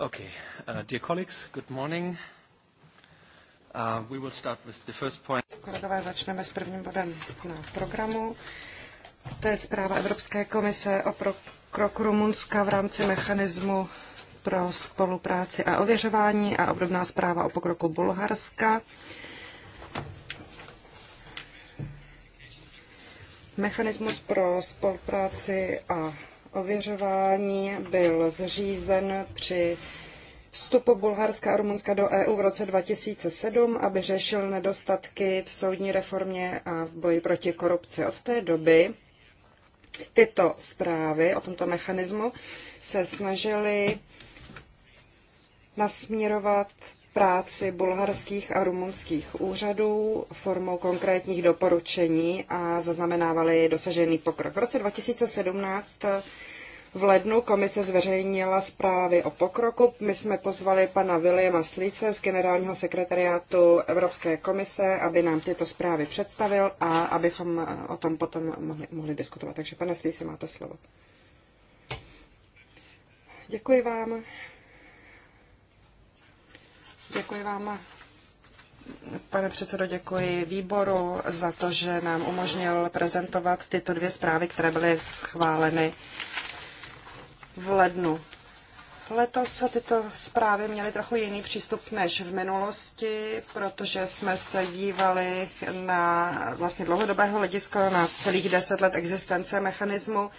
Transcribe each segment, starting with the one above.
Okay. Uh, dear colleagues, good morning. Uh, we will start with the first point. Kolegové, začneme s prvním bodem na programu. To je zpráva Evropské komise o kroku Rumunska v rámci mechanismu pro spolupráci a ověřování a obdobná zpráva o pokroku Bulharska. Mechanismus pro spolupráci a ověřování byl zřízen při vstupu Bulharska a Rumunska do EU v roce 2007, aby řešil nedostatky v soudní reformě a v boji proti korupci. Od té doby tyto zprávy o tomto mechanismu se snažily nasměrovat práci bulharských a rumunských úřadů formou konkrétních doporučení a zaznamenávali dosažený pokrok. V roce 2017 v lednu komise zveřejnila zprávy o pokroku. My jsme pozvali pana Williama Slice z generálního sekretariátu Evropské komise, aby nám tyto zprávy představil a abychom o tom potom mohli, mohli diskutovat. Takže pane Slice, máte slovo. Děkuji vám. Děkuji vám, pane předsedo, děkuji výboru za to, že nám umožnil prezentovat tyto dvě zprávy, které byly schváleny v lednu. Letos tyto zprávy měly trochu jiný přístup než v minulosti, protože jsme se dívali na vlastně dlouhodobého hlediska na celých deset let existence mechanismu,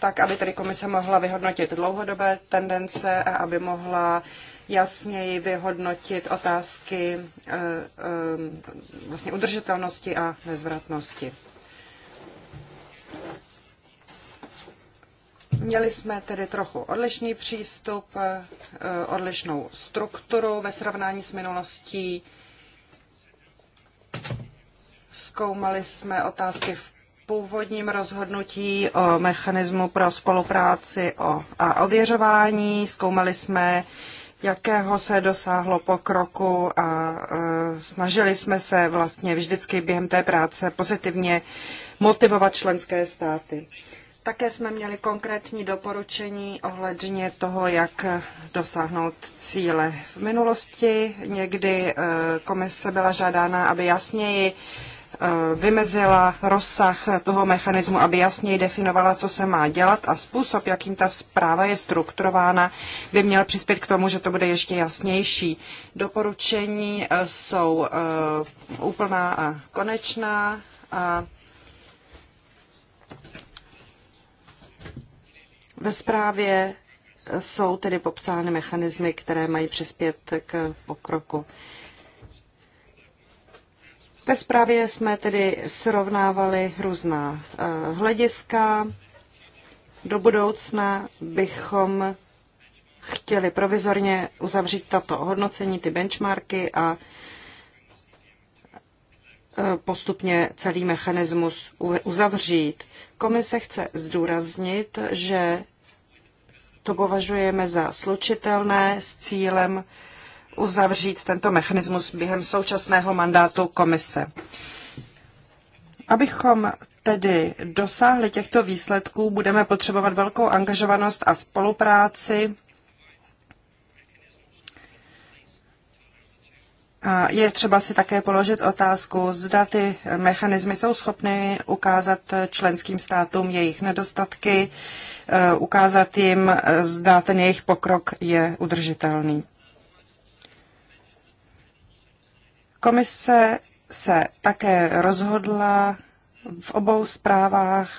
tak aby tedy komise mohla vyhodnotit dlouhodobé tendence a aby mohla jasněji vyhodnotit otázky eh, eh, vlastně udržitelnosti a nezvratnosti. Měli jsme tedy trochu odlišný přístup, eh, odlišnou strukturu ve srovnání s minulostí. Zkoumali jsme otázky v původním rozhodnutí o mechanismu pro spolupráci a ověřování. Zkoumali jsme, jakého se dosáhlo pokroku a eh, snažili jsme se vlastně vždycky během té práce pozitivně motivovat členské státy. Také jsme měli konkrétní doporučení ohledně toho, jak dosáhnout cíle. V minulosti někdy eh, komise byla žádána, aby jasněji eh, vymezila rozsah toho mechanismu, aby jasněji definovala, co se má dělat a způsob, jakým ta zpráva je strukturována, by měl přispět k tomu, že to bude ještě jasnější. Doporučení eh, jsou úplná a konečná a Ve zprávě jsou tedy popsány mechanismy, které mají přispět k pokroku. Ve zprávě jsme tedy srovnávali různá eh, hlediska. Do budoucna bychom chtěli provizorně uzavřít tato hodnocení, ty benchmarky a Eh, postupně celý mechanismus uzavřít. Komise chce zdůraznit, že to považujeme za slučitelné s cílem uzavřít tento mechanismus během současného mandátu komise. Abychom tedy dosáhli těchto výsledků, budeme potřebovat velkou angažovanost a spolupráci je třeba si také položit otázku, zda ty mechanismy jsou schopny ukázat členským státům jejich nedostatky, eh, ukázat jim, eh, zda ten jejich pokrok je udržitelný. Komise se také rozhodla v obou zprávách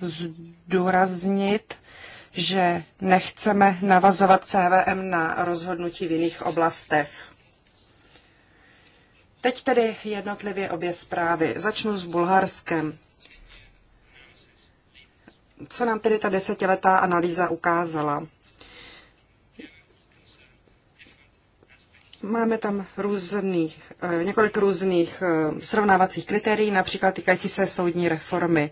zdůraznit, že nechceme navazovat CVM na rozhodnutí v jiných oblastech. Teď tedy jednotlivě obě zprávy. Začnu s Bulharskem. Co nám tedy ta desetiletá analýza ukázala? Máme tam různých, eh, několik různých eh, srovnávacích kritérií, například týkající se soudní reformy.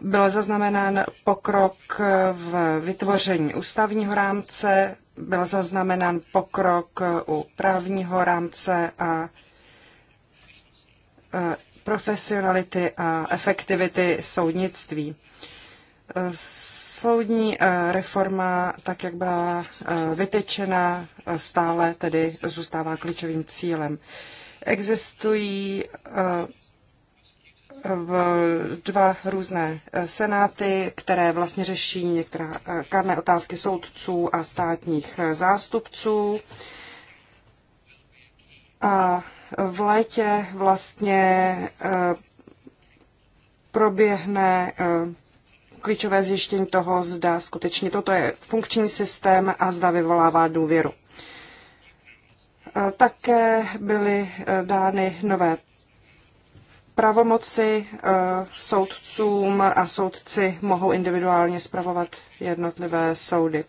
Byl zaznamenán pokrok eh, v vytvoření ústavního rámce, byl zaznamenán pokrok u právního rámce a Eh, profesionality a efektivity soudnictví. Eh, soudní eh, reforma, tak jak byla vytečena, stále tedy zůstává klíčovým cílem. Existují dva různé senáty, které vlastně řeší některá kárné otázky soudců a státních zástupců. A v létě vlastně eh, proběhne eh, klíčové zjištění toho, zda skutečně toto je funkční systém a zda vyvolává důvěru. Eh, také byly dány nové pravomoci soudcům a soudci mohou individuálně spravovat jednotlivé soudy.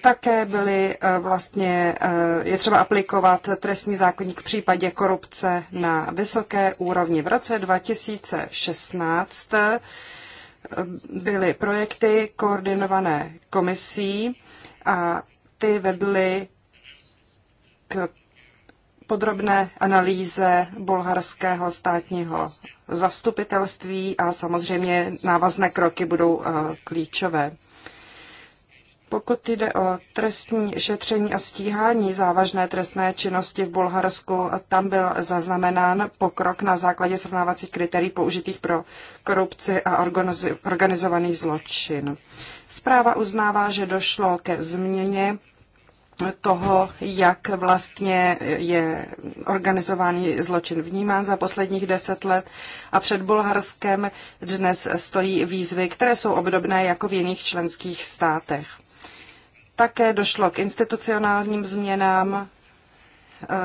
Také byly eh, vlastně, eh, je třeba aplikovat trestní zákonník v případě korupce na vysoké úrovni. V roce 2016 eh, byly projekty koordinované komisí a ty vedly k podrobné analýze bulharského státního zastupitelství a samozřejmě návazné kroky budou klíčové. Pokud jde o trestní šetření a stíhání závažné trestné činnosti v Bulharsku, tam byl zaznamenán pokrok na základě srovnávacích kritérií použitých pro korupci a organizovaný zločin. Zpráva uznává, že došlo ke změně toho, jak vlastně je organizovaný zločin vnímán za posledních deset let a před Bulharskem dnes stojí výzvy, které jsou obdobné jako v jiných členských státech. Také došlo k institucionálním změnám,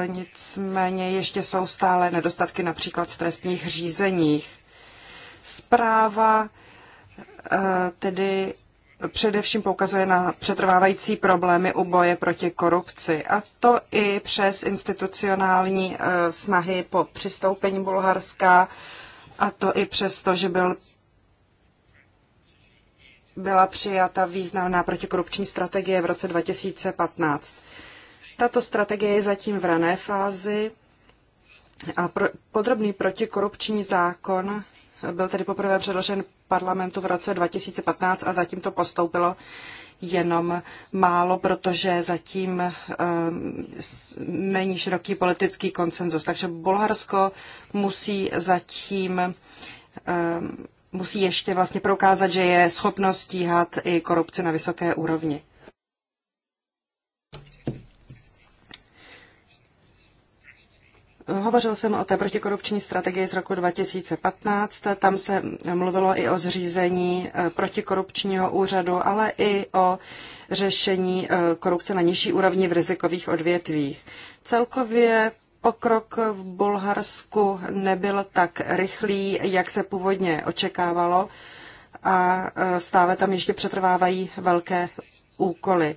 e, nicméně ještě jsou stále nedostatky například v trestních řízeních. Zpráva e, tedy především poukazuje na přetrvávající problémy u boje proti korupci. A to i přes institucionální e, snahy po přistoupení Bulharska, a to i přesto, že byl byla přijata významná protikorupční strategie v roce 2015. Tato strategie je zatím v rané fázi a pro, podrobný protikorupční zákon byl tedy poprvé předložen parlamentu v roce 2015 a zatím to postoupilo jenom málo, protože zatím um, není široký politický konsenzus. Takže Bulharsko musí zatím um, musí ještě vlastně prokázat, že je schopnost stíhat i korupci na vysoké úrovni. Hovořil jsem o té protikorupční strategii z roku 2015. Tam se mluvilo i o zřízení eh, protikorupčního úřadu, ale i o řešení eh, korupce na nižší úrovni v rizikových odvětvích. Celkově Pokrok v Bulharsku nebyl tak rychlý, jak se původně očekávalo a e, stále tam ještě přetrvávají velké úkoly.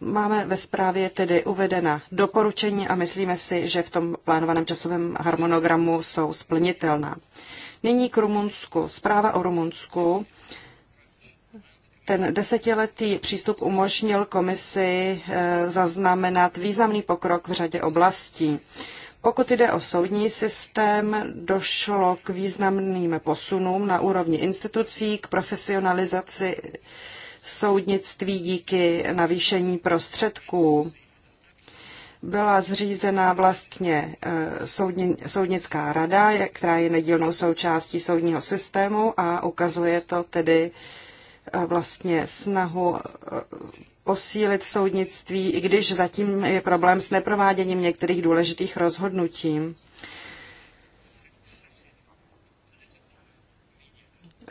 Máme ve zprávě tedy uvedena doporučení a myslíme si, že v tom plánovaném časovém harmonogramu jsou splnitelná. Nyní k Rumunsku. Zpráva o Rumunsku ten desetiletý přístup umožnil komisi eh, zaznamenat významný pokrok v řadě oblastí. Pokud jde o soudní systém, došlo k významným posunům na úrovni institucí, k profesionalizaci soudnictví díky navýšení prostředků. Byla zřízena vlastně eh, soudni, soudnická rada, která je nedílnou součástí soudního systému a ukazuje to tedy, vlastně snahu e, posílit soudnictví, i když zatím je problém s neprováděním některých důležitých rozhodnutí.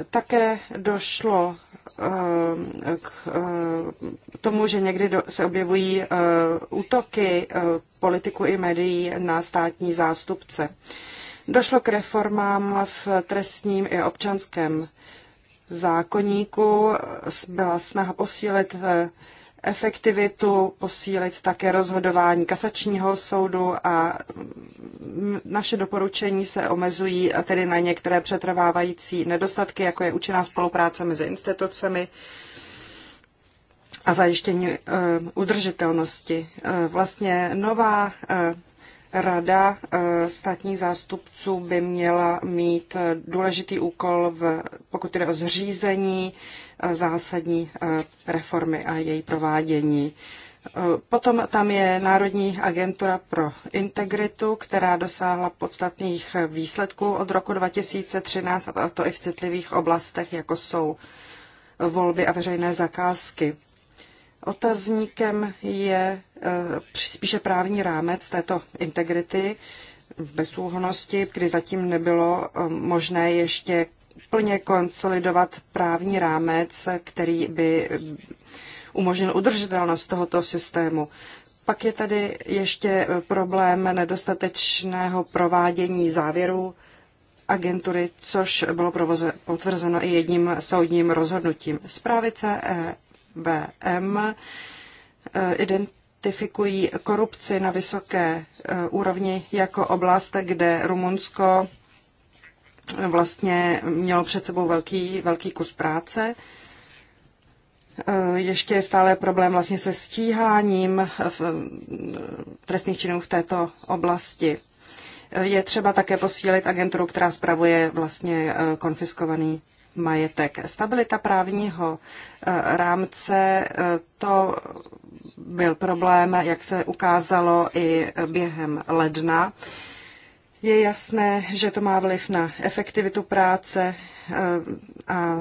Také došlo e, k e, tomu, že někdy se objevují útoky politiků i médií na státní zástupce. Došlo k reformám v trestním i občanském zákoníku byla snaha posílit eh, efektivitu, posílit také rozhodování kasačního soudu a mm, naše doporučení se omezují tedy na některé přetrvávající nedostatky, jako je účinná spolupráce mezi institucemi a zajištění eh, udržitelnosti. Eh, vlastně nová Rada eh, státních zástupců by měla mít eh, důležitý úkol, v, pokud jde o zřízení eh, zásadní reformy a její provádění. Potom tam je Národní agentura pro integritu, která dosáhla podstatných výsledků od roku 2013, a to i v citlivých oblastech, jako jsou volby a veřejné zakázky. Otazníkem je Eh, spíše právní rámec této integrity v bezúhonosti, kdy zatím nebylo eh, možné ještě plně konsolidovat právní rámec, který by umožnil udržitelnost tohoto systému. Pak je tady ještě eh, problém nedostatečného provádění závěrů agentury, což bylo provoze, potvrzeno i jedním soudním rozhodnutím. Zprávy CEBM ident identifikují korupci na vysoké e, úrovni jako oblast, kde Rumunsko e, vlastně mělo před sebou velký, velký kus práce. E, ještě je stále problém vlastně se stíháním v trestných činů v této oblasti. Je třeba také posílit agenturu, která spravuje vlastně konfiskovaný majetek. Stabilita právního eh, rámce eh, to byl problém, jak se ukázalo i během ledna. Je jasné, že to má vliv na efektivitu práce eh, a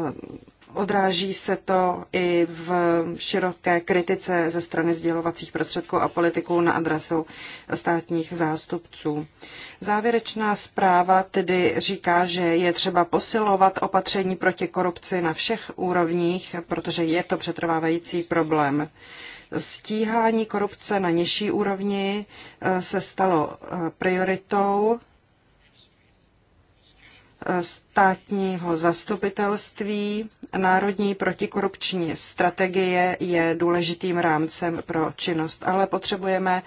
Odráží se to i v široké kritice ze strany sdělovacích prostředků a politiků na adresu státních zástupců. Závěrečná zpráva tedy říká, že je třeba posilovat opatření proti korupci na všech úrovních, protože je to přetrvávající problém. Stíhání korupce na nižší úrovni eh, se stalo eh, prioritou eh, státního zastupitelství Národní protikorupční strategie je důležitým rámcem pro činnost, ale potřebujeme,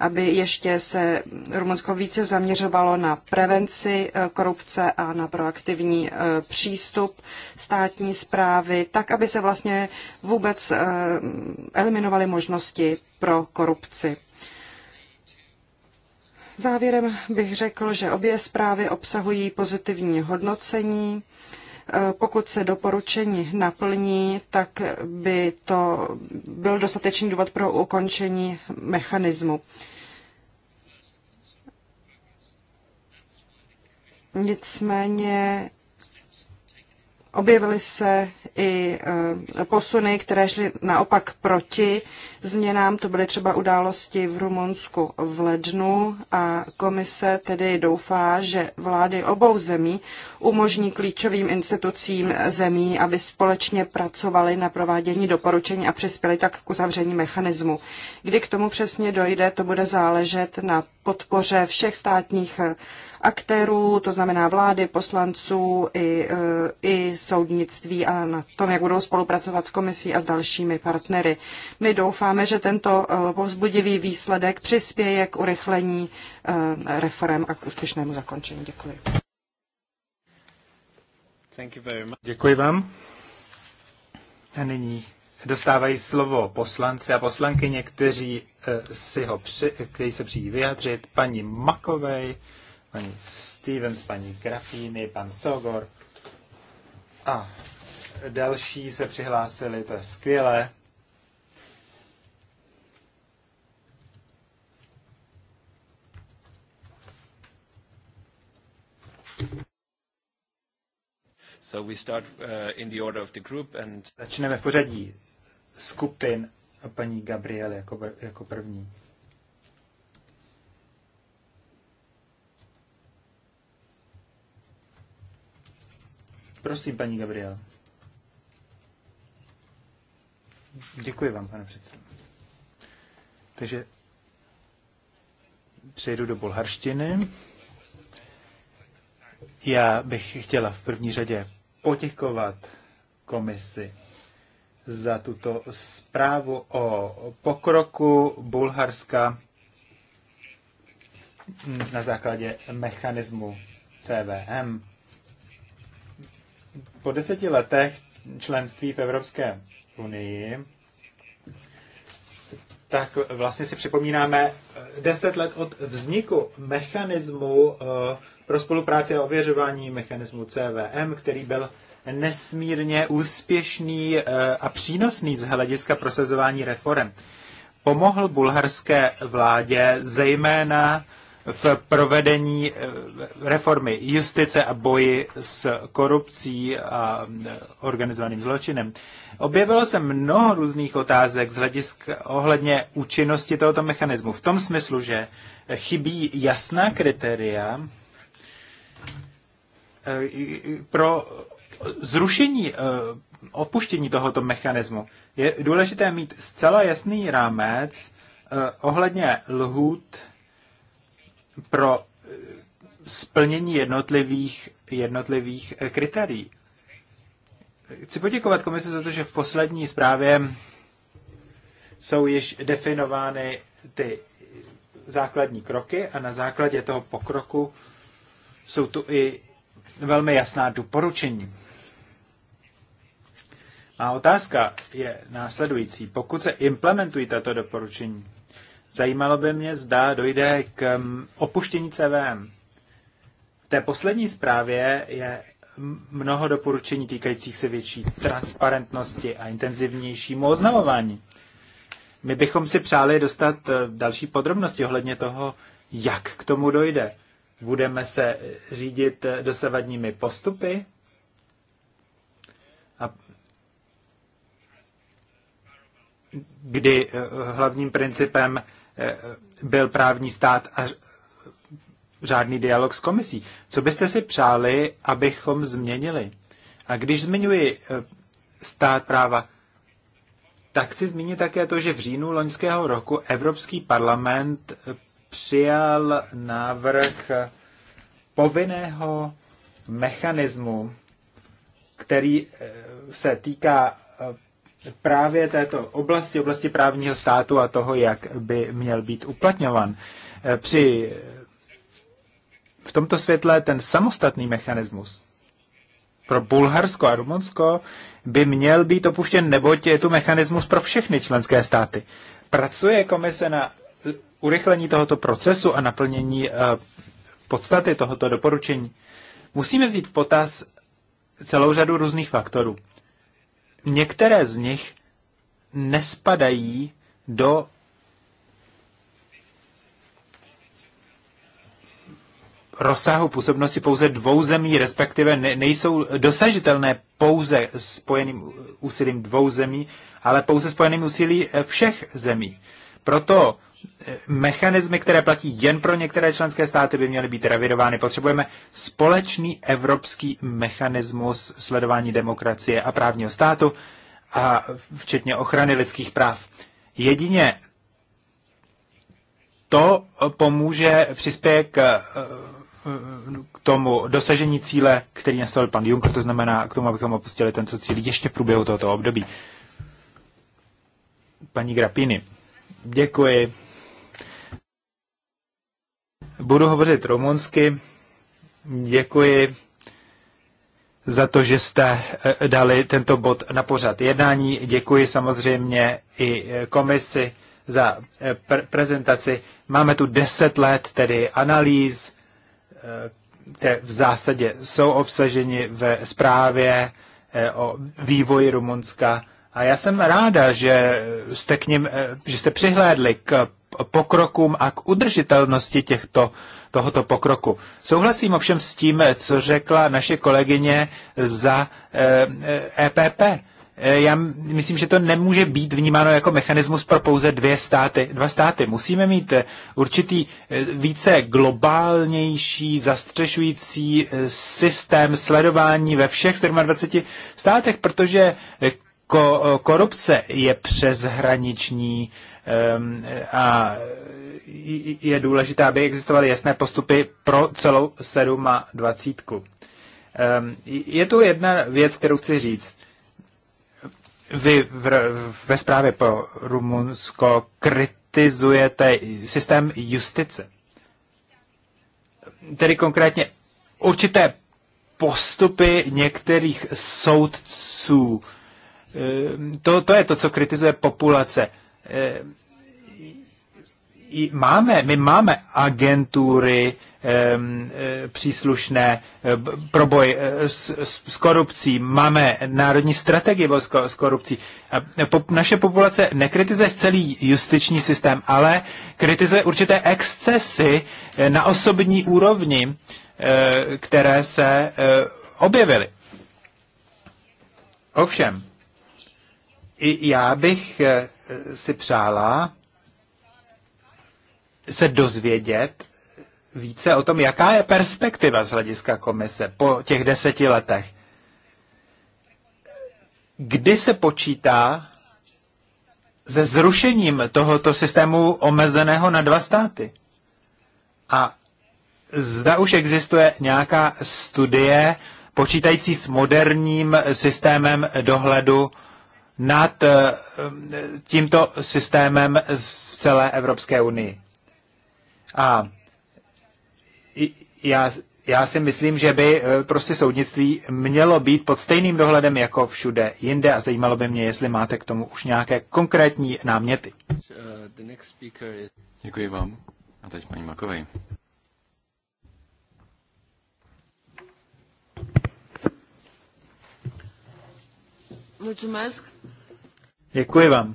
aby ještě se Rumunsko více zaměřovalo na prevenci eh, korupce a na proaktivní eh, přístup státní zprávy, tak, aby se vlastně vůbec eh, eliminovaly možnosti pro korupci. Závěrem bych řekl, že obě zprávy obsahují pozitivní hodnocení. Pokud se doporučení naplní, tak by to byl dostatečný důvod pro ukončení mechanismu. Nicméně objevily se i eh, posuny, které šly naopak proti změnám. To byly třeba události v Rumunsku v lednu a komise tedy doufá, že vlády obou zemí umožní klíčovým institucím zemí, aby společně pracovali na provádění doporučení a přispěli tak k uzavření mechanismu. Kdy k tomu přesně dojde, to bude záležet na podpoře všech státních aktérů, to znamená vlády, poslanců i, eh, i soudnictví a na tom, jak budou spolupracovat s komisí a s dalšími partnery. My doufáme, že tento eh, povzbudivý výsledek přispěje k urychlení eh, reform a k úspěšnému zakončení. Děkuji. Děkuji vám. A nyní dostávají slovo poslanci a poslankyně, kteří si ho při, kteří se přijí vyjádřit, paní Makovej, paní Stevens, paní Grafíny, pan Sogor a další se přihlásili, to je skvělé. So we start uh, in the order of the group and... Začneme v pořadí skupin a paní Gabriele jako, jako první. Prosím, paní Gabriel. Děkuji vám, pane předsedo. Takže přejdu do bulharštiny. Já bych chtěla v první řadě poděkovat komisi za tuto zprávu o pokroku Bulharska na základě mechanismu CVM po deseti letech členství v Evropské unii, tak vlastně si připomínáme eh, deset let od vzniku mechanismu eh, pro spolupráci a ověřování mechanismu CVM, který byl nesmírně úspěšný eh, a přínosný z hlediska prosazování reform. Pomohl bulharské vládě zejména v provedení eh, reformy justice a boji s korupcí a eh, organizovaným zločinem. Objevilo se mnoho různých otázek z hlediska ohledně účinnosti tohoto mechanismu. V tom smyslu, že chybí jasná kritéria eh, pro zrušení opuštění tohoto mechanismu. Je důležité mít zcela jasný rámec ohledně lhůt pro eh, splnění jednotlivých, jednotlivých eh, kritérií. Chci poděkovat komisi za to, že v poslední zprávě jsou již definovány ty základní kroky a na základě toho pokroku jsou tu i velmi jasná doporučení. A otázka je následující. Pokud se implementují tato doporučení, Zajímalo by mě, zda dojde k mm, opuštění CVM. V té poslední zprávě je mnoho doporučení týkajících se větší transparentnosti a intenzivnějšímu oznamování. My bychom si přáli dostat e, další podrobnosti ohledně toho, jak k tomu dojde. Budeme se e, řídit e, dosavadními postupy? A kdy hlavním principem Eh, byl právní stát a žádný dialog s komisí. Co byste si přáli, abychom změnili? A když zmiňuji eh, stát práva, tak chci zmínit také to, že v říjnu loňského roku Evropský parlament eh, přijal návrh povinného mechanismu, který se týká právě této oblasti, oblasti právního státu a toho, jak by měl být uplatňovan. Eh, při v tomto světle ten samostatný mechanismus pro Bulharsko a Rumunsko by měl být opuštěn, neboť je tu mechanismus pro všechny členské státy. Pracuje komise na urychlení tohoto procesu a naplnění eh, podstaty tohoto doporučení. Musíme vzít v potaz celou řadu různých faktorů některé z nich nespadají do rozsahu působnosti pouze dvou zemí, respektive nejsou dosažitelné pouze spojeným úsilím dvou zemí, ale pouze spojeným úsilím eh, všech zemí. Proto eh, mechanismy, které platí jen pro některé členské státy, by měly být revidovány. Potřebujeme společný evropský mechanismus sledování demokracie a právního státu, a včetně ochrany lidských práv. Jedině to eh, pomůže, přispět k, eh, k tomu dosažení cíle, který nastavil pan Juncker, to znamená k tomu, abychom opustili tento cíl ještě v průběhu tohoto období. Paní Grapiny. Děkuji. Budu hovořit rumunsky. Děkuji za to, že jste eh, dali tento bod na pořad jednání. Děkuji samozřejmě i eh, komisi za eh, pre- prezentaci. Máme tu deset let tedy analýz, které v zásadě jsou obsaženi ve zprávě o vývoji Rumunska a já jsem ráda, že jste, k ním, eh, že jste přihlédli k pokrokům a k udržitelnosti těchto, tohoto pokroku. Souhlasím ovšem s tím, eh, co řekla naše kolegyně za EPP. Eh, e já myslím, že to nemůže být vnímáno jako mechanismus pro pouze dvě státy, dva státy. Musíme mít určitý více globálnější, zastřešující systém sledování ve všech 27 státech, protože ko- eh, korupce je přeshraniční um, a je důležité, aby existovaly jasné postupy pro celou 27. Um, je tu jedna věc, kterou chci říct. Vy v, ve zprávě pro Rumunsko kritizujete systém justice. Tedy konkrétně určité postupy některých soudců, Eh, to, to je to, co kritizuje populace. Eh, máme, my máme agentury eh, příslušné pro boj s, s, s korupcí, máme národní strategii boj s korupcí. Naše populace nekritizuje celý justiční systém, ale kritizuje určité excesy na osobní úrovni, které se objevily. Ovšem, i já bych eh, si přála se dozvědět více o tom, jaká je perspektiva z hlediska komise po těch deseti letech. Kdy se počítá se zrušením tohoto systému omezeného na dva státy? A zda už existuje nějaká studie počítající s moderním systémem dohledu nad eh, tímto systémem z celé Evropské unii. A já, já si myslím, že by eh, prostě soudnictví mělo být pod stejným dohledem jako všude jinde a zajímalo by mě, jestli máte k tomu už nějaké konkrétní náměty. Uh, Děkuji vám. A teď paní Makovej. Mulțumesc. Děkuji vám.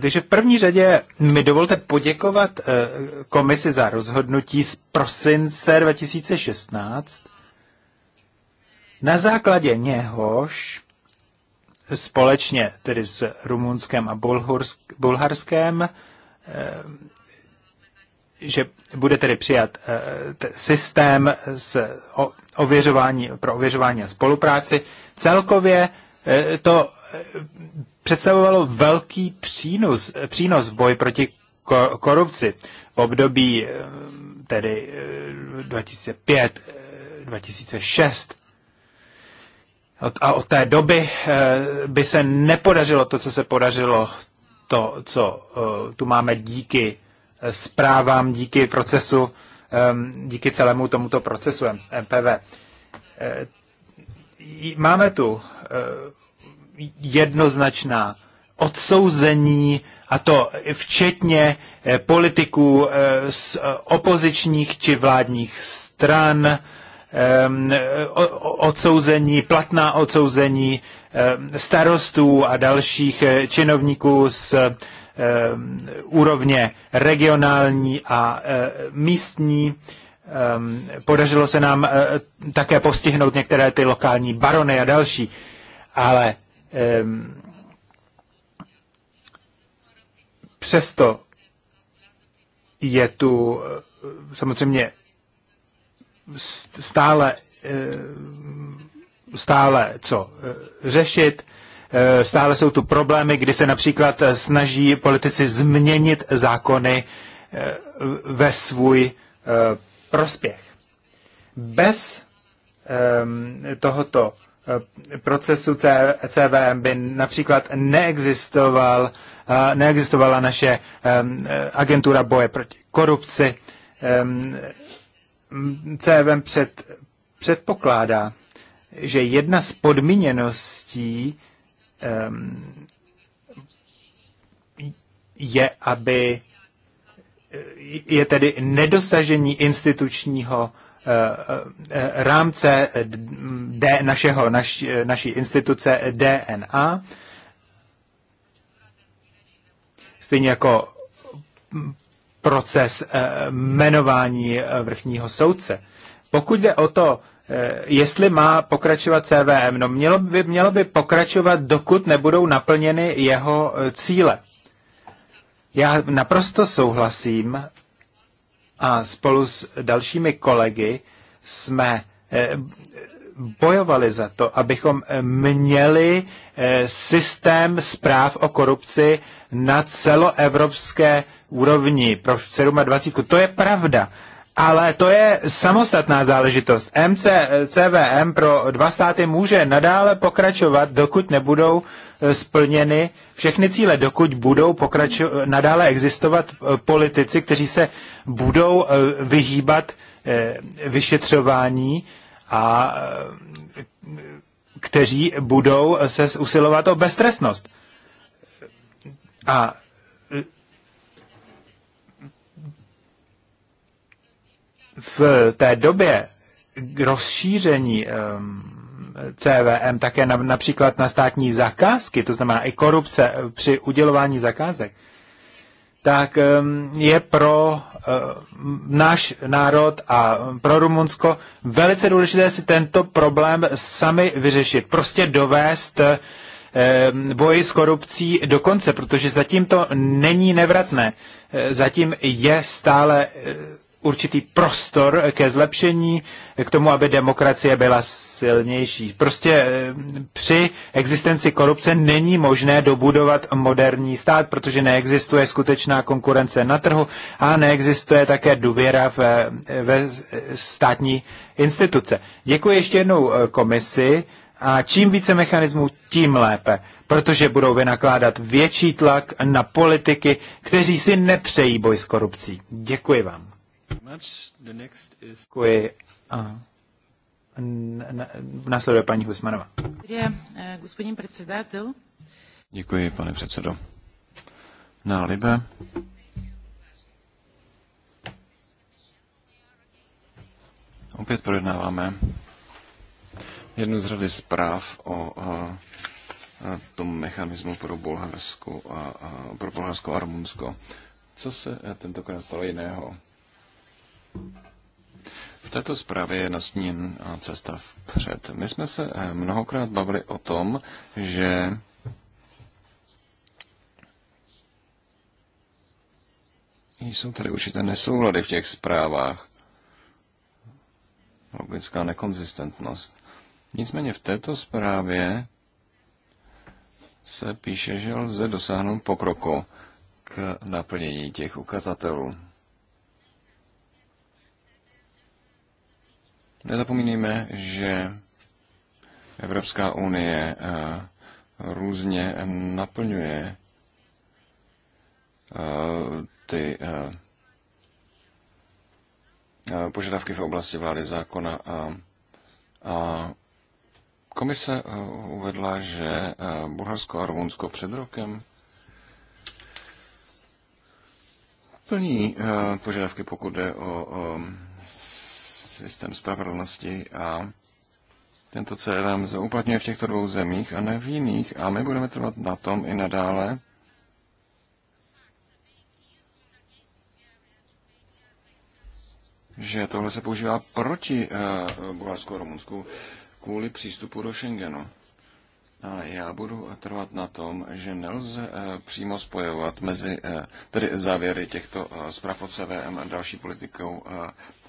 Takže v první řadě mi dovolte poděkovat eh, komisi za rozhodnutí z prosince 2016. Na základě něhož společně tedy s rumunském a bulharském, eh, že bude tedy přijat eh, systém s ověřování, pro ověřování a spolupráci, Celkově eh, to eh, představovalo velký přínos, eh, přínos boj proti korupci. V období tedy 2005, 2006 a od té doby by se nepodařilo to, co se podařilo, to, co tu máme díky zprávám, díky procesu, díky celému tomuto procesu MPV máme tu eh, jednoznačná odsouzení, a to včetně eh, politiků eh, z opozičních či vládních stran, odsouzení, platná odsouzení starostů a dalších činovníků z úrovně regionální a místní. Ehm, podařilo se nám eh, také postihnout některé ty lokální barony a další, ale ehm, přesto je tu eh, samozřejmě stále, eh, stále co řešit. Stále jsou tu problémy, kdy se například snaží politici změnit zákony ve svůj prospěch. Bez um, tohoto eh, procesu CVM by například neexistoval, eh, neexistovala naše ehm, agentura boje proti korupci. CVM ehm, před, předpokládá, že jedna z podmíněností je, aby je tedy nedosažení institučního eh, eh, rámce našeho, naš, naší instituce DNA, stejně jako proces eh, jmenování vrchního soudce. Pokud jde o to, jestli má pokračovat CVM, no mělo by, mělo by pokračovat, dokud nebudou naplněny jeho cíle. Já naprosto souhlasím a spolu s dalšími kolegy jsme eh, bojovali za to, abychom eh, měli eh, systém zpráv o korupci na celoevropské úrovni pro 27. To je pravda ale to je samostatná záležitost. MC CVM pro dva státy může nadále pokračovat, dokud nebudou e, splněny všechny cíle, dokud budou pokraču, nadále existovat e, politici, kteří se budou e, vyhýbat vyšetřování a kteří budou se usilovat o beztrestnost. A v té době rozšíření ehm, CVM také na, například na státní zakázky, to znamená i korupce eh, při udělování zakázek, tak ehm, je pro eh, náš národ a pro Rumunsko velice důležité si tento problém sami vyřešit. Prostě dovést ehm, boji s korupcí do konce, protože zatím to není nevratné. Eh, zatím je stále určitý prostor ke zlepšení, k tomu, aby demokracie byla silnější. Prostě eh, při existenci korupce není možné dobudovat moderní stát, protože neexistuje skutečná konkurence na trhu a neexistuje také důvěra ve, eh, ve státní instituce. Děkuji ještě jednou eh, komisi a čím více mechanismů, tím lépe, protože budou vynakládat větší tlak na politiky, kteří si nepřejí boj s korupcí. Děkuji vám. Děkuji. A následuje paní Husmanova. Eh, Děkuji, pane předsedo. Na Libe. Opět projednáváme jednu z řady zpráv o, o tom mechanismu pro Bulharsko a, a pro Bulharsko a Rumunsko. Co se eh, tentokrát stalo jiného? V této zprávě je nastíněn eh, cesta vpřed. My jsme se eh, mnohokrát bavili o tom, že jsou tady určité nesoulady v těch zprávách. Logická nekonzistentnost. Nicméně v této zprávě se píše, že lze dosáhnout pokroku k naplnění těch ukazatelů. Nezapomínejme, že Evropská unie eh, různě eh, naplňuje eh, ty požadavky v oblasti vlády zákona a, komise uvedla, že Bulharsko a Rumunsko před rokem plní požadavky, pokud jde o systém spravedlnosti a tento CRM se uplatňuje v těchto dvou zemích a ne v jiných a my budeme trvat na tom i nadále, že tohle se používá proti uh, Bulharsku a Rumunsku kvůli přístupu do Schengenu. A já budu trvat na tom, že nelze uh, přímo spojovat mezi uh, tedy závěry těchto uh, zpráv o CVM a další politikou uh,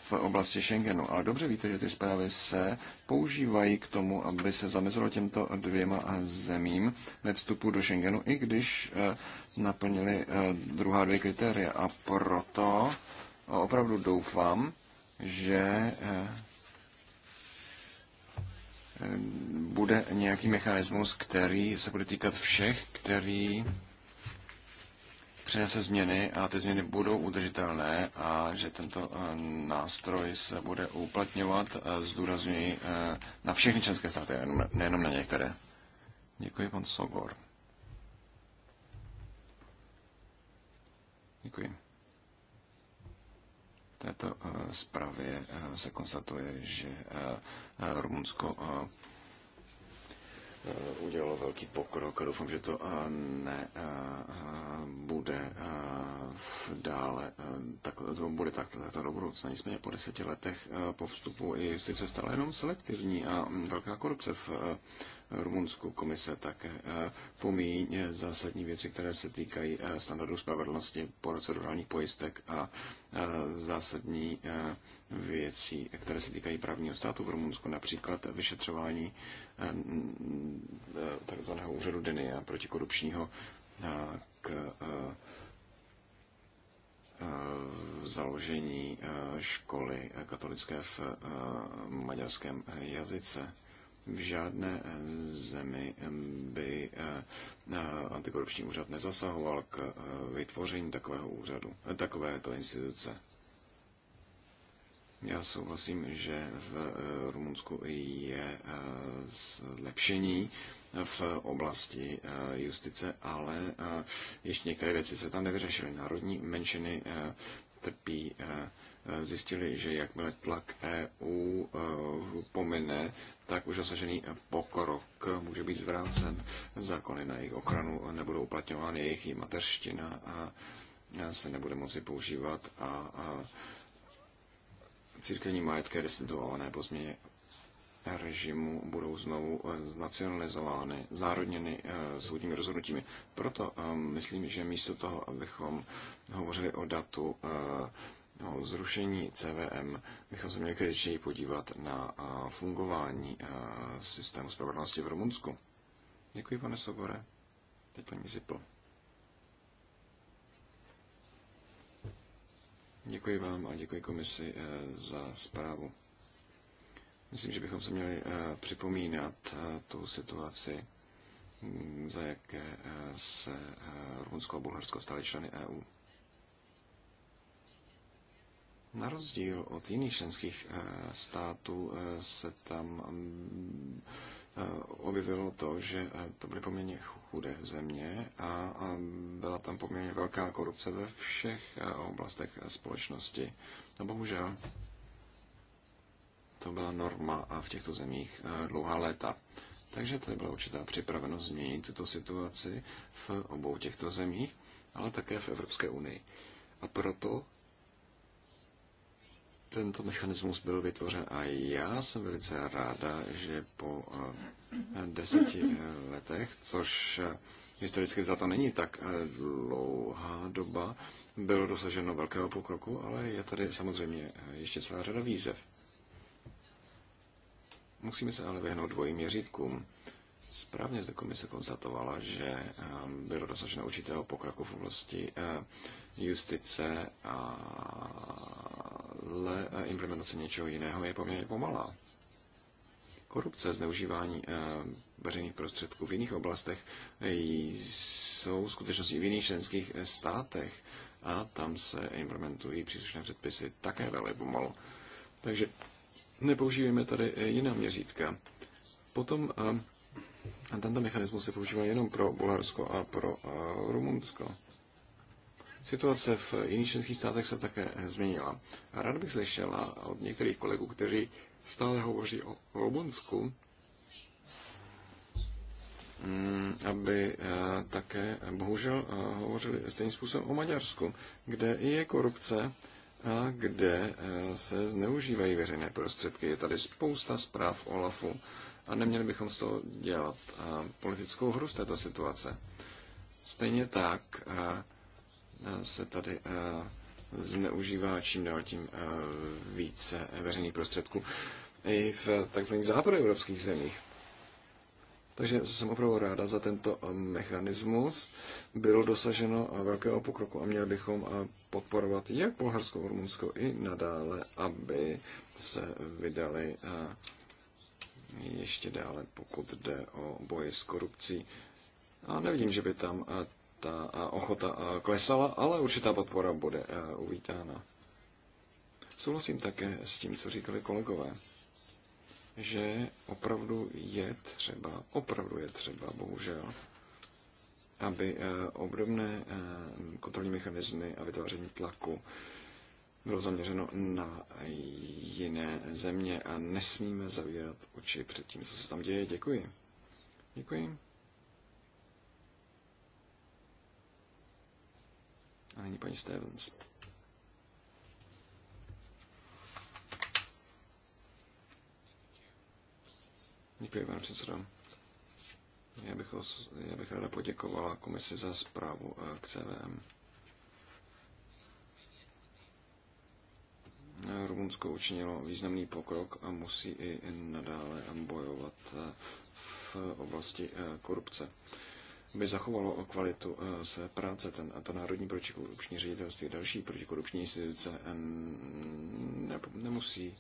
v oblasti Schengenu. Ale dobře víte, že ty zprávy se používají k tomu, aby se zamezilo těmto dvěma zemím ve vstupu do Schengenu, i když eh, naplnili eh, druhá dvě kritéria. A proto eh, opravdu doufám, že bude nějaký mechanismus, který se bude týkat všech, který přinese změny a ty změny budou udržitelné a že tento eh, nástroj se bude uplatňovat, eh, zdůrazňuji, eh, na všechny členské státy, nejenom na některé. Děkuji, pan Sogor. Děkuji. V této zprávě se konstatuje, že Rumunsko Eh, udělalo velký pokrok a doufám, že to eh, ne eh, bude dále, tak to bude tak, to do budoucna. Nicméně po deseti letech po vstupu i justice stala jenom selektivní a mm, velká korupce v Rumunsku komise také pomíjí zásadní věci, které se týkají standardů spravedlnosti, procedurálních pojistek a zásadní věcí, které se týkají právního státu v Rumunsku, například vyšetřování eh, eh, takzvaného úřadu Denia protikorupčního eh, k založení školy katolické v maďarském jazyce. V žádné zemi by antikorupční úřad nezasahoval k vytvoření takového úřadu, takovéto instituce. Já souhlasím, že v eh, Rumunsku je eh, zlepšení v oblasti eh, justice, ale ještě některé věci se tam nevyřešily. Národní menšiny trpí zjistili, že jakmile tlak EU pomine, tak už osažený pokrok může být zvrácen. Zákony na jejich ochranu nebudou uplatňovány, jejich mateřština se nebude moci používat a, a církevní majetky restituované po změně režimu budou znovu znacionalizovány, eh, znárodněny eh, soudními rozhodnutími. Proto eh, myslím, že místo toho, abychom hovořili o datu o zrušení CVM, bychom se měli kritičněji podívat na fungování systému spravedlnosti v Rumunsku. Děkuji, pane Sobore. Teď paní Zipo. Děkuji vám a děkuji komisi eh, za zprávu. Myslím, že bychom se měli eh, připomínat eh, tu situaci, mm, za jaké se Rumunsko a Bulharsko staly členy EU. Na rozdíl od jiných členských států se tam mm, objevilo to, že to byly poměrně chudé země a byla tam poměrně velká korupce ve všech eh, oblastech eh, společnosti. No bohužel to byla norma a v těchto zemích eh, dlouhá léta. Takže tady byla určitá připravenost změnit tuto situaci v obou těchto zemích, ale také v Evropské unii. A proto tento mechanismus byl vytvořen a já jsem velice ráda, že po deseti eh, letech, což eh, historicky vzato není tak eh, dlouhá doba, bylo dosaženo velkého pokroku, ale je tady samozřejmě ještě celá řada výzev. Musíme se ale vyhnout dvojím měřítkům. Správně zde komise konstatovala, že bylo dosaženo určitého pokroku v oblasti justice, ale implementace něčeho jiného je poměrně pomalá korupce, zneužívání eh, veřejných prostředků v jiných oblastech eh, jsou skutečnosti v jiných členských eh, státech a tam se implementují příslušné předpisy také velmi pomalu. Takže nepoužíváme tady jiná měřítka. Potom tento mechanismus se používá jenom pro Bulharsko a pro Rumunsko. Situace v jiných členských státech se také změnila. Rád bych slyšela od některých kolegů, kteří stále hovoří o Rumunsku, mm, aby eh, také bohužel eh, hovořili stejným způsobem o Maďarsku, kde i je korupce a kde eh, se zneužívají veřejné prostředky. Je tady spousta zpráv OLAFu a neměli bychom z toho dělat politickou hru z této situace. Stejně tak se tady zneužívá čím dál tím eh, více eh, veřejných prostředků i v eh, tzv. západoevropských zemích. Takže jsem opravdu ráda za tento mechanismus. Bylo dosaženo velkého pokroku a měli bychom podporovat jak Bulharsko, Rumunsko i nadále, aby se vydali ještě dále, pokud jde o boje s korupcí. A nevidím, že by tam ta ochota klesala, ale určitá podpora bude e, uvítána. Souhlasím také s tím, co říkali kolegové, že opravdu je třeba, opravdu je třeba, bohužel, aby e, obdobné e, kontrolní mechanismy a vytváření tlaku bylo zaměřeno na jiné země a nesmíme zavírat oči před tím, co se tam děje. Děkuji. Děkuji. A nyní paní Stevens. Děkuji, pane předsedo. Já bych, os, já bych ráda poděkovala komisi za zprávu eh, k CVM. Rumunsko učinilo významný pokrok a musí i nadále bojovat eh, v oblasti eh, korupce by zachovalo kvalitu eh, své práce. Ten, to Národní protikorupční ředitelství, další protikorupční instituce eh, ne, nemusí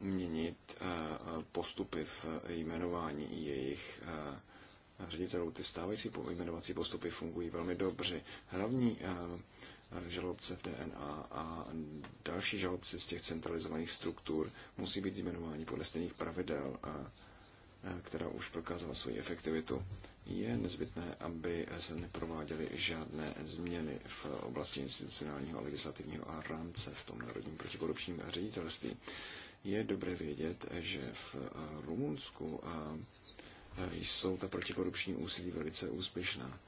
měnit eh, postupy v jmenování jejich ředitelů. Ty stávající jmenovací postupy fungují velmi dobře. Hlavní žalobce v DNA a další žalobci z těch centralizovaných struktur musí být jmenováni podle stejných pravidel, která už prokázala svoji efektivitu je nezbytné, aby se neprováděly žádné změny v oblasti institucionálního a legislativního a rámce v tom národním protikorupčním ředitelství. Je dobré vědět, že v Rumunsku jsou ta protikorupční úsilí velice úspěšná.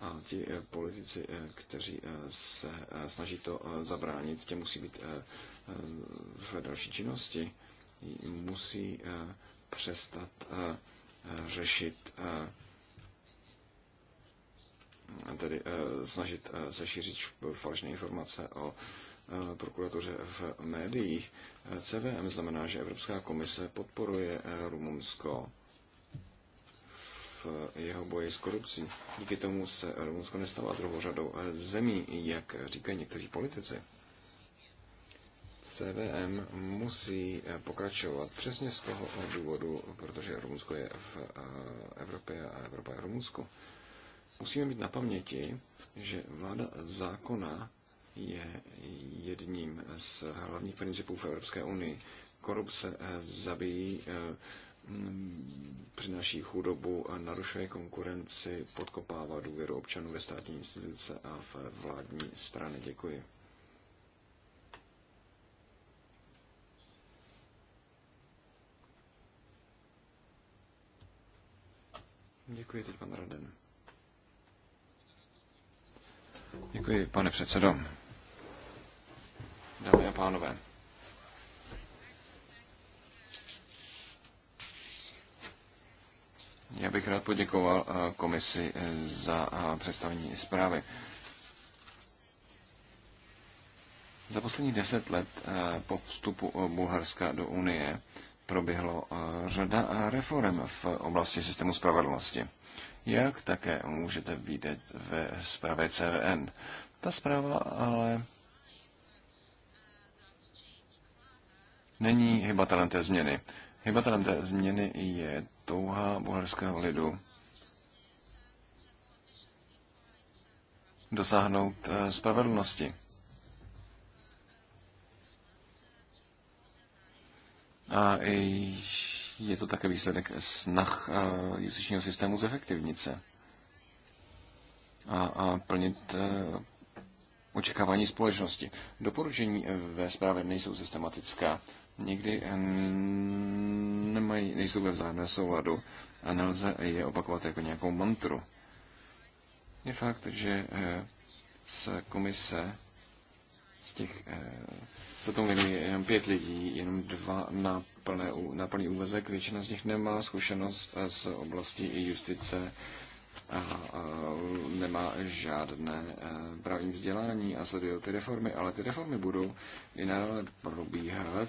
A ti e, politici, e, kteří e, se snaží to zabránit, tě musí být v další činnosti, musí přestat řešit tedy eh, snažit eh, zašířit falešné informace o eh, prokuratuře v médiích. CVM znamená, že Evropská komise podporuje Rumunsko v jeho boji s korupcí. Díky tomu se Rumunsko nestává řadou zemí, jak říkají někteří politici. CVM musí pokračovat přesně z toho důvodu, protože Rumunsko je v Evropě a Evropa je Rumunsku. Rumunsko. Musíme mít na paměti, že vláda zákona je jedním z hlavních principů v Evropské unii. Korupce eh, zabíjí, eh, přináší chudobu, narušuje konkurenci, podkopává důvěru občanů ve státní instituce a v vládní strany. Děkuji. Děkuji teď, pan Raden. Děkuji, pane předsedo. Dámy a pánové. Já bych rád poděkoval eh, komisi eh, za eh, představení zprávy. Za poslední deset let po vstupu Bulharska do Unie proběhlo řada reform v oblasti systému spravedlnosti jak také můžete vidět ve zprávě CVN. Ta zpráva ale není hybatelem té změny. Hybatelem té změny je touha bulharského lidu dosáhnout eh, spravedlnosti. A i je to také výsledek snah eh, justičního systému zefektivnit se a, a plnit eh, očekávání společnosti. Doporučení eh, ve zprávě nejsou systematická, nikdy nemají, nejsou ve vzájemné souladu a nelze je opakovat jako nějakou mantru. Je fakt, že z komise z těch eh, co tomu věnují jenom pět lidí, jenom dva na, plné, na plný úvazek. Většina z nich nemá zkušenost eh, z oblasti justice a, a nemá žádné eh, právní vzdělání a sledují ty reformy, ale ty reformy budou i nadále probíhat.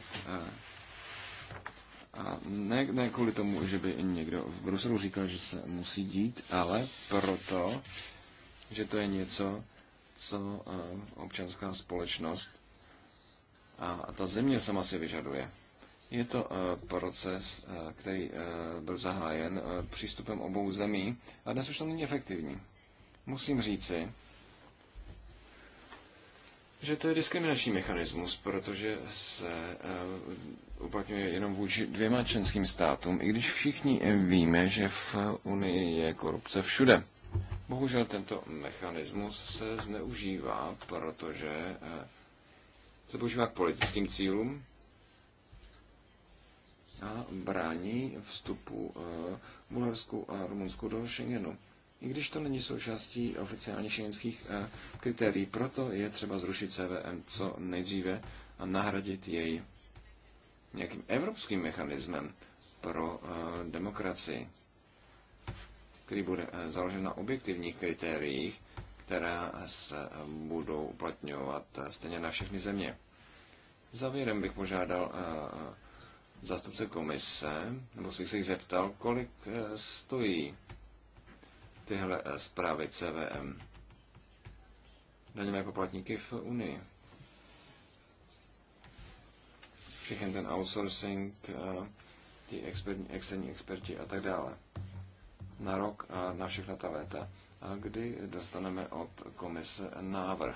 A ne, ne kvůli tomu, že by někdo v Bruselu říkal, že se musí dít, ale proto, že to je něco, co eh, občanská společnost a ta země sama si vyžaduje. Je to eh, proces, eh, který byl zahájen přístupem obou zemí a dnes už to není efektivní. Musím říci, že to je diskriminační mechanismus, protože se uplatňuje jenom vůči dvěma členským státům, i když všichni víme, že v Unii je korupce všude. Bohužel tento mechanismus se zneužívá, protože eh, se používá k politickým cílům a brání vstupu eh, Bulharsku a Rumunsku do Schengenu. I když to není součástí oficiálních šengenských eh, kritérií, proto je třeba zrušit CVM co nejdříve a nahradit jej nějakým evropským mechanismem pro demokracii který bude eh, založen na objektivních kritériích, která se eh, budou uplatňovat eh, stejně na všechny země. Závěrem bych požádal zástupce komise, nebo bych se jich zeptal, kolik stojí tyhle zprávy CVM daňové poplatníky v Unii. Všechny ten outsourcing, ti expertní, externí experti a tak dále na rok a na všechna ta léta, a kdy dostaneme od komise návrh.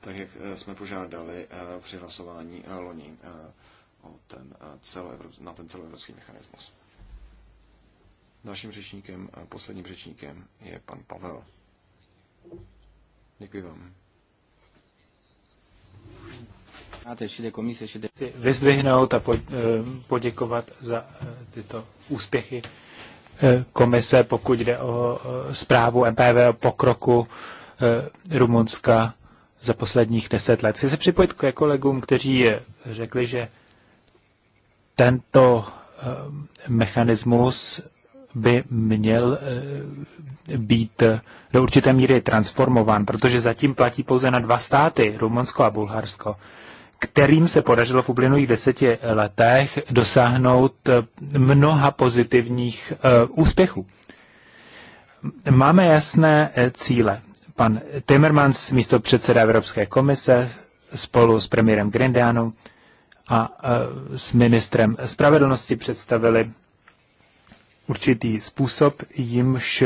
Tak jak eh, jsme požádali eh, při hlasování eh, loni o ten na ten celoevropský mechanismus. Dalším řečníkem, posledním řečníkem je pan Pavel. Děkuji vám. Chci vyzdvihnout a eh, poděkovat za eh, tyto úspěchy eh, komise, pokud jde o zprávu MPV o pokroku Rumunska za posledních deset let. Chci se připojit k kolegům, kteří řekli, že tento mechanismus by měl být do určité míry transformován, protože zatím platí pouze na dva státy, Rumunsko a Bulharsko kterým se podařilo v uplynulých deseti letech dosáhnout eh, mnoha pozitivních eh, úspěchů. Máme jasné eh, cíle. Pan Timmermans, místo předseda Evropské komise, spolu s premiérem Grindianu a s ministrem spravedlnosti představili určitý způsob, jimž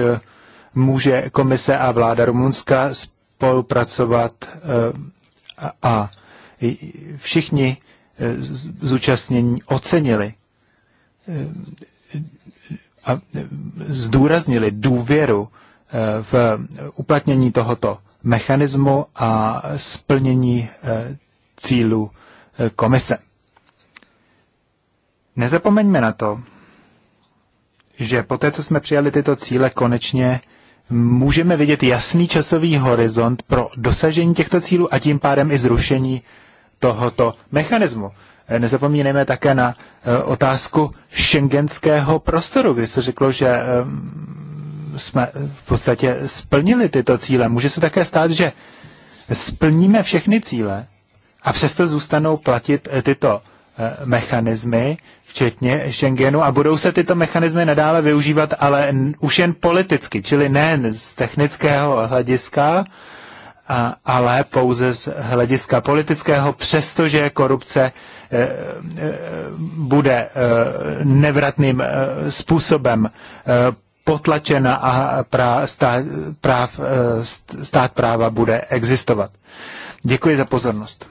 může komise a vláda Rumunska spolupracovat a všichni eh, zúčastnění ocenili eh, a eh, zdůraznili důvěru v uplatnění tohoto mechanismu a splnění cílu komise. Nezapomeňme na to, že poté, co jsme přijali tyto cíle, konečně můžeme vidět jasný časový horizont pro dosažení těchto cílů a tím pádem i zrušení tohoto mechanismu. Eh, nezapomínejme také na eh, otázku šengenského prostoru, kdy se řeklo, že ehm, jsme eh, v podstatě splnili tyto cíle. Může se také stát, že splníme všechny cíle a přesto zůstanou platit tyto mechanismy, včetně Schengenu, a budou se tyto mechanismy nadále využívat, ale už jen politicky, čili ne z technického hlediska, ale pouze z hlediska politického, přestože korupce eh, eh, bude eh, nevratným způsobem potlačena a práv, stát práva bude existovat. Děkuji za pozornost.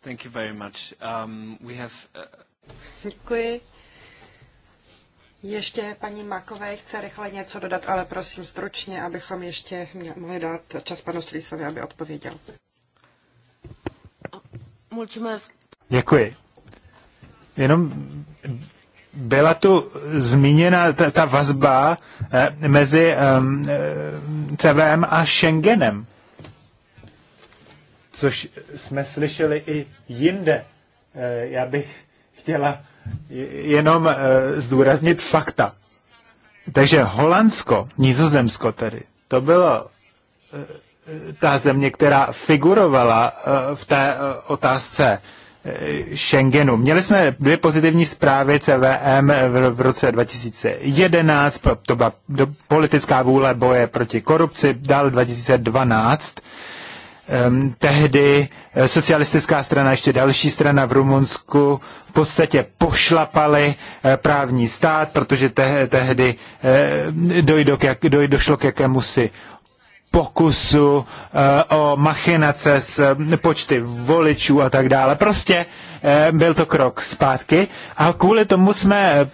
Thank you very much. Um, we have, uh... Děkuji. Ještě paní Makové chce rychle něco dodat, ale prosím stručně, abychom ještě mohli dát čas panu Slísovi, aby odpověděl. Děkuji. Jenom byla tu zmíněna ta, ta vazba eh, mezi eh, CVM a Schengenem, což jsme slyšeli i jinde. Eh, já bych chtěla jenom eh, zdůraznit fakta. Takže Holandsko, Nizozemsko tedy, to bylo eh, ta země, která figurovala eh, v té otázce Schengenu. Měli jsme dvě pozitivní zprávy CVM v roce 2011, to byla politická vůle boje proti korupci, dál 2012 um, tehdy eh, socialistická strana, ještě další strana v Rumunsku v podstatě pošlapali eh, právní stát, protože tehdy eh, dojdo k jak, dojdošlo k jakémusi pokusu eh, o machinace s eh, počty voličů a tak dále. Prostě eh, byl to krok zpátky a kvůli tomu jsme,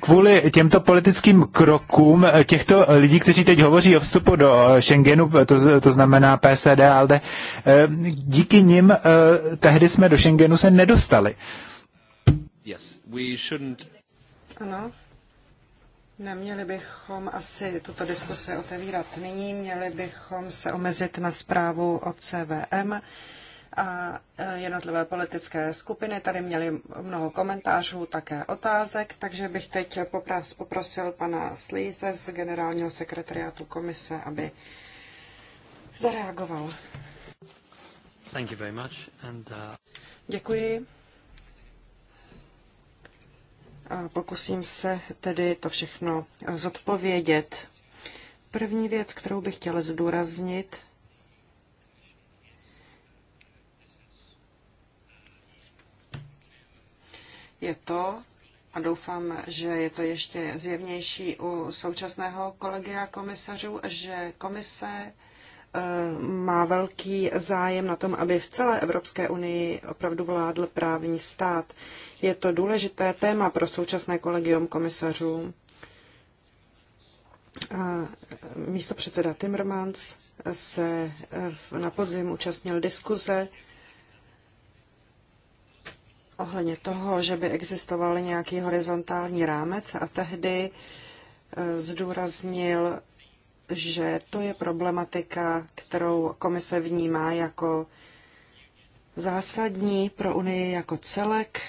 kvůli těmto politickým krokům těchto lidí, kteří teď hovoří o vstupu do Schengenu, to, to znamená PSD, ALDE, díky nim tehdy jsme do Schengenu se nedostali. Yes, we shouldn't... Ano, Neměli bychom asi tuto diskusi otevírat nyní, měli bychom se omezit na zprávu o CVM a eh, jednotlivé politické skupiny. Tady měli mnoho komentářů, také otázek, takže bych teď poprosil pana Slíze z generálního sekretariátu komise, aby zareagoval. Thank you very much and, uh... Děkuji pokusím se tedy to všechno zodpovědět. První věc, kterou bych chtěla zdůraznit, je to, a doufám, že je to ještě zjevnější u současného kolegia komisařů, že komise Eh, má velký zájem na tom, aby v celé Evropské unii opravdu vládl právní stát. Je to důležité téma pro současné kolegium komisařů. Eh, místo předseda Timmermans se eh, na podzim účastnil diskuze ohledně toho, že by existoval nějaký horizontální rámec a tehdy zdůraznil že to je problematika, kterou komise vnímá jako zásadní pro Unii jako celek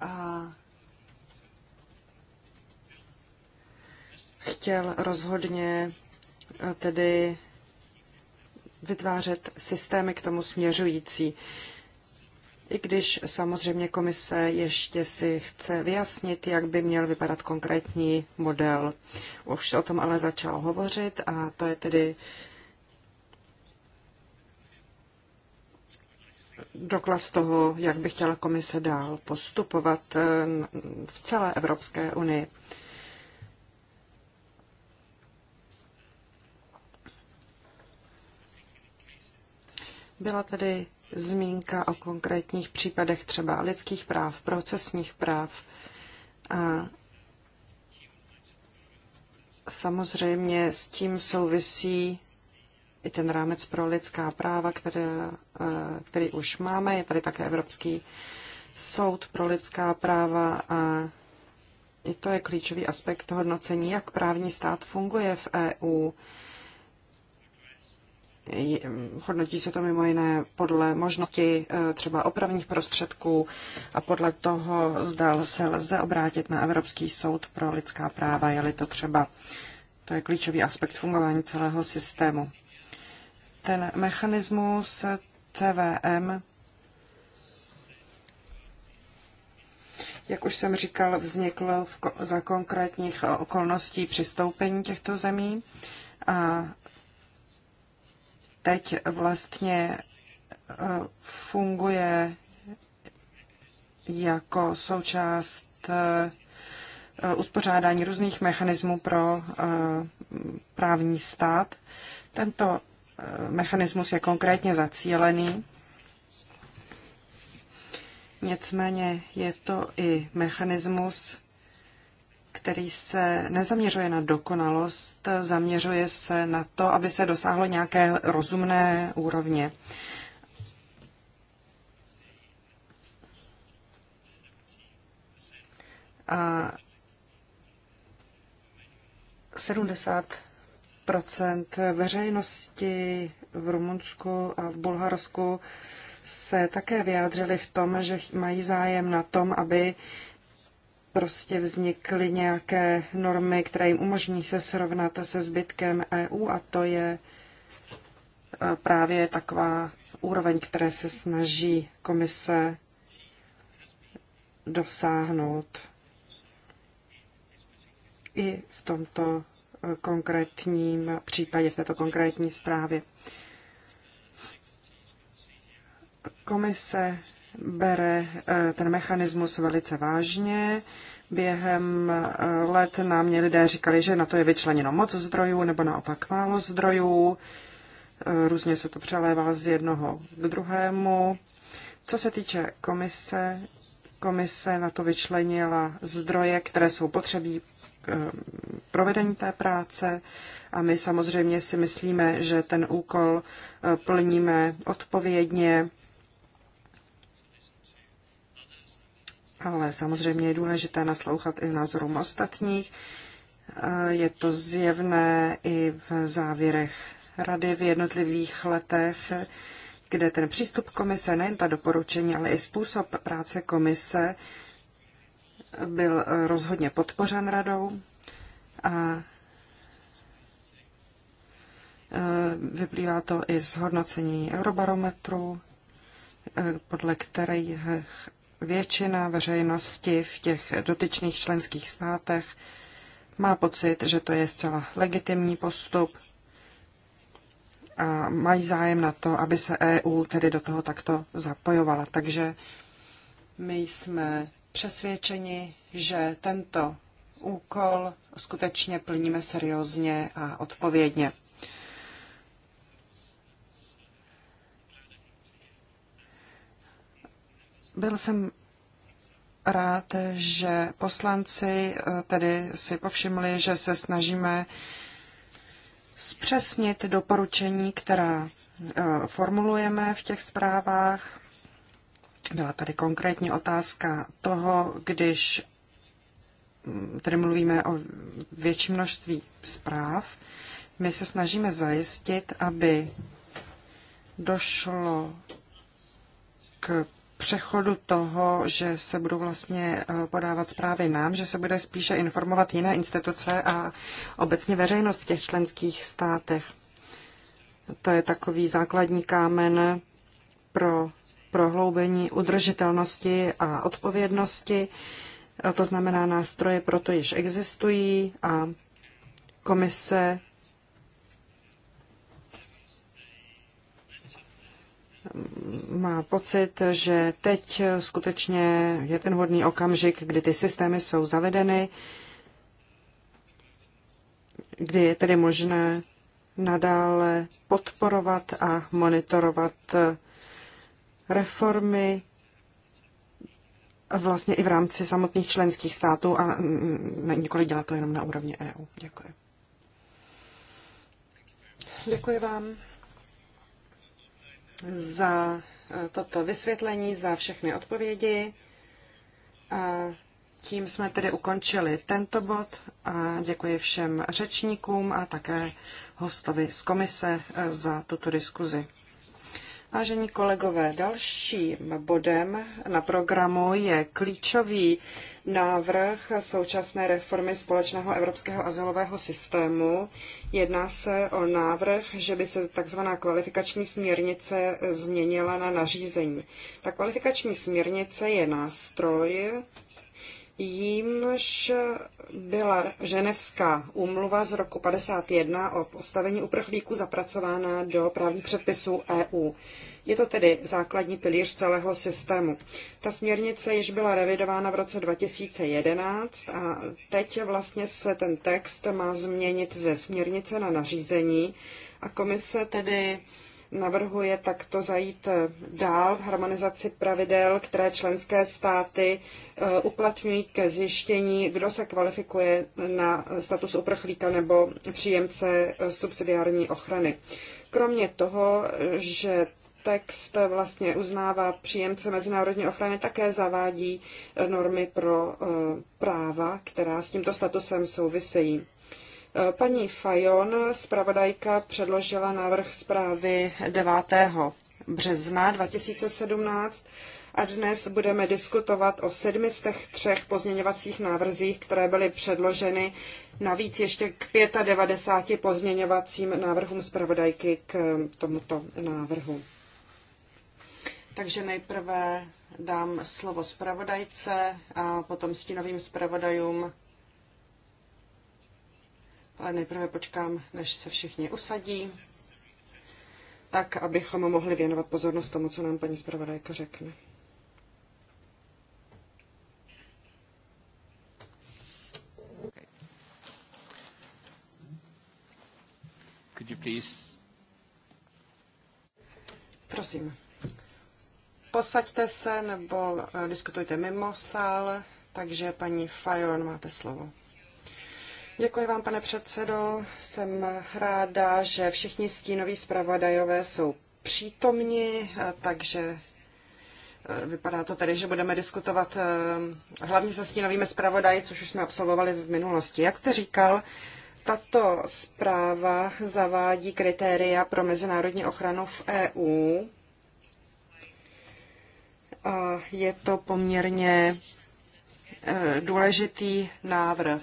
a chtěl rozhodně eh, tedy vytvářet systémy k tomu směřující i když samozřejmě komise ještě si chce vyjasnit, jak by měl vypadat konkrétní model. Už se o tom ale začalo hovořit a to je tedy doklad toho, jak by chtěla komise dál postupovat eh, v celé Evropské unii. Byla tedy zmínka o konkrétních případech třeba lidských práv, procesních práv. A samozřejmě s tím souvisí i ten rámec pro lidská práva, který, eh, který už máme. Je tady také Evropský soud pro lidská práva a i to je klíčový aspekt hodnocení, jak právní stát funguje v EU hodnotí se to mimo jiné podle možnosti eh, třeba opravních prostředků a podle toho zdal se lze obrátit na Evropský soud pro lidská práva, je-li to třeba. To je klíčový aspekt fungování celého systému. Ten mechanismus CVM jak už jsem říkal, vznikl v, za konkrétních okolností přistoupení těchto zemí a teď vlastně eh, funguje jako součást eh, uspořádání různých mechanismů pro eh, právní stát. Tento mechanismus je konkrétně zacílený. Nicméně je to i mechanismus, který se nezaměřuje na dokonalost, zaměřuje se na to, aby se dosáhlo nějaké rozumné úrovně. A 70 veřejnosti v Rumunsku a v Bulharsku se také vyjádřili v tom, že mají zájem na tom, aby prostě vznikly nějaké normy, které jim umožní se srovnat se zbytkem EU a to je e, právě taková úroveň, které se snaží komise dosáhnout i v tomto e, konkrétním případě, v této konkrétní zprávě. Komise bere eh, ten mechanismus velice vážně. Během eh, let nám mě lidé říkali, že na to je vyčleněno moc zdrojů nebo naopak málo zdrojů. Eh, různě se to přelévá z jednoho k druhému. Co se týče komise, komise na to vyčlenila zdroje, které jsou potřebí k provedení té práce a my samozřejmě si myslíme, že ten úkol plníme odpovědně ale samozřejmě je důležité naslouchat i názorům ostatních. Eh, je to zjevné i v závěrech rady v jednotlivých letech, kde ten přístup komise, nejen ta doporučení, ale i způsob práce komise byl eh, rozhodně podpořen radou a eh, vyplývá to i z hodnocení Eurobarometru, podle kterých většina veřejnosti v těch dotyčných členských státech má pocit, že to je zcela legitimní postup a mají zájem na to, aby se EU tedy do toho takto zapojovala. Takže my jsme přesvědčeni, že tento úkol skutečně plníme seriózně a odpovědně. Byl jsem rád, že poslanci eh, tedy si povšimli, že se snažíme zpřesnit doporučení, která eh, formulujeme v těch zprávách. Byla tady konkrétní otázka toho, když mm, tedy mluvíme o větším množství zpráv, my se snažíme zajistit, aby došlo k přechodu toho, že se budou vlastně eh, podávat zprávy nám, že se bude spíše informovat jiné instituce a obecně veřejnost v těch členských státech. To je takový základní kámen pro prohloubení udržitelnosti a odpovědnosti. Eh, to znamená, nástroje proto již existují a komise má pocit, že teď skutečně je ten hodný okamžik, kdy ty systémy jsou zavedeny, kdy je tedy možné nadále podporovat a monitorovat reformy vlastně i v rámci samotných členských států a nikoli dělat to jenom na úrovni EU. Děkuji. Děkuji vám za eh, toto vysvětlení, za všechny odpovědi. A tím jsme tedy ukončili tento bod a děkuji všem řečníkům a také hostovi z komise eh, za tuto diskuzi. Vážení kolegové, dalším bodem na programu je klíčový návrh současné reformy společného evropského azylového systému. Jedná se o návrh, že by se tzv. kvalifikační směrnice změnila na nařízení. Ta kvalifikační směrnice je nástroj, jímž byla ženevská úmluva z roku 51 o postavení uprchlíků zapracována do právních předpisů EU. Je to tedy základní pilíř celého systému. Ta směrnice již byla revidována v roce 2011 a teď vlastně se ten text má změnit ze směrnice na nařízení a komise tedy navrhuje takto zajít eh, dál v harmonizaci pravidel, které členské státy eh, uplatňují ke zjištění, kdo se kvalifikuje na status uprchlíka nebo příjemce eh, subsidiární ochrany. Kromě toho, že text vlastně uznává příjemce mezinárodní ochrany, také zavádí normy pro práva, která s tímto statusem souvisejí. Paní Fajon, zpravodajka, předložila návrh zprávy 9. března 2017 a dnes budeme diskutovat o sedmi třech pozměňovacích návrzích, které byly předloženy, navíc ještě k 95 pozměňovacím návrhům zpravodajky k tomuto návrhu. Takže nejprve dám slovo zpravodajce a potom stínovým zpravodajům ale nejprve počkám, než se všichni usadí, tak abychom mohli věnovat pozornost tomu, co nám paní zpravodajka řekne. Could you please... Prosím. Posaďte se nebo eh, diskutujte mimo sál, takže paní Fajon máte slovo. Děkuji vám, pane předsedo. Jsem ráda, že všichni stínoví zpravodajové jsou přítomni, eh, takže eh, vypadá to tedy, že budeme diskutovat eh, hlavně se stínovými zpravodaji, což už jsme absolvovali v minulosti. Jak jste říkal, tato zpráva zavádí kritéria pro mezinárodní ochranu v EU a je to poměrně důležitý návrh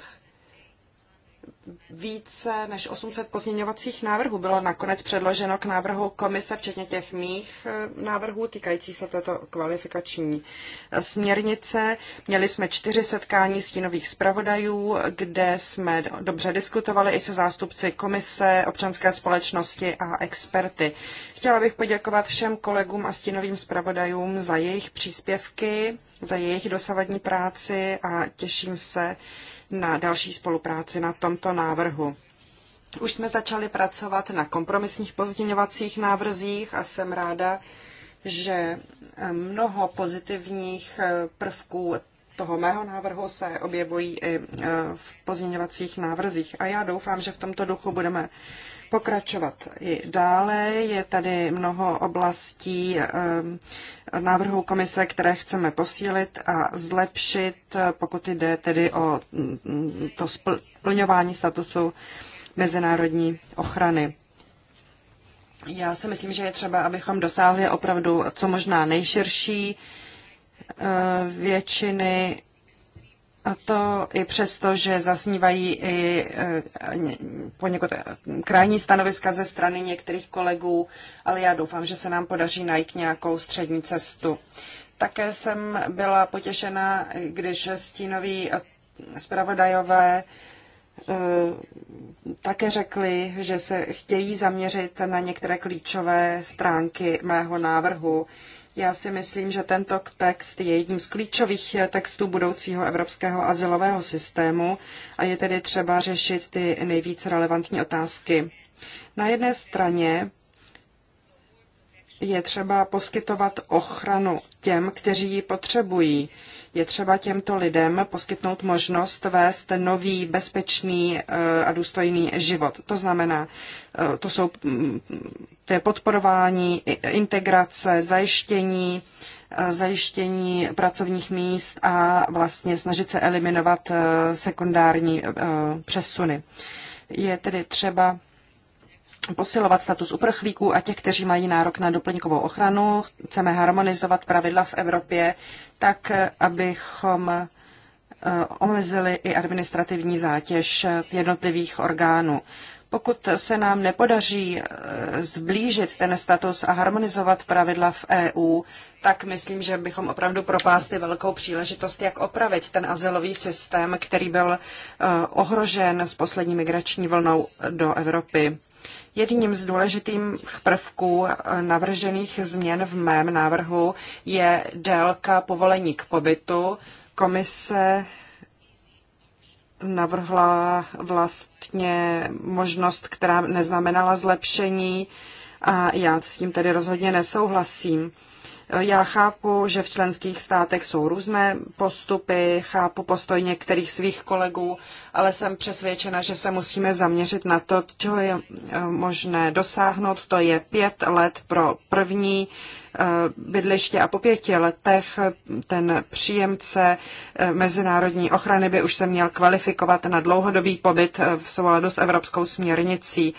více než 800 pozměňovacích návrhů bylo nakonec předloženo k návrhu komise, včetně těch mých eh, návrhů týkající se této kvalifikační eh, směrnice. Měli jsme čtyři setkání stínových zpravodajů, kde jsme dobře diskutovali i se zástupci komise, občanské společnosti a experty. Chtěla bych poděkovat všem kolegům a stínovým zpravodajům za jejich příspěvky, za jejich dosavadní práci a těším se, na další spolupráci na tomto návrhu. Už jsme začali pracovat na kompromisních pozděňovacích návrzích a jsem ráda, že mnoho pozitivních prvků toho mého návrhu se objevují i e, v pozměňovacích návrzích. A já doufám, že v tomto duchu budeme pokračovat i dále. Je tady mnoho oblastí, e, návrhů komise, které chceme posílit a zlepšit, pokud jde tedy o mm, to splňování statusu mezinárodní ochrany. Já si myslím, že je třeba, abychom dosáhli opravdu co možná nejširší eh, většiny a to i přesto, že zasnívají i eh, poněkud eh, krajní stanoviska ze strany některých kolegů, ale já doufám, že se nám podaří najít nějakou střední cestu. Také jsem byla potěšena, když stínoví eh, zpravodajové také řekli, že se chtějí zaměřit na některé klíčové stránky mého návrhu. Já si myslím, že tento text je jedním z klíčových textů budoucího evropského asilového systému a je tedy třeba řešit ty nejvíce relevantní otázky. Na jedné straně je třeba poskytovat ochranu těm, kteří ji potřebují. Je třeba těmto lidem poskytnout možnost vést nový, bezpečný eh, a důstojný život. To znamená, eh, to, jsou, mm, to je podporování, integrace, zajištění, eh, zajištění pracovních míst a vlastně snažit se eliminovat sekundární přesuny. Je tedy třeba posilovat status uprchlíků a těch, kteří mají nárok na doplňkovou ochranu. Chceme harmonizovat pravidla v Evropě tak, abychom eh, omezili i administrativní zátěž jednotlivých orgánů. Pokud se nám nepodaří eh, zblížit ten status a harmonizovat pravidla v EU, tak myslím, že bychom opravdu propásli velkou příležitost, jak opravit ten azylový systém, který byl eh, ohrožen s poslední migrační vlnou do Evropy. Jedním z důležitých prvků eh, navržených změn v mém návrhu je délka povolení k pobytu. Komise navrhla vlastně možnost, která neznamenala zlepšení a já s tím tedy rozhodně nesouhlasím. Já chápu, že v členských státech jsou různé postupy, chápu postoj některých svých kolegů, ale jsem přesvědčena, že se musíme zaměřit na to, čeho je eh, možné dosáhnout. To je pět let pro první eh, bydliště a po pěti letech ten příjemce eh, mezinárodní ochrany by už se měl kvalifikovat na dlouhodobý pobyt v souladu s evropskou směrnicí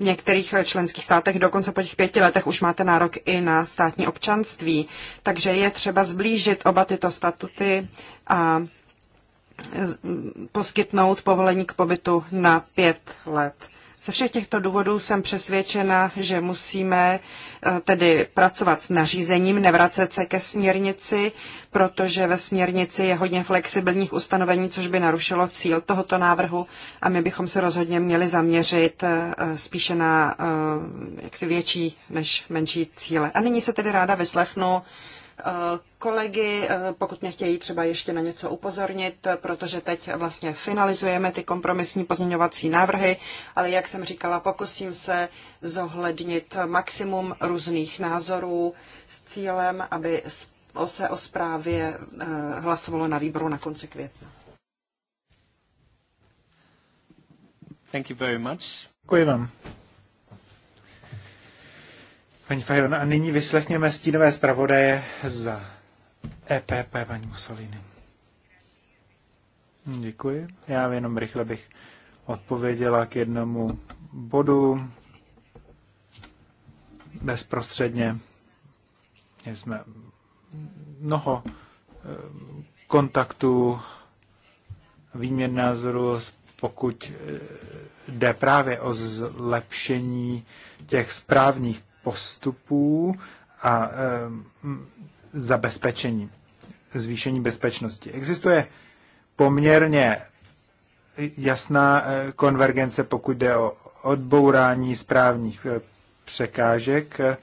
v některých eh, členských státech dokonce po těch pěti letech už máte nárok i na státní občanství. Takže je třeba zblížit oba tyto statuty a poskytnout povolení k pobytu na pět let. Ze všech těchto důvodů jsem přesvědčena, že musíme eh, tedy pracovat s nařízením, nevracet se ke směrnici, protože ve směrnici je hodně flexibilních ustanovení, což by narušilo cíl tohoto návrhu a my bychom se rozhodně měli zaměřit eh, spíše na eh, jaksi větší než menší cíle. A nyní se tedy ráda vyslechnu kolegy, eh, pokud mě chtějí třeba ještě na něco upozornit, protože teď vlastně finalizujeme ty kompromisní pozměňovací návrhy, ale jak jsem říkala, pokusím se zohlednit maximum různých názorů s cílem, aby se o zprávě eh, hlasovalo na výboru na konci května. Thank you very much. Děkuji vám. Paní Fajon, a nyní vyslechněme stínové zpravodaje za EPP, paní Mussolini. Děkuji. Já jenom rychle bych odpověděla k jednomu bodu bezprostředně. Měli jsme mnoho eh, kontaktů, výměn názorů, pokud eh, jde právě o zlepšení těch správních postupů a zabezpečení, zvýšení bezpečnosti. Existuje poměrně jasná e, konvergence, pokud jde o odbourání správních e, překážek e,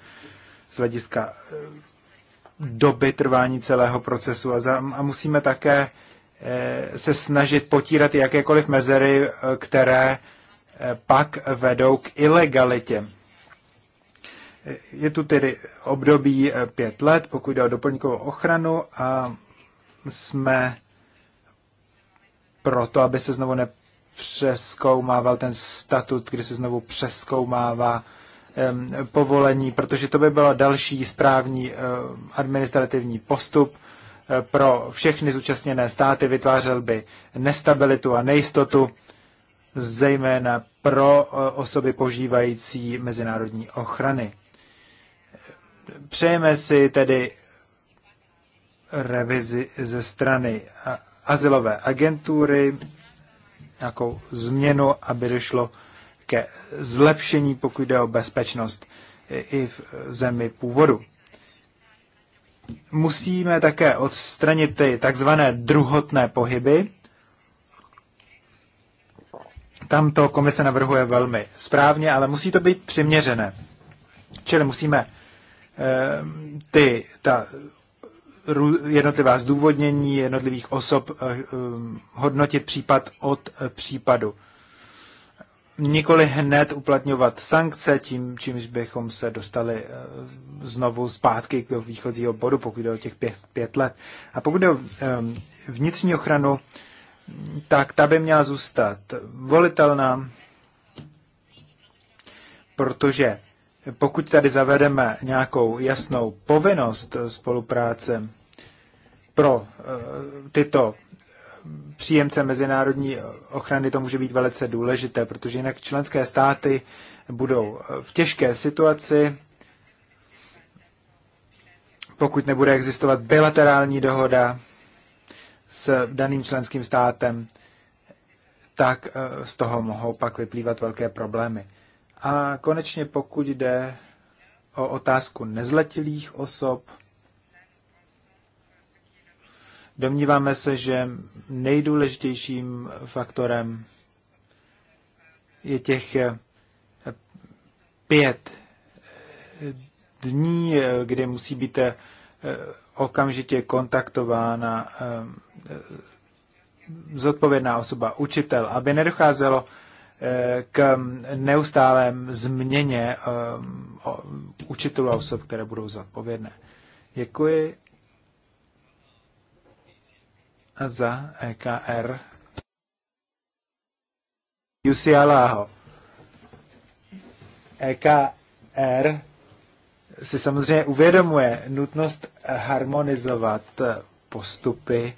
z hlediska doby trvání celého procesu a, za, a musíme také se snažit potírat jakékoliv mezery, které pak vedou k ilegalitě. Je tu tedy období eh, pět let, pokud jde o doplňkovou ochranu a jsme proto, aby se znovu nepřeskoumával ten statut, kdy se znovu přeskoumává povolení, protože to by byl další správní eh, administrativní postup eh, pro všechny zúčastněné státy, vytvářel by nestabilitu a nejistotu, zejména pro osoby požívající mezinárodní ochrany přejeme si tedy revizi ze strany azylové agentury, nějakou změnu, aby došlo ke zlepšení, pokud jde o bezpečnost i v zemi původu. Musíme také odstranit ty takzvané druhotné pohyby. Tam to komise navrhuje velmi správně, ale musí to být přiměřené. Čili musíme ty, ta jednotlivá zdůvodnění jednotlivých osob eh, um, hodnotit případ od eh, případu. Nikoli hned uplatňovat sankce, tím, čímž bychom se dostali eh, znovu zpátky do výchozího bodu, pokud jde o těch pět, pět let. A pokud jde o vnitřní ochranu, tak ta by měla zůstat volitelná, protože pokud tady zavedeme nějakou jasnou povinnost spolupráce pro eh, tyto příjemce mezinárodní ochrany, to může být velice důležité, protože jinak členské státy budou eh, v těžké situaci, pokud nebude existovat bilaterální dohoda s daným členským státem, tak eh, z toho mohou pak vyplývat velké problémy. A konečně pokud jde o otázku nezletilých osob, domníváme se, že nejdůležitějším faktorem je těch pět dní, kde musí být okamžitě kontaktována eh, zodpovědná osoba, učitel, aby nedocházelo Eh, k neustálém změně eh, učitelů a osob, které budou zodpovědné. Děkuji za EKR. Jusi Aláho. EKR si samozřejmě uvědomuje nutnost harmonizovat postupy,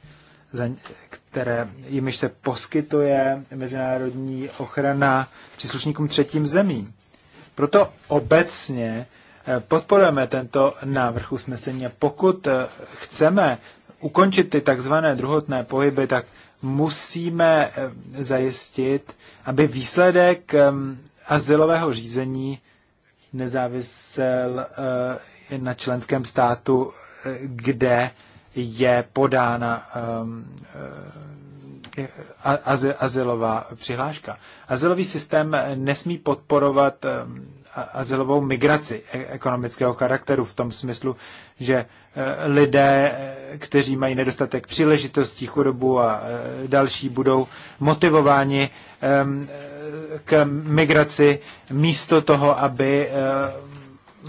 které, jimiž se poskytuje mezinárodní ochrana příslušníkům třetím zemí. Proto obecně eh, podporujeme tento návrh usnesení pokud eh, chceme ukončit ty takzvané druhotné pohyby, tak musíme eh, zajistit, aby výsledek ehm, azylového řízení nezávisel na členském státu, kde je podána um, uh, az, azylová přihláška. Azylový systém nesmí podporovat um, azylovou migraci e, ekonomického charakteru v tom smyslu, že uh, lidé, eh, kteří mají nedostatek příležitostí, chudobu a eh, další, budou motivováni um, k migraci místo toho, aby eh,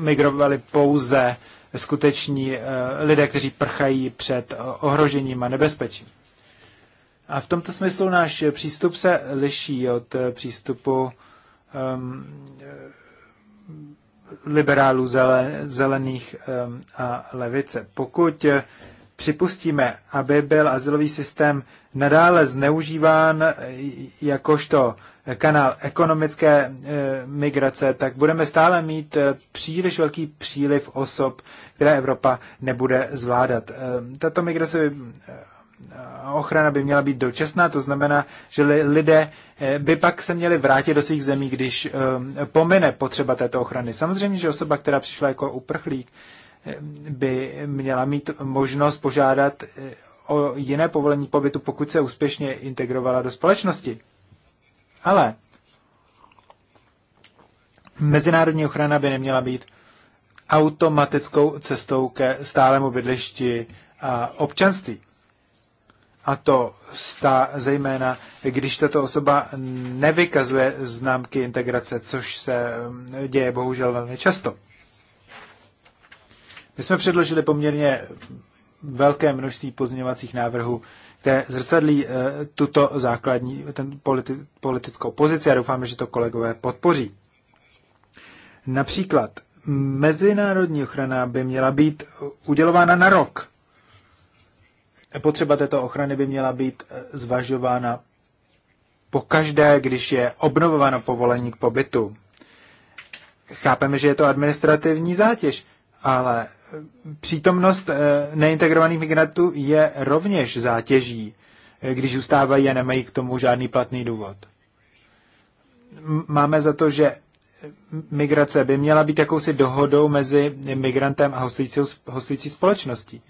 migrovali pouze skuteční eh, lidé, kteří prchají před ohrožením a nebezpečím. A v tomto smyslu náš přístup se liší od eh, přístupu um, liberálů zelených um, a levice. Pokud eh, připustíme, aby byl asilový systém nadále zneužíván eh, jakožto kanál ekonomické eh, migrace, tak budeme stále mít eh, příliš velký příliv osob, které Evropa nebude zvládat. Tato migrace ochrana by měla být dočasná, to znamená, že lidé by pak se měli vrátit do svých zemí, když pomine potřeba této ochrany. Samozřejmě, že osoba, která přišla jako uprchlík, by měla mít možnost požádat eh, o jiné povolení pobytu, pokud se úspěšně integrovala do společnosti. Ale mezinárodní ochrana by neměla být automatickou cestou ke stálemu bydlišti a občanství. A to stá, zejména, když tato osoba nevykazuje známky integrace, což se mm, děje bohužel velmi často. My jsme předložili poměrně velké množství pozměňovacích návrhů, které zrcadlí eh, tuto základní ten politi- politickou pozici a doufáme, že to kolegové podpoří. Například mezinárodní ochrana by měla být udělována na rok. Potřeba této ochrany by měla být eh, zvažována po každé, když je obnovováno povolení k pobytu. Chápeme, že je to administrativní zátěž, ale přítomnost eh, neintegrovaných migrantů je rovněž zátěží, eh, když zůstávají a nemají k tomu žádný platný důvod. Máme za to, že migrace by měla být jakousi dohodou mezi migrantem a hostující, hostující společností.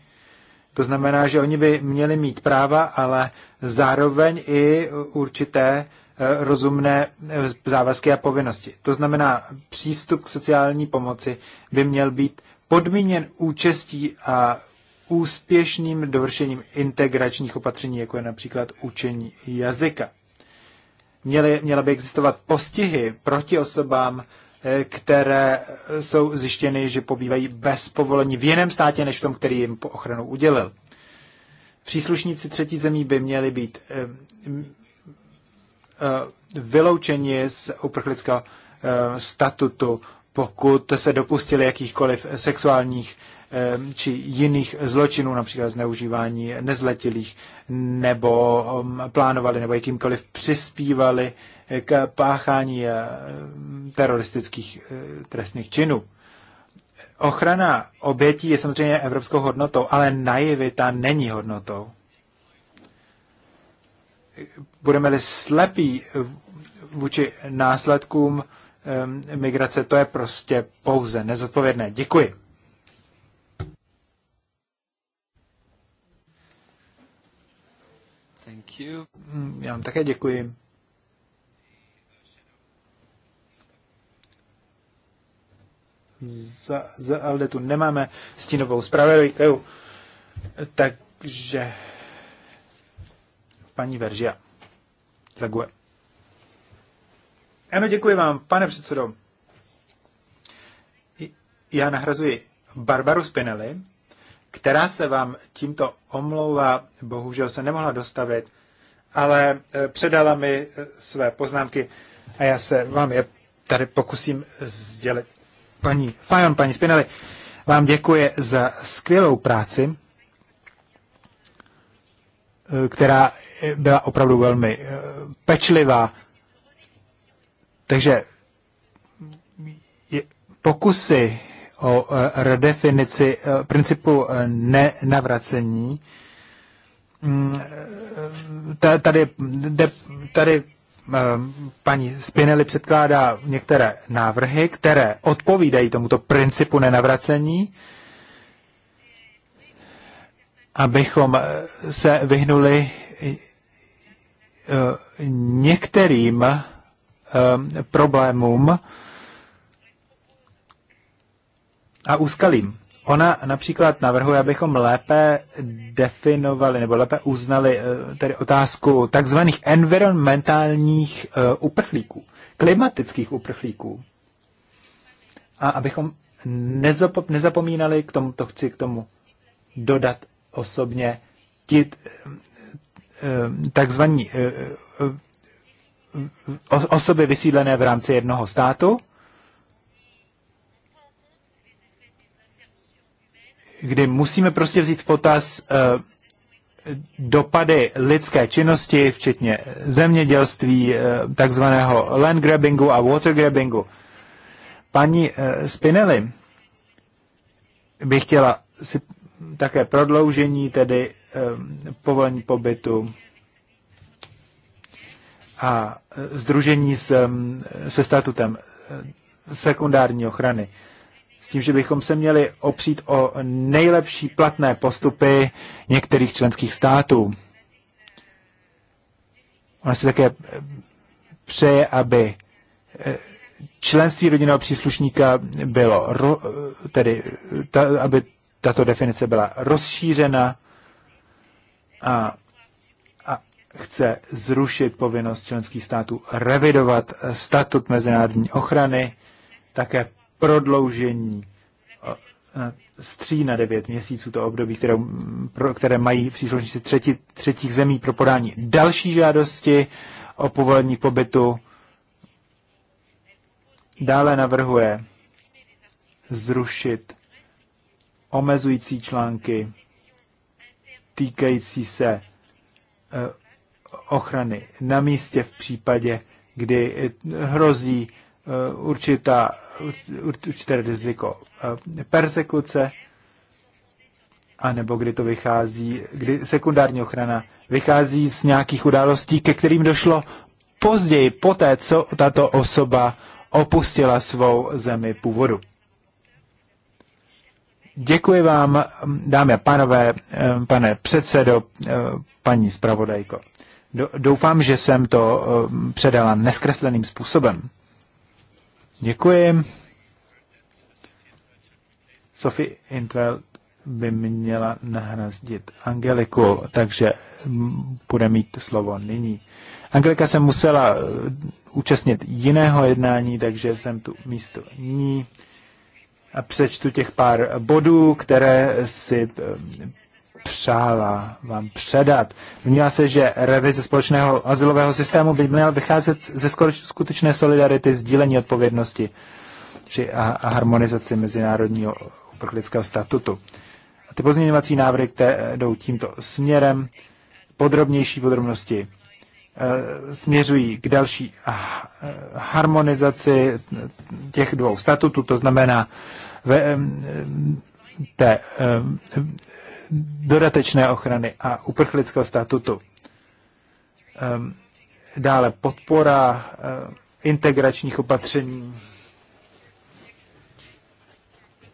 To znamená, že oni by měli mít práva, ale zároveň i určité eh, rozumné závazky a povinnosti. To znamená, přístup k sociální pomoci by měl být podmíněn účastí a úspěšným dovršením integračních opatření, jako je například učení jazyka. Měly, měla by existovat postihy proti osobám, eh, které jsou zjištěny, že pobývají bez povolení v jiném státě, než v tom, který jim po ochranu udělil. Příslušníci třetí zemí by měli být eh, eh, vyloučeni z uprchlického statutu pokud se dopustili jakýchkoliv sexuálních či jiných zločinů, například zneužívání nezletilých, nebo plánovali, nebo jakýmkoliv přispívali eh, k páchání eh, teroristických eh, trestných činů. Ochrana obětí je samozřejmě evropskou hodnotou, ale naivita není hodnotou. Budeme-li slepí vůči následkům migrace, to je prostě pouze nezodpovědné. Děkuji. Thank you. Hm, já vám také děkuji. Za, za Alde tu nemáme stínovou zpravodajku, takže paní Veržia. Zague. Ano, děkuji vám, pane předsedo. Já nahrazuji Barbaru Spinelli, která se vám tímto omlouvá, bohužel se nemohla dostavit, ale eh, předala mi eh, své poznámky a já se vám je tady pokusím sdělit. Paní Fajon, paní Spinelli, vám děkuji za skvělou práci, eh, která byla opravdu velmi pečlivá takže pokusy o e, redefinici e, principu e, nenavracení, mm, tady, tady paní Spinelli předkládá některé návrhy, které odpovídají tomuto principu nenavracení, abychom se vyhnuli některým Ehm, problémům a úskalím. Ona například navrhuje, abychom lépe definovali nebo lépe uznali eh, tedy otázku takzvaných environmentálních eh, uprchlíků, klimatických uprchlíků. A abychom nezapomínali, k tomu to chci k tomu dodat osobně, ti eh, takzvaní osoby vysídlené v rámci jednoho státu, kdy musíme prostě vzít v potaz eh, dopady lidské činnosti, včetně zemědělství, eh, takzvaného land grabbingu a water grabbingu. Paní eh, Spinelli by chtěla si také prodloužení, tedy povolení pobytu a e, združení s, se statutem e, sekundární ochrany. S tím, že bychom se měli opřít o nejlepší platné postupy některých členských států. Ona se také e, přeje, aby členství rodinného příslušníka bylo, tedy ta, aby tato definice byla rozšířena a chce zrušit povinnost členských států revidovat statut mezinárodní ochrany, také prodloužení z na devět měsíců to období, které, pro, které mají příslušníci třetí, třetích zemí pro podání další žádosti o povolení pobytu. Dále navrhuje zrušit omezující články týkající se e, ochrany na místě v případě, kdy hrozí eh, určitá, určité riziko eh, persekuce, anebo kdy to vychází, kdy sekundární ochrana vychází z nějakých událostí, ke kterým došlo později, poté, co tato osoba opustila svou zemi původu. Děkuji vám, dámy a pánové, eh, pane předsedo, paní zpravodajko. Doufám, že jsem to eh, předala neskresleným způsobem. Děkuji. Sophie Intwell by měla nahrazdit Angeliku, takže bude mít slovo nyní. Angelika se musela eh, účastnit jiného jednání, takže jsem tu místo ní a přečtu těch pár bodů, které si eh, přála vám předat. Domnívá se, že revize společného azylového systému by měla vycházet ze skutečné solidarity, sdílení odpovědnosti či a, a harmonizaci mezinárodního uprchlického statutu. A ty pozměňovací návrhy, které jdou tímto směrem, podrobnější podrobnosti eh, směřují k další ah, harmonizaci těch dvou statutů, to znamená ve, té dodatečné ochrany a uprchlického statutu. Ehm, dále podpora eh, integračních opatření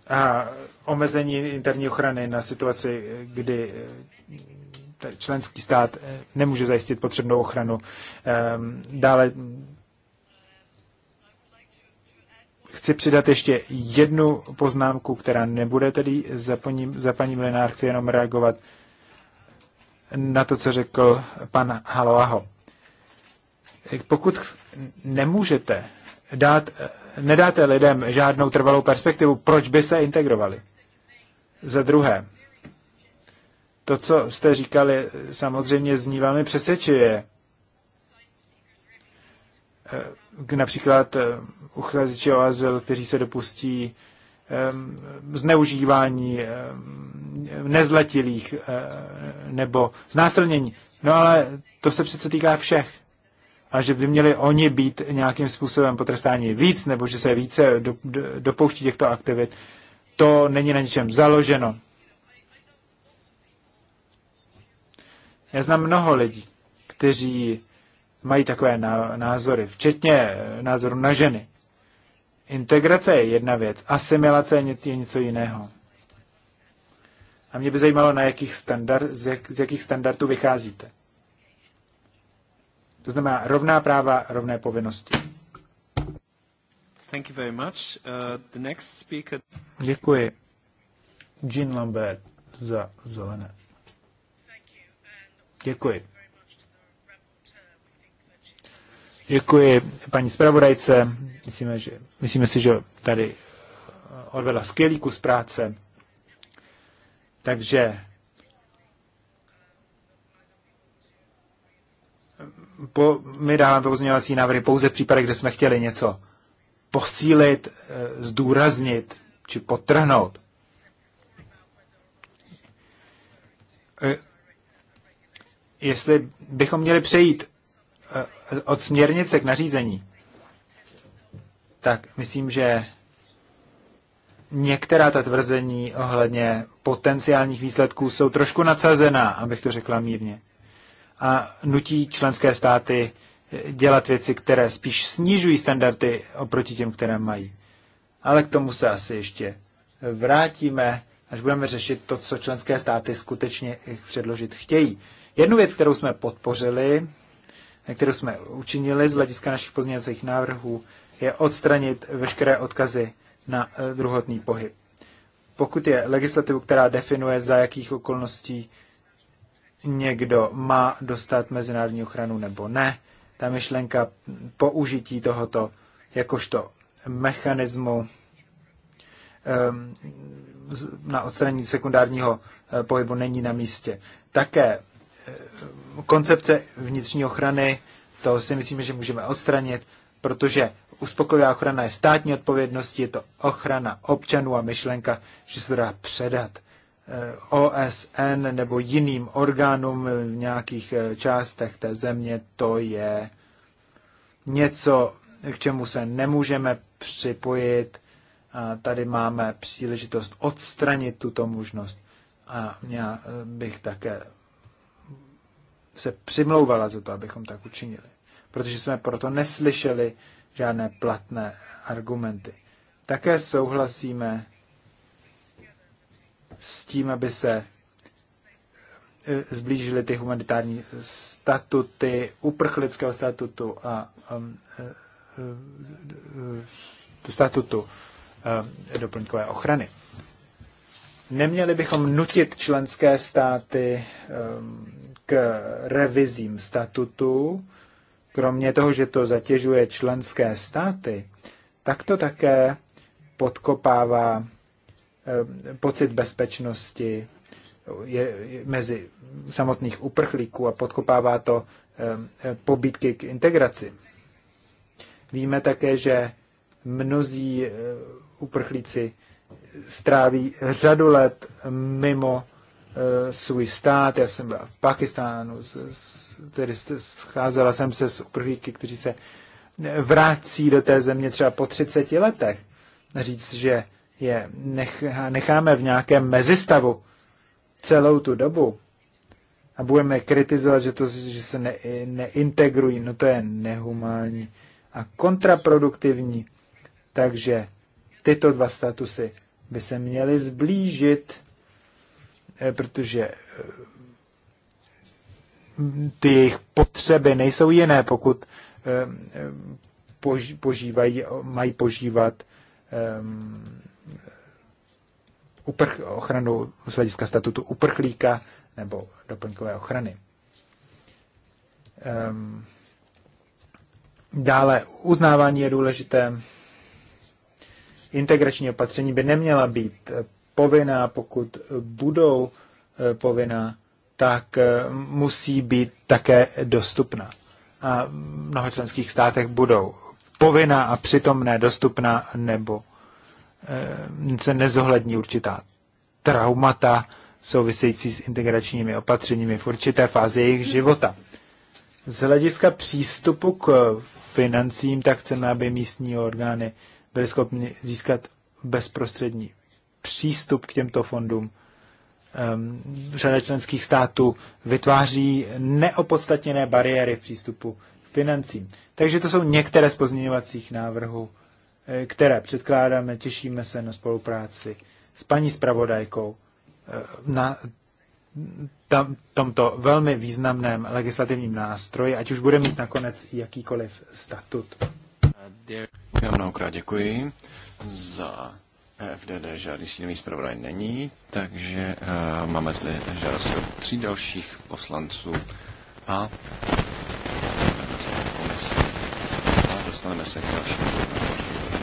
a omezení interní ochrany na situaci, kdy eh, členský stát eh, nemůže zajistit potřebnou ochranu. Ehm, dále Chci přidat ještě jednu poznámku, která nebude tedy za paní, za paní Mlinár, chci jenom reagovat na to, co řekl pan Haloaho. Pokud nemůžete dát, nedáte lidem žádnou trvalou perspektivu, proč by se integrovali? Za druhé, to, co jste říkali, samozřejmě zní velmi přesvědčivě například eh, uchazeči o azyl, kteří se dopustí ehm, zneužívání ehm, nezletilých eh, nebo znásilnění. No ale to se přece týká všech. A že by měli oni být nějakým způsobem potrestáni víc, nebo že se více dopouští těchto aktivit, to není na ničem založeno. Já znám mnoho lidí, kteří mají takové názory, včetně eh, názoru na ženy. Integrace je jedna věc, asimilace je něco jiného. A mě by zajímalo, na jakých standard, z, jak, z jakých standardů vycházíte. To znamená rovná práva, rovné povinnosti. Thank you very much. Uh, the next speaker... Děkuji. Jean Lambert za zelené. Děkuji. Děkuji paní zpravodajce. Myslíme, že, myslíme si, že tady eh, odvedla skvělý kus práce. Takže eh, po, my dáváme pozměňovací návrhy pouze v případech, kde jsme chtěli něco posílit, eh, zdůraznit či potrhnout. Jestli bychom měli přejít od směrnice k nařízení, tak myslím, že některá ta tvrzení ohledně potenciálních výsledků jsou trošku nadsazená, abych to řekla mírně. A nutí členské státy dělat věci, které spíš snižují standardy oproti těm, které mají. Ale k tomu se asi ještě vrátíme, až budeme řešit to, co členské státy skutečně předložit chtějí. Jednu věc, kterou jsme podpořili, kterou jsme učinili z hlediska našich pozměňovacích návrhů, je odstranit veškeré odkazy na eh, druhotný pohyb. Pokud je legislativu, která definuje, za jakých okolností někdo má dostat mezinárodní ochranu nebo ne, ta myšlenka použití tohoto jakožto mechanismu ehm, na odstranění sekundárního eh, pohybu není na místě. Také koncepce vnitřní ochrany, to si myslíme, že můžeme odstranit, protože uspokojivá ochrana je státní odpovědnosti, je to ochrana občanů a myšlenka, že se to dá předat eh, OSN nebo jiným orgánům v nějakých eh, částech té země, to je něco, k čemu se nemůžeme připojit. A tady máme příležitost odstranit tuto možnost. A já eh, bych také se přimlouvala za to, abychom tak učinili. Protože jsme proto neslyšeli žádné platné argumenty. Také souhlasíme s tím, aby se e, zblížily ty humanitární statuty, uprchlického statutu a um, e, e, statutu um, doplňkové ochrany. Neměli bychom nutit členské státy ehm, k revizím statutu, kromě toho, že to zatěžuje členské státy, tak to také podkopává ehm, pocit bezpečnosti mezi samotných uprchlíků a podkopává to ehm, pobídky k integraci. Víme také, že mnozí uprchlíci stráví řadu let mimo eh, svůj stát. Já jsem byla v Pakistánu, tedy scházela jsem se s uprchlíky, kteří se vrací do té země třeba po 30 letech. Říct, že je necháme v nějakém mezistavu celou tu dobu a budeme kritizovat, že, to, že se ne, neintegrují, no to je nehumální a kontraproduktivní. Takže tyto dva statusy by se měly zblížit, eh, protože eh, ty jejich potřeby nejsou jiné, pokud eh, požívají, mají požívat uprch, ochranu z hlediska statutu uprchlíka nebo doplňkové ochrany. Ehm, dále uznávání je důležité integrační opatření by neměla být povinná, pokud budou eh, povinná, tak eh, musí být také dostupná. A v mnoha členských státech budou povinná a přitom nedostupná nebo eh, se nezohlední určitá traumata související s integračními opatřeními v určité fázi jejich života. Z hlediska přístupu k financím, tak chceme, aby místní orgány byli schopni získat bezprostřední přístup k těmto fondům. Ehm, řada členských států vytváří neopodstatněné bariéry v přístupu k financím. Takže to jsou některé z pozměňovacích návrhů, eh, které předkládáme. Těšíme se na spolupráci s paní zpravodajkou eh, na tam, tomto velmi významném legislativním nástroji, ať už bude mít nakonec jakýkoliv statut. Já mnohokrát děkuji za e FDD žádný sínový zpravodaj není, takže uh, máme zde žádost od tří dalších poslanců a eh, A dostaneme se k dalšímu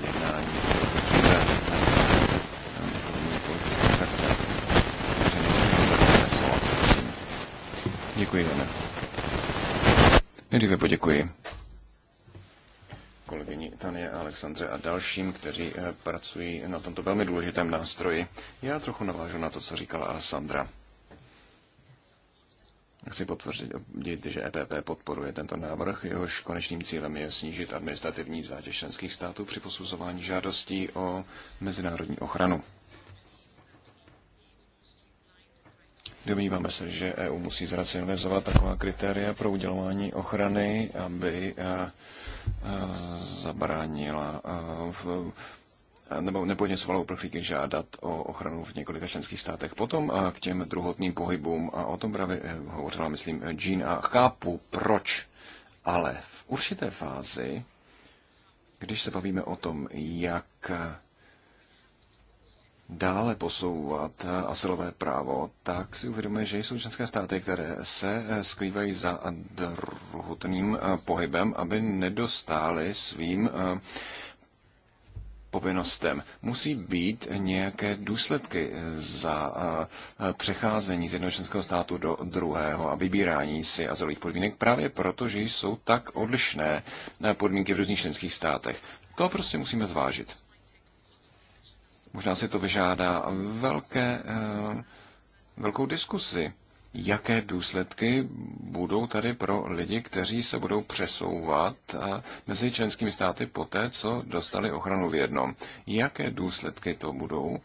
jednání, Děkuji, Jane. Nejdříve poděkuji kolegyni Tanie Alexandře a dalším, kteří eh, pracují na tomto velmi důležitém nástroji. Já trochu navážu na to, co říkala Alessandra. Chci potvrdit, že EPP podporuje tento návrh. Jehož konečným cílem je snížit administrativní zátěž členských států při posuzování žádostí o mezinárodní ochranu. Domníváme se, že EU musí zracionalizovat taková kritéria pro udělování ochrany, aby eh, eh, zabránila eh, v nebo nepodněcovalo uprchlíky žádat o ochranu v několika členských státech. Potom a k těm druhotným pohybům, a o tom právě hovořila, myslím, Jean, a chápu, proč, ale v určité fázi, když se bavíme o tom, jak dále posouvat asilové právo, tak si uvědomuje, že jsou členské státy, které se eh, skrývají za druhotným eh, pohybem, aby nedostály svým eh, povinnostem. Musí být nějaké důsledky za přecházení z jednoho členského státu do druhého a vybírání si azylových podmínek právě proto, že jsou tak odlišné podmínky v různých členských státech. To prostě musíme zvážit. Možná si to vyžádá velké, eh, velkou diskusi, jaké důsledky budou tady pro lidi, kteří se budou přesouvat eh, mezi členskými státy poté, co dostali ochranu v jednom. Jaké důsledky to budou,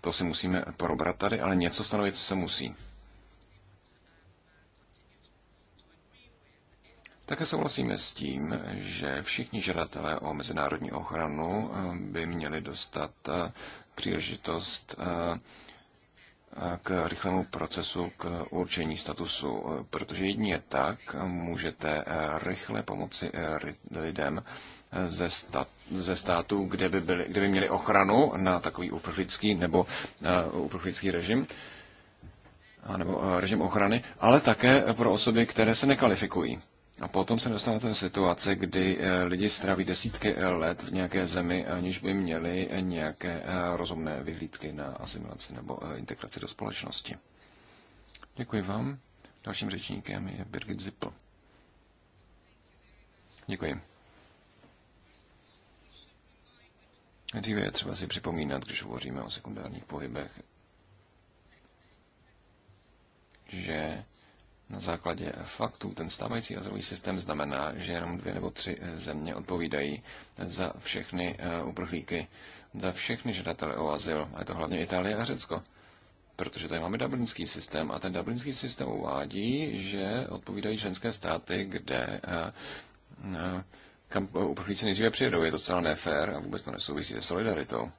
to si musíme probrat tady, ale něco stanovit se musí. Také souhlasíme s tím, že všichni žadatelé o mezinárodní ochranu eh, by měli dostat eh, příležitost eh, k rychlému procesu, k určení statusu, protože jedině tak můžete rychle pomoci lidem ze, stat, ze států, kde by, byli, kde by měli ochranu na takový uprchlický nebo uprchlický režim, nebo režim ochrany, ale také pro osoby, které se nekvalifikují. A potom se dostanete do situace, kdy eh, lidi straví desítky eh, let v nějaké zemi, aniž by měli eh, nějaké rozumné vyhlídky na asimilaci nebo integraci do společnosti. Děkuji vám. Dalším řečníkem je Birgit Zippel. Děkuji. Dříve je třeba si připomínat, když hovoříme o sekundárních pohybech, že na základě faktů. Ten stávající azylový systém znamená, že jenom dvě nebo tři eh, země odpovídají za všechny eh, uprchlíky, za všechny žadatele o azyl. A je to hlavně Itálie a Řecko. Protože tady máme dublinský systém a ten dublinský systém uvádí, že odpovídají členské státy, kde eh, kam uprchlíci nejdříve přijedou. Je to zcela nefér a vůbec to nesouvisí se solidaritou.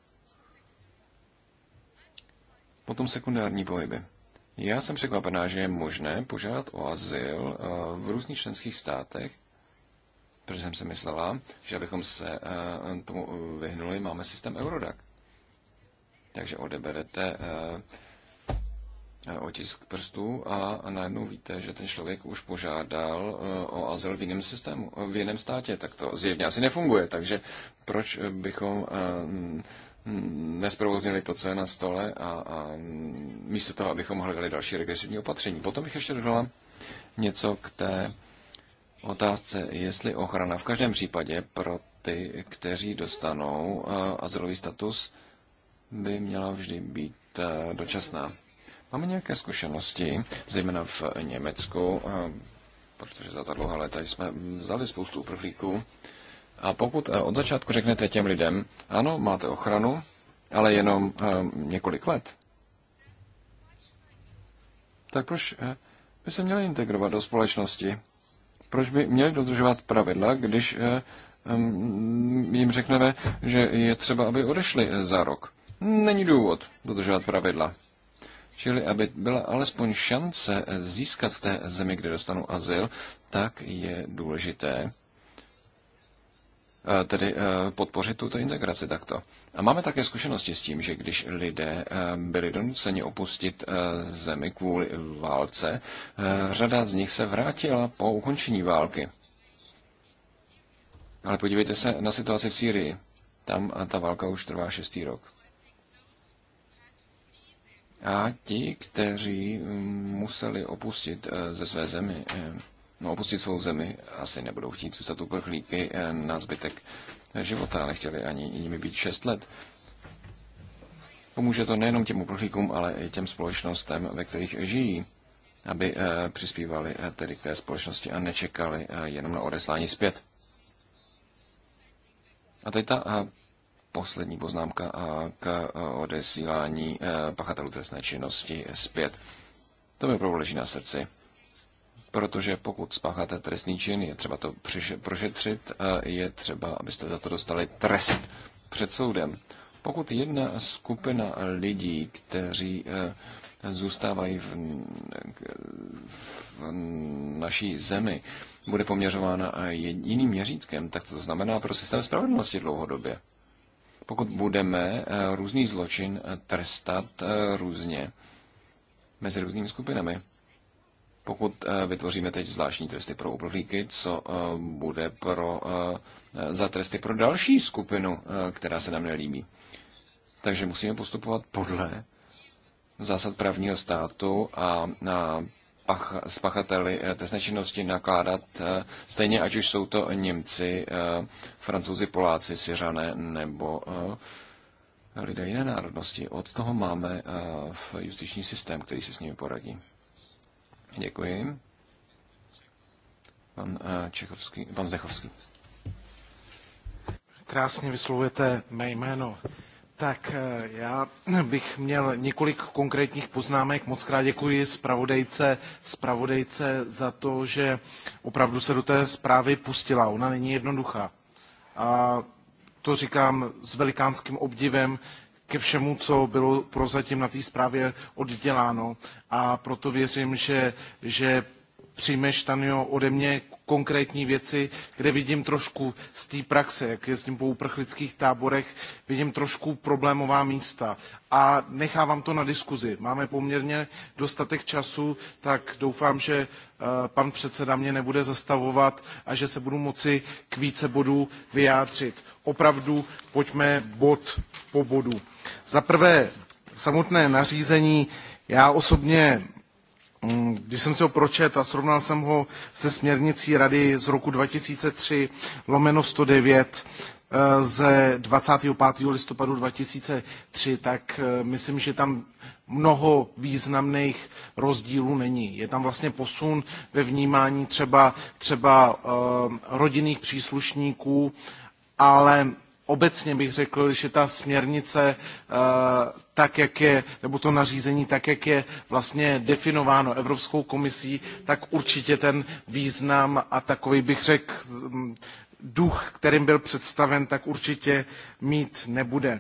Potom sekundární pohyby. Já jsem překvapená, že je možné požádat o azyl eh, v různých členských státech, protože jsem si myslela, že abychom se eh, tomu vyhnuli, máme systém Eurodac. Takže odeberete eh, otisk prstů a najednou víte, že ten člověk už požádal o azyl v jiném systému, v jiném státě, tak to zjevně asi nefunguje, takže proč bychom nesprovoznili to, co je na stole a, a místo toho, abychom hledali další regresivní opatření. Potom bych ještě dodala něco k té otázce, jestli ochrana v každém případě pro ty, kteří dostanou azylový status, by měla vždy být dočasná. Máme nějaké zkušenosti, zejména v Německu, protože za ta dlouhá léta jsme vzali spoustu uprchlíků a pokud eh, od začátku řeknete těm lidem, ano, máte ochranu, ale jenom eh, několik let, tak proč eh, by se měli integrovat do společnosti? Proč by měli dodržovat pravidla, když jim řekneme, že je třeba, aby odešli za rok? Není důvod dodržovat pravidla. Čili aby byla alespoň šance získat v té zemi, kde dostanu azyl, tak je důležité, Eh, tedy eh, podpořit tuto integraci takto. A máme také zkušenosti s tím, že když lidé eh, byli donuceni opustit zemi kvůli válce, řada z nich se vrátila po ukončení války. Ale podívejte se na situaci v Sýrii. Tam ta válka už trvá šestý rok. A ti, kteří mm, museli opustit ze své zemi, No opustit svou zemi, asi nebudou chtít zůstat uprchlíky eh, na zbytek života, ale chtěli ani jimi být 6 let. Pomůže to nejenom těm uprchlíkům, ale i těm společnostem, ve kterých žijí, aby eh, přispívali eh, tedy k té společnosti a nečekali jenom na odeslání zpět. A teď ta poslední poznámka k odesílání pachatelů trestné činnosti zpět. To mi opravdu leží na srdci protože pokud spácháte trestný čin, je třeba to prošetřit, je třeba, abyste za to dostali trest před soudem. Pokud jedna skupina lidí, kteří eh, zůstávají v, v naší zemi, bude poměřována eh, jiným měřítkem, tak to znamená pro systém spravedlnosti dlouhodobě. Pokud budeme eh, různý zločin trestat různě mezi různými skupinami pokud eh, vytvoříme teď zvláštní tresty pro uprchlíky, co eh, bude pro, eh, za tresty pro další skupinu, která se nám nelíbí. Takže musíme postupovat podle zásad právního státu a na pach, s pachateli trestné činnosti nakládat stejně, ať už jsou to Němci, Francouzi, Poláci, Syřané nebo lidé jiné národnosti. Od toho máme v justiční systém, který si s nimi poradí. Děkuji. Pan, eh, Čechovský, pan Zdechovský. Krásně vyslovujete mé jméno. Tak eh, já bych měl několik konkrétních poznámek. Moc krát děkuji zpravodejce, zpravodejce za to, že opravdu se do té zprávy pustila. Ona není jednoduchá. A to říkám s velikánským obdivem, ke všemu, co bylo prozatím na té zprávě odděláno a proto věřím, že, že přijmeš, Tanjo, ode mě konkrétní věci, kde vidím trošku z té praxe, jak jezdím po uprchlických táborech, vidím trošku problémová místa. A nechávám to na diskuzi. Máme poměrně dostatek času, tak doufám, že eh, pan předseda mě nebude zastavovat a že se budu moci k více bodů vyjádřit. Opravdu pojďme bod po bodu. Za prvé samotné nařízení. Já osobně Mm, když jsem si ho pročet a srovnal jsem ho se směrnicí Rady z roku 2003 lomeno 109 eh, ze 25. listopadu 2003, tak eh, myslím, že tam mnoho významných rozdílů není. Je tam vlastně posun ve vnímání třeba, třeba eh, rodinných příslušníků, ale obecně bych řekl, že ta směrnice eh, tak, jak je, nebo to nařízení tak, jak je vlastně definováno Evropskou komisí, tak určitě ten význam a takový bych řekl mm, duch, kterým byl představen, tak určitě mít nebude.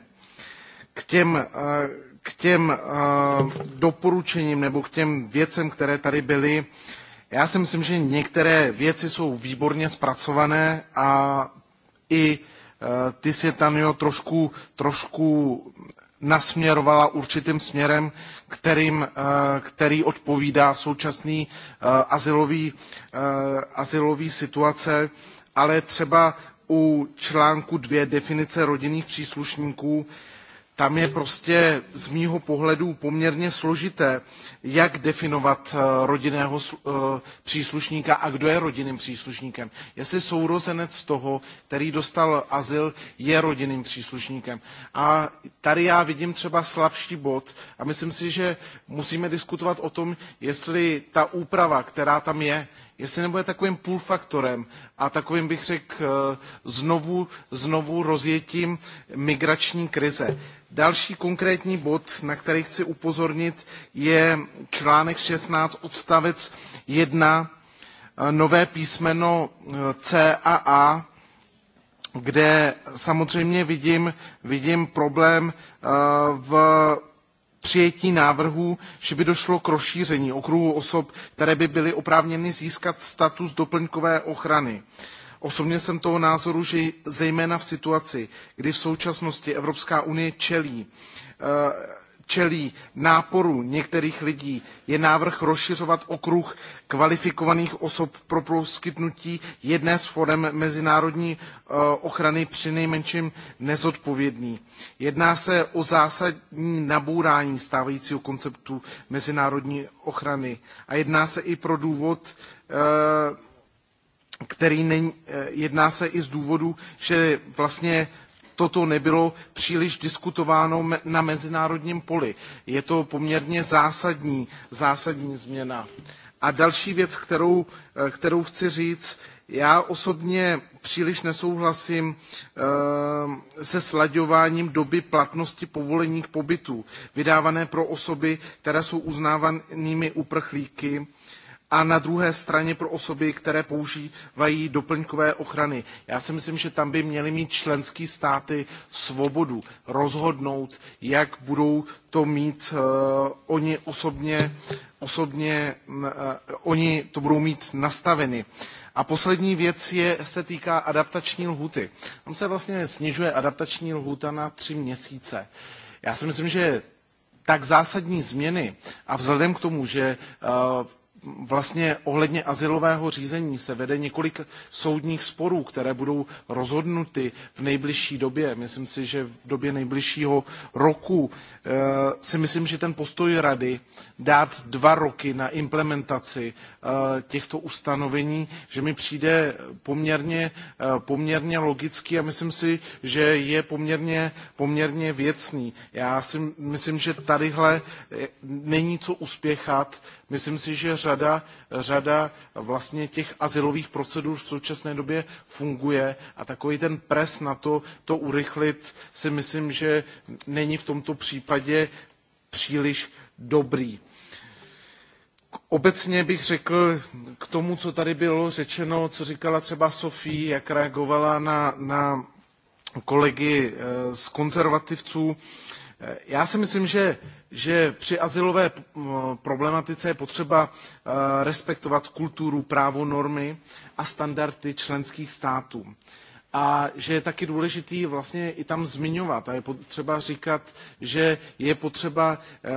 K těm, eh, k těm eh, doporučením nebo k těm věcem, které tady byly, já si myslím, že některé věci jsou výborně zpracované a i uh, Eh, ty si tam jo, trošku, trošku nasměrovala určitým směrem, kterým, eh, který odpovídá současný eh, asilový, asilový situace, ale třeba u článku 2 definice rodinných příslušníků tam je prostě z mýho pohledu poměrně složité, jak definovat eh, rodinného eh, příslušníka a kdo je rodinným příslušníkem. Jestli sourozenec toho, který dostal azyl, je rodinným příslušníkem. A tady já vidím třeba slabší bod a myslím si, že musíme diskutovat o tom, jestli ta úprava, která tam je, jestli nebude takovým půlfaktorem a takovým, bych řekl, eh, znovu, znovu rozjetím migrační krize. Další konkrétní bod, na který chci upozornit, je článek 16 odstavec 1, eh, nové písmeno eh, C a A, kde samozřejmě vidím, vidím problém v přijetí návrhu, že by došlo k rozšíření okruhu osob, které by byly oprávněny získat status doplňkové ochrany. Osobně jsem toho názoru, že zejména v situaci, kdy v současnosti Evropská unie čelí eh, čelí náporu některých lidí, je návrh rozšiřovat okruh kvalifikovaných osob pro poskytnutí jedné z forem mezinárodní eh, ochrany přinejmenším nezodpovědný. Jedná se o zásadní nabourání stávajícího konceptu mezinárodní ochrany a jedná se i pro důvod, eh, který není, eh, jedná se i z důvodu, že vlastně toto nebylo příliš diskutováno na mezinárodním poli. Je to poměrně zásadní, zásadní změna. A další věc, kterou, eh, kterou chci říct, já osobně příliš nesouhlasím eh, se slaďováním doby platnosti povolení k pobytu vydávané pro osoby, které jsou uznávanými uprchlíky a na druhé straně pro osoby, které používají doplňkové ochrany. Já si myslím, že tam by měly mít členské státy svobodu rozhodnout, jak budou to mít uh, oni osobně, osobně uh, oni to budou mít nastaveny. A poslední věc je, se týká adaptační lhuty. Tam se vlastně snižuje adaptační lhuta na tři měsíce. Já si myslím, že tak zásadní změny a vzhledem k tomu, že uh, vlastně ohledně asilového řízení se vede několik soudních sporů, které budou rozhodnuty v nejbližší době. Myslím si, že v době nejbližšího roku eh, si myslím, že ten postoj rady dát dva roky na implementaci eh, těchto ustanovení, že mi přijde poměrně, eh, poměrně logický a myslím si, že je poměrně, poměrně věcný. Já si myslím, že tadyhle není co uspěchat, Myslím si, že řada, řada vlastně těch asilových procedur v současné době funguje a takový ten pres na to, to urychlit si myslím, že není v tomto případě příliš dobrý. Obecně bych řekl k tomu, co tady bylo řečeno, co říkala třeba Sofie, jak reagovala na, na kolegy eh, z konzervativců. Uh, já si myslím, že, že při asilové eh, problematice je potřeba eh, respektovat kulturu, právo, normy a standardy členských států. A že je taky důležitý vlastně i tam zmiňovat a je potřeba říkat, že je potřeba eh,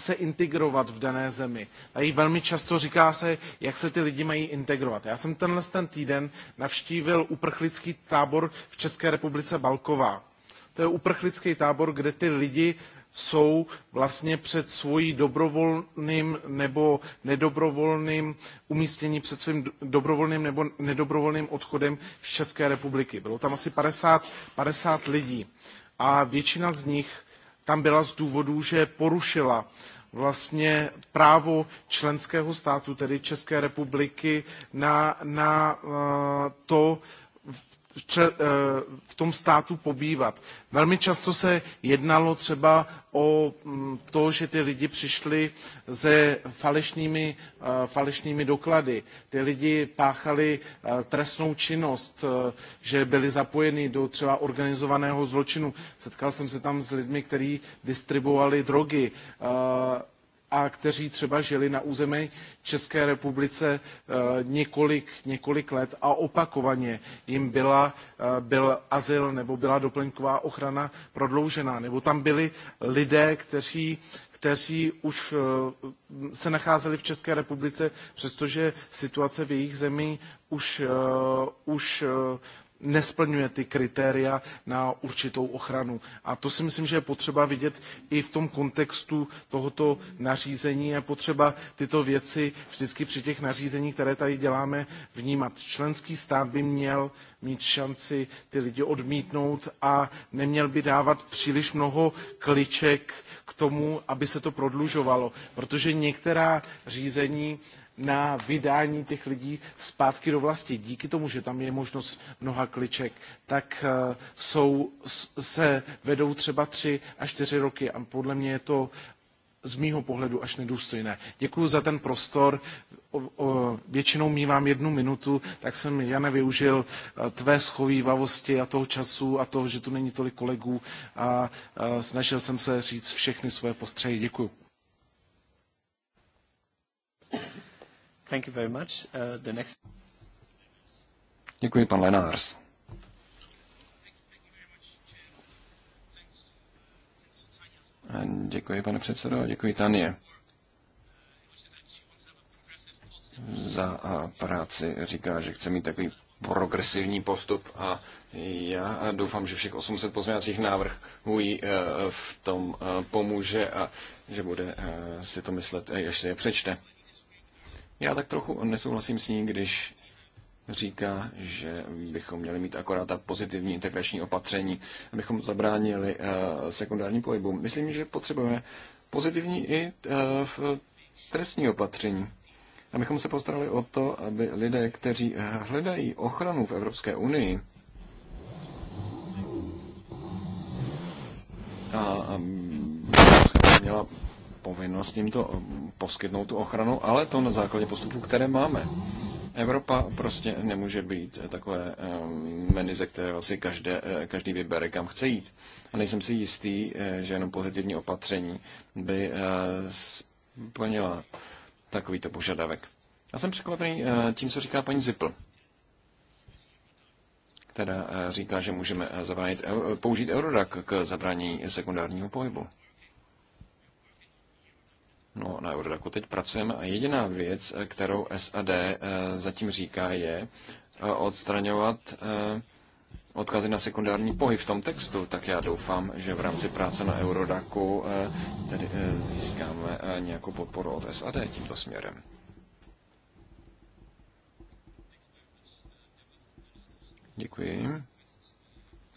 se integrovat v dané zemi. Tady velmi často říká se, jak se ty lidi mají integrovat. Já jsem tenhle ten týden navštívil uprchlický tábor v České republice Balková to je uprchlický tábor, kde ty lidi jsou vlastně před svojí dobrovolným nebo nedobrovolným umístění před svým dobrovolným nebo nedobrovolným odchodem z České republiky. Bylo tam asi 50, 50 lidí a většina z nich tam byla z důvodu, že porušila vlastně právo členského státu, tedy České republiky, na, na eh, to Eh, v tom státu pobývat. Velmi často se jednalo třeba o mm, to, že ty lidi přišli se falešnými, eh, falešnými doklady. Ty lidi páchali eh, trestnou činnost, že byli zapojeni do třeba organizovaného zločinu. Setkal jsem se tam s lidmi, kteří distribuovali drogy a kteří třeba žili na území České republice eh, několik, několik let a opakovaně jim byla, eh, byl azyl nebo byla doplňková ochrana prodloužená. Nebo tam byli lidé, kteří kteří už eh, se nacházeli v České republice, přestože situace v jejich zemi už, už nesplňuje ty kritéria na určitou ochranu. A to si myslím, že je potřeba vidět i v tom kontextu tohoto nařízení. Je potřeba tyto věci vždycky při těch nařízeních, které tady děláme, vnímat. Členský stát by měl mít šanci ty lidi odmítnout a neměl by dávat příliš mnoho kliček k tomu, aby se to prodlužovalo. Protože některá řízení na vydání těch lidí zpátky do vlasti. Díky tomu, že tam je možnost mnoha kliček, tak eh, jsou, se vedou třeba tři až čtyři roky a podle mě je to z mýho pohledu až nedůstojné. Děkuji za ten prostor. O, o, většinou mívám jednu minutu, tak jsem, já nevyužil eh, tvé schovývavosti a toho času a toho, že tu není tolik kolegů a, a eh, snažil jsem se říct všechny své postřehy. Děkuji. Uh, děkuji, pan Lenárs. Děkuji, pane předsedo, děkuji Tanie za práci. Říká, že chce mít takový progresivní postup a já doufám, že všech 800 pozměňovacích návrhů jí e, v tom e, pomůže a že bude e, si to myslet, až si je přečte. Já tak trochu nesouhlasím s ní, když říká, že bychom měli mít akorát ta pozitivní integrační opatření, abychom zabránili eh, sekundární pohybu. Myslím, že potřebujeme pozitivní i eh, trestní opatření, abychom se postarali o to, aby lidé, kteří eh, hledají ochranu v Evropské unii, a, a měla povinnost jim to eh, poskytnout tu ochranu, ale to na základě postupů, které máme. Evropa prostě nemůže být eh, takové eh, meny, ze kterého si každé, každý vybere, kam chce jít. A nejsem si jistý, že jenom pozitivní opatření by splnila takovýto požadavek. Já jsem překvapený tím, co říká paní Zipl která říká, že můžeme zabránit, použít Eurodac k zabrání sekundárního pohybu. No, na Eurodaku teď pracujeme a jediná věc, kterou SAD eh, zatím říká, je eh, odstraňovat eh, odkazy na sekundární pohyb v tom textu, tak já doufám, že v rámci práce na Eurodaku tedy získáme nějakou podporu od SAD tímto směrem. Děkuji.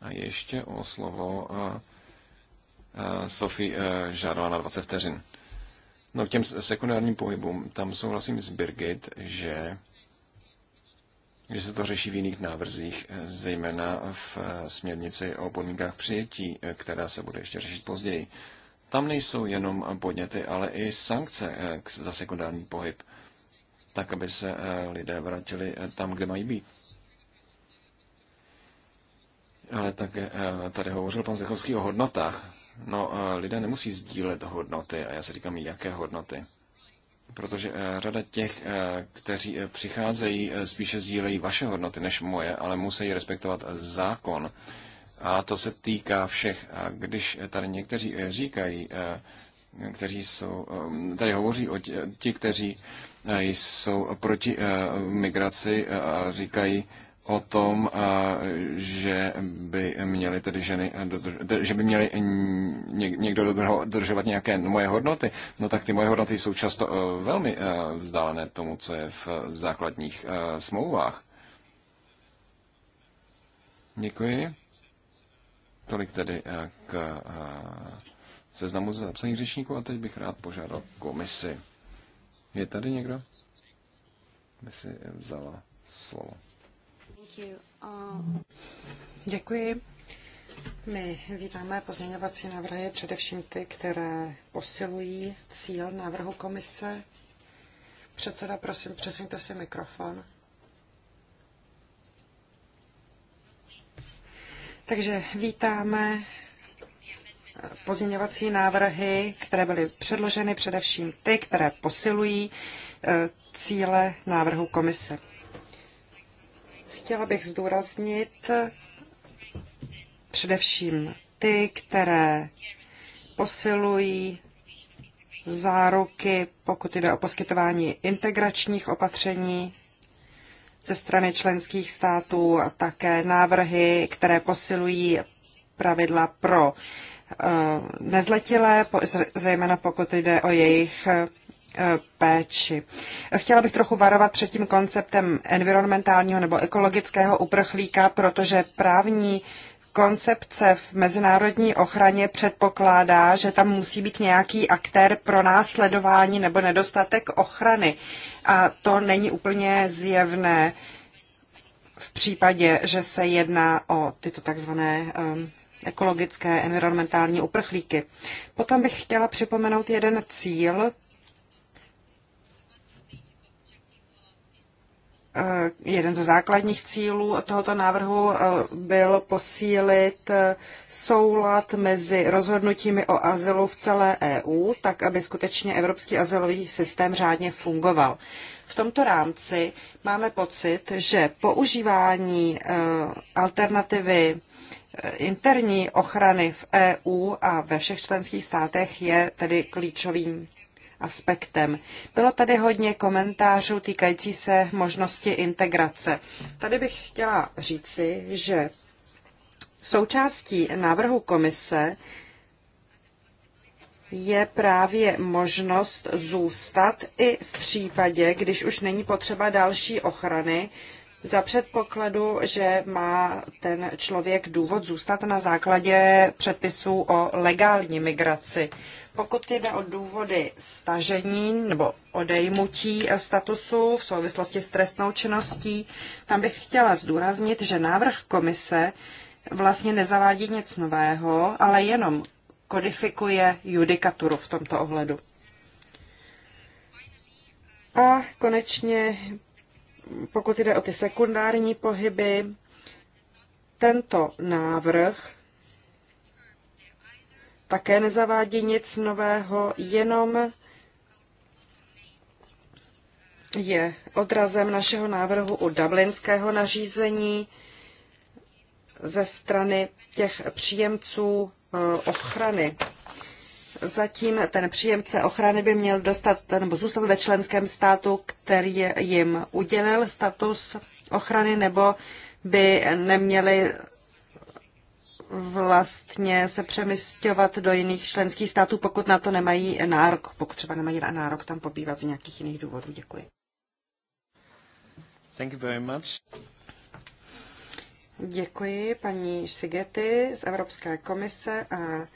A ještě o slovo Sofie žádala na 20 vteřin. No k těm sekundárním pohybům, tam souhlasím s Birgit, že, že se to řeší v jiných návrzích, eh, zejména v eh, směrnici o podmínkách přijetí, eh, která se bude ještě řešit později. Tam nejsou jenom podněty, ale i sankce za sekundární pohyb, tak aby se lidé vrátili tam, kde mají být. Ale tak tady hovořil pan Zechovský o hodnotách. No, eh, lidé nemusí sdílet hodnoty a já se říkám, jaké hodnoty. Protože eh, řada těch, eh, kteří přicházejí, spíše sdílejí vaše hodnoty než moje, ale musí respektovat zákon. A to se týká všech. A když tady někteří říkají, kteří jsou, tady hovoří o ti, kteří jsou proti migraci a říkají, o tom, eh, že by měly tedy ženy, eh, že by měly někdo dodržovat nějaké moje hodnoty, no tak ty moje hodnoty jsou často eh, velmi vzdálené tomu, co je v základních smlouvách. Děkuji. Tolik tedy k seznamu zapsaných řečníků a teď bych rád požádal komisi. Je tady někdo? By si vzala slovo. Děkuji. My vítáme pozměňovací návrhy, především ty, které posilují cíl návrhu komise. Předseda, prosím, přesuňte si mikrofon. Takže vítáme pozměňovací návrhy, které byly předloženy, především ty, které posilují eh, cíle návrhu komise. Chtěla bych zdůraznit především ty, které posilují záruky, pokud jde o poskytování integračních opatření ze strany členských států a také návrhy, které posilují pravidla pro eh, nezletilé, zejména pokud jde o jejich Eh, péči. Chtěla bych trochu varovat před tím konceptem environmentálního nebo ekologického uprchlíka, protože právní koncepce v mezinárodní ochraně předpokládá, že tam musí být nějaký aktér pro následování nebo nedostatek ochrany. A to není úplně zjevné v případě, že se jedná o tyto takzvané ehm, ekologické environmentální uprchlíky. Potom bych chtěla připomenout jeden cíl, Eh, jeden ze základních cílů tohoto návrhu eh, byl posílit eh, soulad mezi rozhodnutími o azylu v celé EU, tak aby skutečně evropský azylový systém řádně fungoval. V tomto rámci máme pocit, že používání alternativy interní ochrany v EU a ve všech členských státech je tedy klíčovým aspektem. Bylo tady hodně komentářů týkající se možnosti integrace. Tady bych chtěla říci, že součástí návrhu komise je právě možnost zůstat i v případě, když už není potřeba další ochrany, za předpokladu, že má ten člověk důvod zůstat na základě předpisů o legální migraci. Pokud jde o důvody stažení nebo odejmutí statusu v souvislosti s trestnou činností, tam bych chtěla zdůraznit, že návrh komise vlastně nezavádí nic nového, ale jenom kodifikuje judikaturu v tomto ohledu. A konečně pokud jde o ty sekundární pohyby, tento návrh také nezavádí nic nového, jenom je odrazem našeho návrhu u dublinského nařízení ze strany těch příjemců eh, ochrany. Zatím ten příjemce ochrany by měl dostat nebo zůstat ve členském státu, který jim udělil status ochrany, nebo by neměli vlastně se přemysťovat do jiných členských států, pokud na to nemají nárok, pokud třeba nemají nárok tam pobývat z nějakých jiných důvodů. Děkuji. Thank you very much. Děkuji paní Sigety z Evropské komise a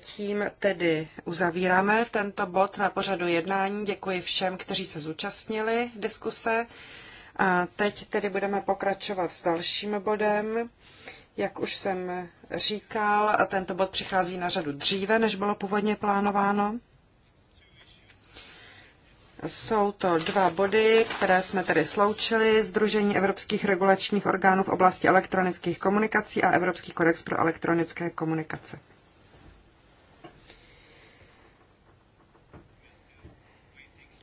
tím tedy uzavíráme tento bod na pořadu jednání. Děkuji všem, kteří se zúčastnili diskuse. A teď tedy budeme pokračovat s dalším bodem. Jak už jsem říkal, tento bod přichází na řadu dříve, než bylo původně plánováno. Jsou to dva body, které jsme tedy sloučili. Združení evropských regulačních orgánů v oblasti elektronických komunikací a Evropský kodex pro elektronické komunikace.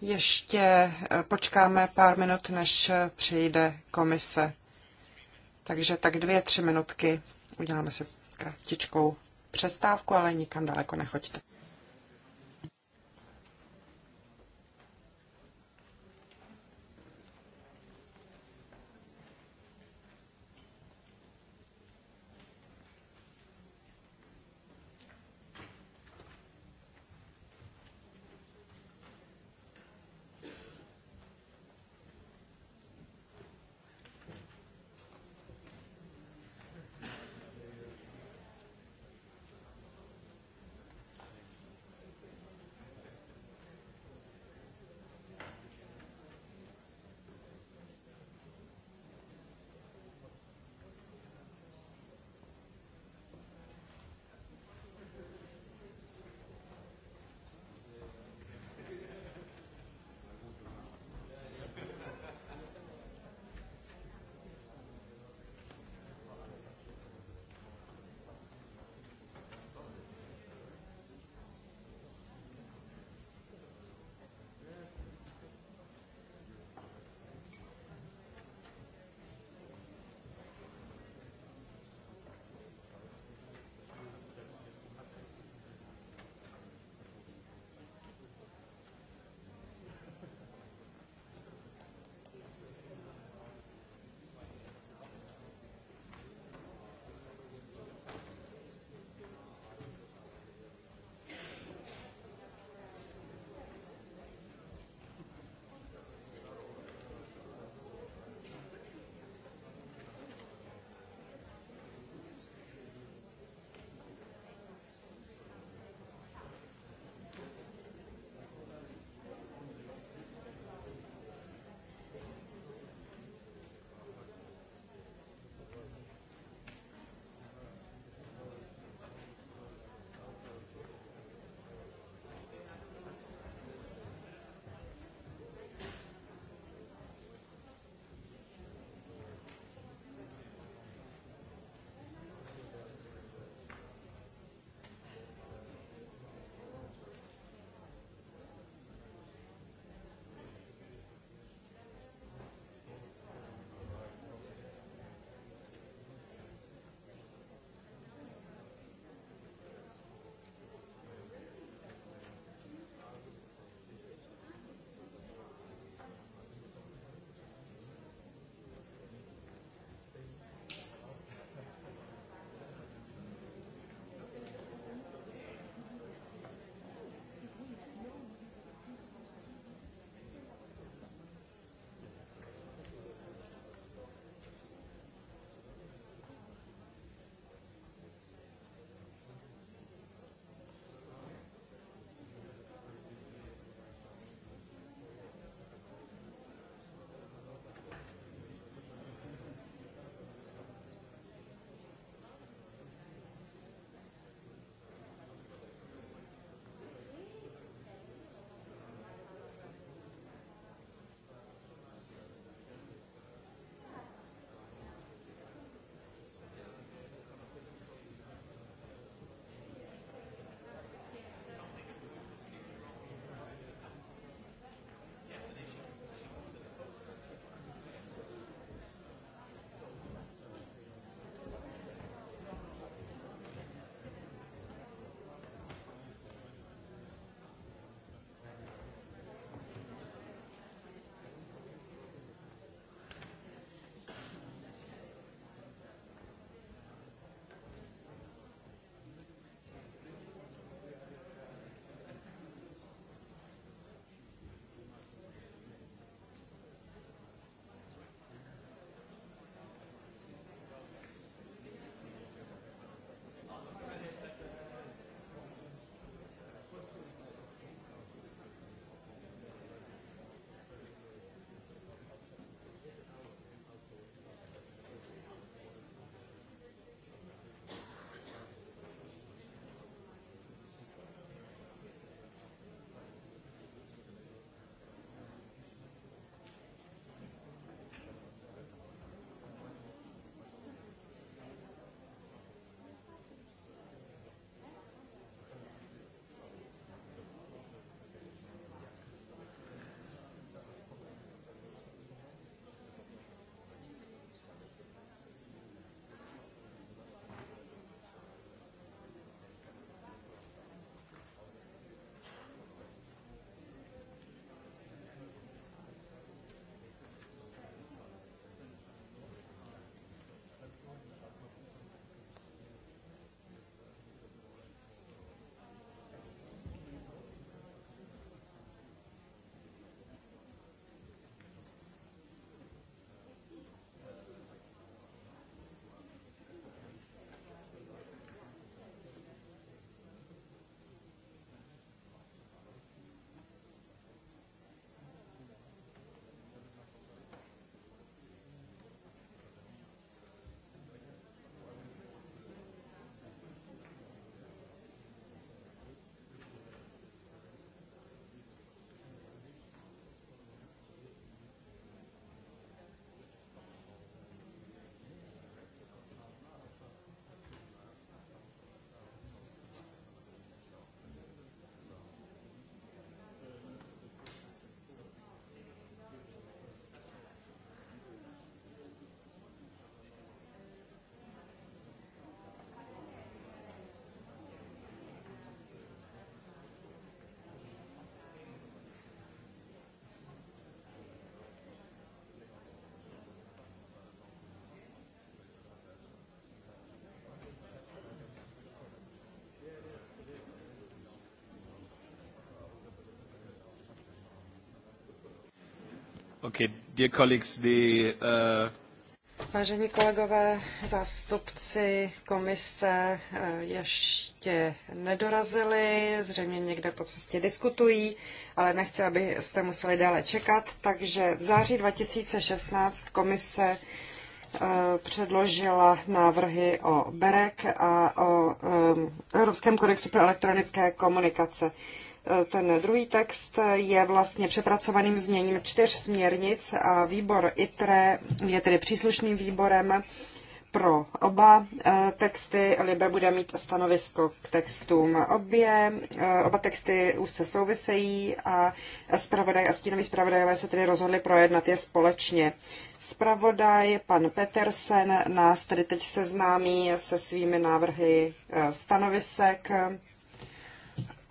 Ještě eh, počkáme pár minut, než eh, přijde komise. Takže tak dvě, tři minutky. Uděláme si kratičkou přestávku, ale nikam daleko nechoďte. Okay, dear colleagues, the, uh... Vážení kolegové, zástupci komise eh, ještě nedorazili, zřejmě někde po cestě diskutují, ale nechci, abyste museli dále čekat. Takže v září 2016 komise eh, předložila návrhy o BEREC a o eh, Evropském kodexu pro elektronické komunikace. Ten druhý text je vlastně přepracovaným zněním čtyř směrnic a výbor ITRE je tedy příslušným výborem pro oba eh, texty. Libe bude mít stanovisko k textům. Obě, eh, oba texty už se souvisejí a spravodaj a stínoví zpravodajové se tedy rozhodli projednat je společně. Spravodaj pan Petersen nás tedy teď seznámí se svými návrhy eh, stanovisek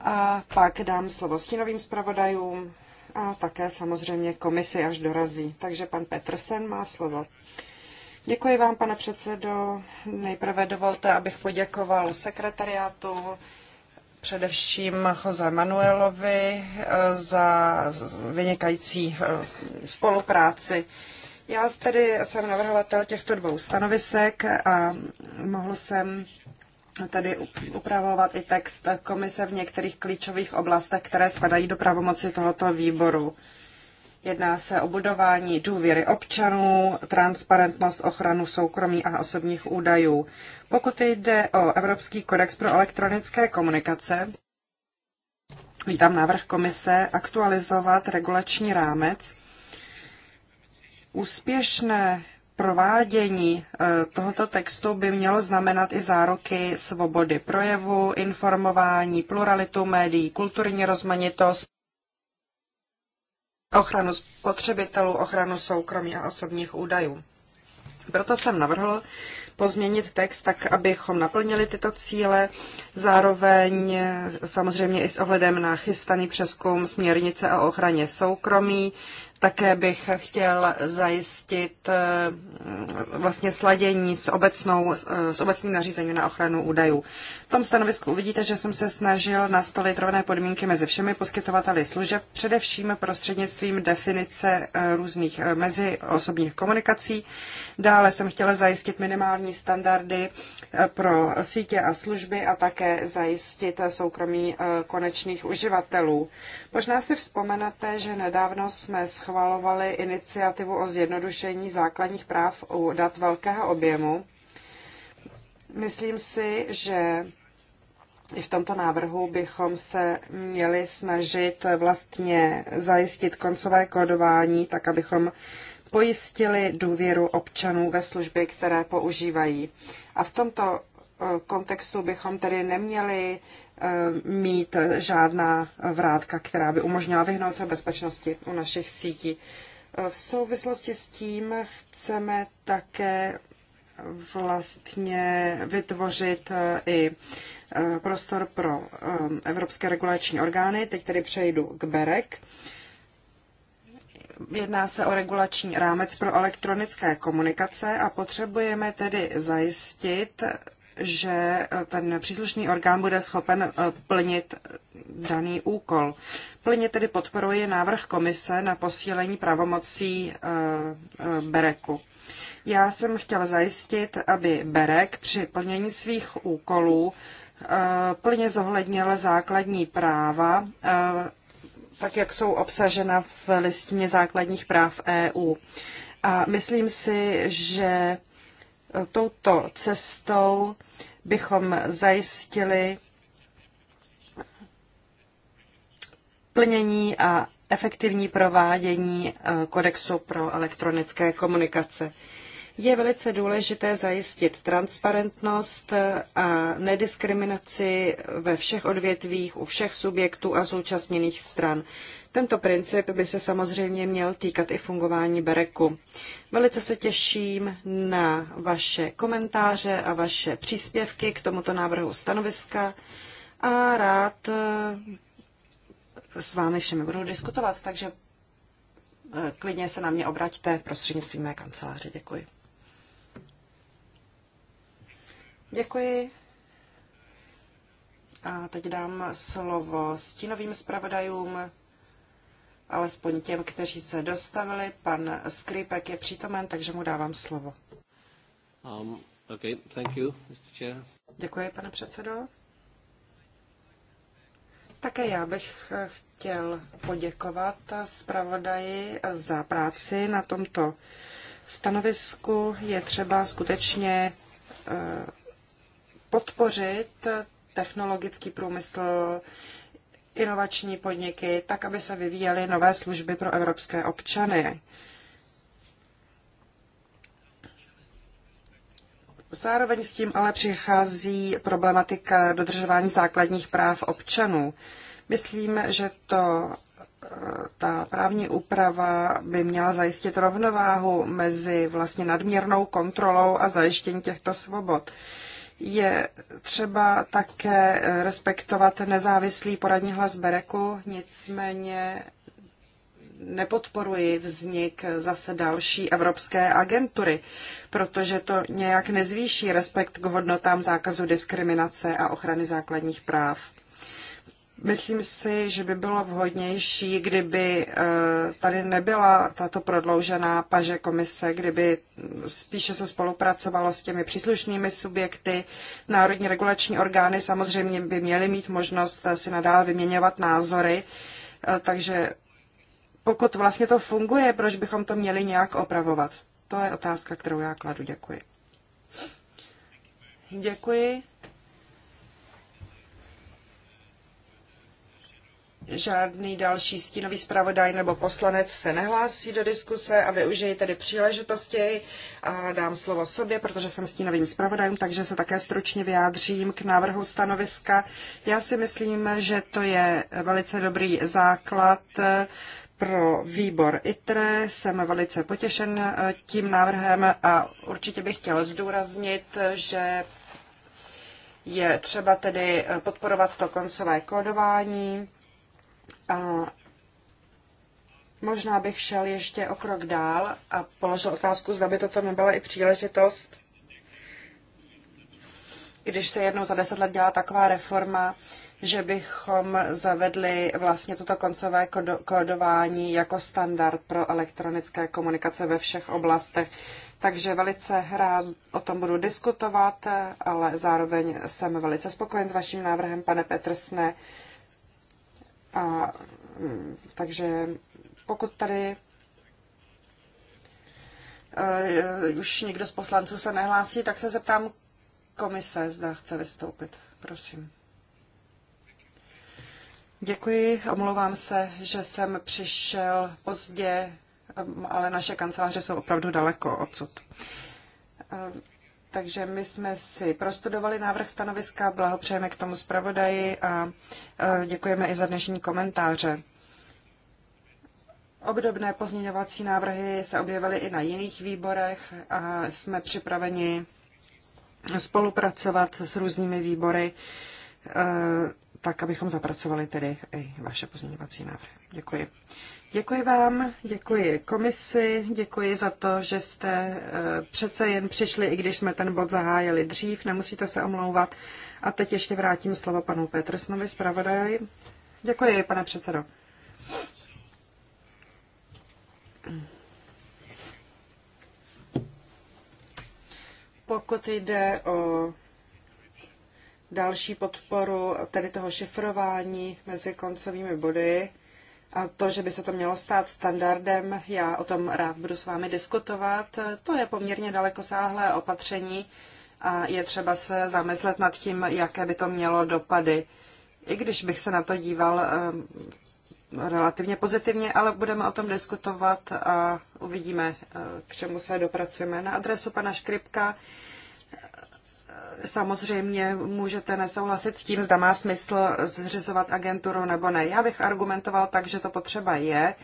a pak dám slovo stínovým zpravodajům a také samozřejmě komisi, až dorazí. Takže pan Petrsen má slovo. Děkuji vám, pane předsedo. Nejprve dovolte, abych poděkoval sekretariátu, především Jose Manuelovi eh, za vynikající eh, spolupráci. Já tedy jsem navrhovatel těchto dvou stanovisek a mohl jsem tedy upravovat i text komise v některých klíčových oblastech, které spadají do pravomoci tohoto výboru. Jedná se o budování důvěry občanů, transparentnost, ochranu soukromí a osobních údajů. Pokud jde o Evropský kodex pro elektronické komunikace, vítám návrh komise aktualizovat regulační rámec. Úspěšné provádění eh, tohoto textu by mělo znamenat i záruky svobody projevu, informování, pluralitu médií, kulturní rozmanitost, ochranu spotřebitelů, ochranu soukromí a osobních údajů. Proto jsem navrhl pozměnit text tak, abychom naplnili tyto cíle, zároveň eh, samozřejmě i s ohledem na chystaný přeskum směrnice o ochraně soukromí, také bych chtěl zajistit eh, vlastně sladění s, obecnou, eh, s obecným nařízením na ochranu údajů. V tom stanovisku uvidíte, že jsem se snažil nastolit rovné podmínky mezi všemi poskytovateli služeb, především prostřednictvím definice eh, různých mezi osobních komunikací. Dále jsem chtěla zajistit minimální standardy pro sítě a služby a také zajistit soukromí konečných uživatelů. Možná si vzpomenete, že nedávno jsme schválili schvalovali iniciativu o zjednodušení základních práv u dat velkého objemu. Myslím si, že i v tomto návrhu bychom se měli snažit vlastně zajistit koncové kodování, tak abychom pojistili důvěru občanů ve služby, které používají. A v tomto eh, kontextu bychom tedy neměli Eh, mít žádná vrátka, která by umožnila vyhnout se bezpečnosti u našich sítí. Eh, v souvislosti s tím chceme také vlastně vytvořit eh, i prostor pro evropské regulační orgány. Teď tedy přejdu k BEREK. Jedná se o regulační rámec pro elektronické komunikace a potřebujeme tedy zajistit, že eh, ten příslušný orgán bude schopen eh, plnit eh, daný úkol. Plně tedy podporuje návrh komise na posílení pravomocí Bereku. Já jsem chtěla zajistit, aby Berek při plnění svých úkolů plně zohlednil základní práva, tak jak jsou obsažena v listině základních práv EU. A myslím si, že touto cestou bychom zajistili plnění a efektivní provádění eh, kodexu pro elektronické komunikace je velice důležité zajistit transparentnost a nediskriminaci ve všech odvětvích, u všech subjektů a zúčastněných stran. Tento princip by se samozřejmě měl týkat i fungování Bereku. Velice se těším na vaše komentáře a vaše příspěvky k tomuto návrhu stanoviska a rád eh, s vámi všemi budu diskutovat, takže eh, klidně se na mě obraťte prostřednictvím mé kanceláře. Děkuji. Děkuji. A teď dám slovo stínovým zpravodajům, alespoň těm, kteří se dostavili. Pan Skripek je přítomen, takže mu dávám slovo. Um, okay. Thank you, Mr. Chair. Děkuji, pane předsedo. Také já bych eh, chtěl poděkovat zpravodaji za práci na tomto stanovisku. Je třeba skutečně eh, podpořit technologický průmysl, inovační podniky, tak, aby se vyvíjely nové služby pro evropské občany. Zároveň s tím ale přichází problematika dodržování základních práv občanů. Myslím, že to, eh, ta právní úprava by měla zajistit rovnováhu mezi vlastně nadměrnou kontrolou a zajištění těchto svobod. Je třeba také respektovat nezávislý poradní hlas Bereku, nicméně nepodporuji vznik zase další evropské agentury, protože to nějak nezvýší respekt k hodnotám zákazu diskriminace a ochrany základních práv. Myslím si, že by bylo vhodnější, kdyby eh, tady nebyla tato prodloužená paže komise, kdyby spíše se spolupracovalo s těmi příslušnými subjekty. Národní regulační orgány samozřejmě by měly mít možnost eh, si nadále vyměňovat názory, eh, takže pokud vlastně to funguje, proč bychom to měli nějak opravovat? To je otázka, kterou já kladu. Děkuji. Děkuji. Žádný další stínový zpravodaj nebo poslanec se nehlásí do diskuse a využiji tedy příležitosti a dám slovo sobě, protože jsem stínovým zpravodajem, takže se také stručně vyjádřím k návrhu stanoviska. Já si myslím, že to je velice dobrý základ eh, pro výbor ITRE. Jsem velice potěšen eh, tím návrhem a určitě bych chtěl zdůraznit, eh, že je třeba tedy podporovat to koncové kódování a možná bych šel ještě o krok dál a položil otázku, zda by toto nebyla i příležitost, když se jednou za deset let dělá taková reforma, že bychom zavedli vlastně toto koncové kódování jako standard pro elektronické komunikace ve všech oblastech. Takže velice rád o tom budu diskutovat, ale zároveň jsem velice spokojen s vaším návrhem, pane Petrsne. A, takže pokud tady uh, už někdo z poslanců se nehlásí, tak se zeptám komise, zda chce vystoupit. Prosím. Děkuji, omlouvám se, že jsem přišel pozdě, ale naše kanceláře jsou opravdu daleko odsud. Uh, takže my jsme si prostudovali návrh stanoviska, blahopřejeme k tomu zpravodaji a e, děkujeme i za dnešní komentáře. Obdobné pozměňovací návrhy se objevily i na jiných výborech a jsme připraveni spolupracovat s různými výbory, e, tak abychom zapracovali tedy i vaše pozměňovací návrhy. Děkuji. Děkuji vám, děkuji komisi, děkuji za to, že jste eh, přece jen přišli, i když jsme ten bod zahájili dřív, nemusíte se omlouvat. A teď ještě vrátím slovo panu Petrsnovi, zpravodaji. Děkuji, pane předsedo. Pokud jde o další podporu tedy toho šifrování mezi koncovými body, a to, že by se to mělo stát standardem, já o tom rád budu s vámi diskutovat. To je poměrně dalekosáhlé opatření a je třeba se zamyslet nad tím, jaké by to mělo dopady. I když bych se na to díval ehm, relativně pozitivně, ale budeme o tom diskutovat a uvidíme, eh, k čemu se dopracujeme. Na adresu pana Škripka samozřejmě můžete nesouhlasit s tím, zda má smysl zřizovat agenturu nebo ne. Já bych argumentoval tak, že to potřeba je.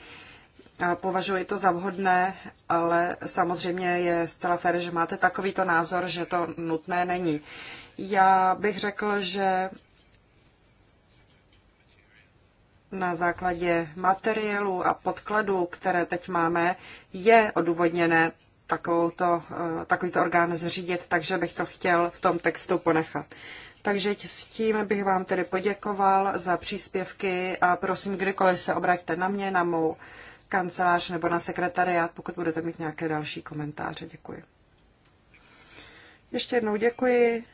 A považuji to za vhodné, ale samozřejmě je zcela fér, že máte takovýto názor, že to nutné není. Já bych řekl, že na základě materiálu a podkladů, které teď máme, je odůvodněné takovouto, eh, takovýto orgán zřídit, takže bych to chtěl v tom textu ponechat. Takže s tím bych vám tedy poděkoval za příspěvky a prosím, kdykoliv se obraťte na mě, na mou kancelář nebo na sekretariát, pokud budete mít nějaké další komentáře. Děkuji. Ještě jednou děkuji.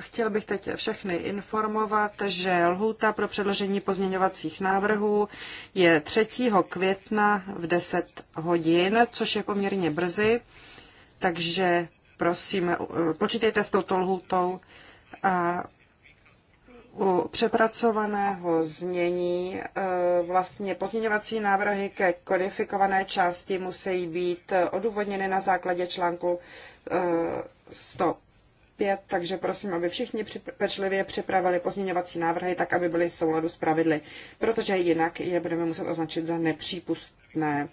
Chtěl bych teď všechny informovat, že lhůta pro předložení pozměňovacích návrhů je 3. května v 10 hodin, což je poměrně brzy, takže prosím, počítejte s touto lhůtou a u přepracovaného znění eh, vlastně pozměňovací návrhy ke kodifikované části musí být odůvodněny na základě článku 100 eh, 5, takže prosím, aby všichni pečlivě připravili pozměňovací návrhy tak, aby byly v souladu s pravidly, protože jinak je budeme muset označit za nepřípustné.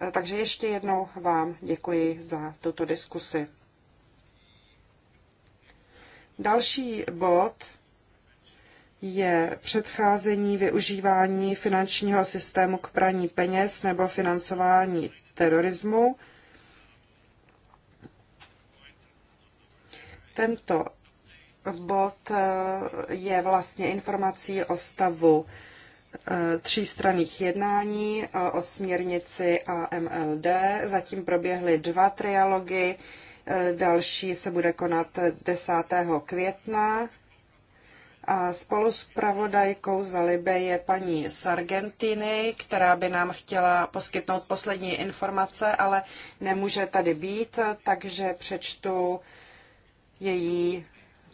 E, takže ještě jednou vám děkuji za tuto diskusi. Další bod je předcházení využívání finančního systému k praní peněz nebo financování terorismu. Tento bod eh, je vlastně informací o stavu eh, třístranných jednání eh, o směrnici AMLD. Zatím proběhly dva trialogy, další se bude konat 10. května. A spolu s pravodajkou za Libe je paní Sargentiny, která by nám chtěla poskytnout poslední informace, ale nemůže tady být, takže přečtu její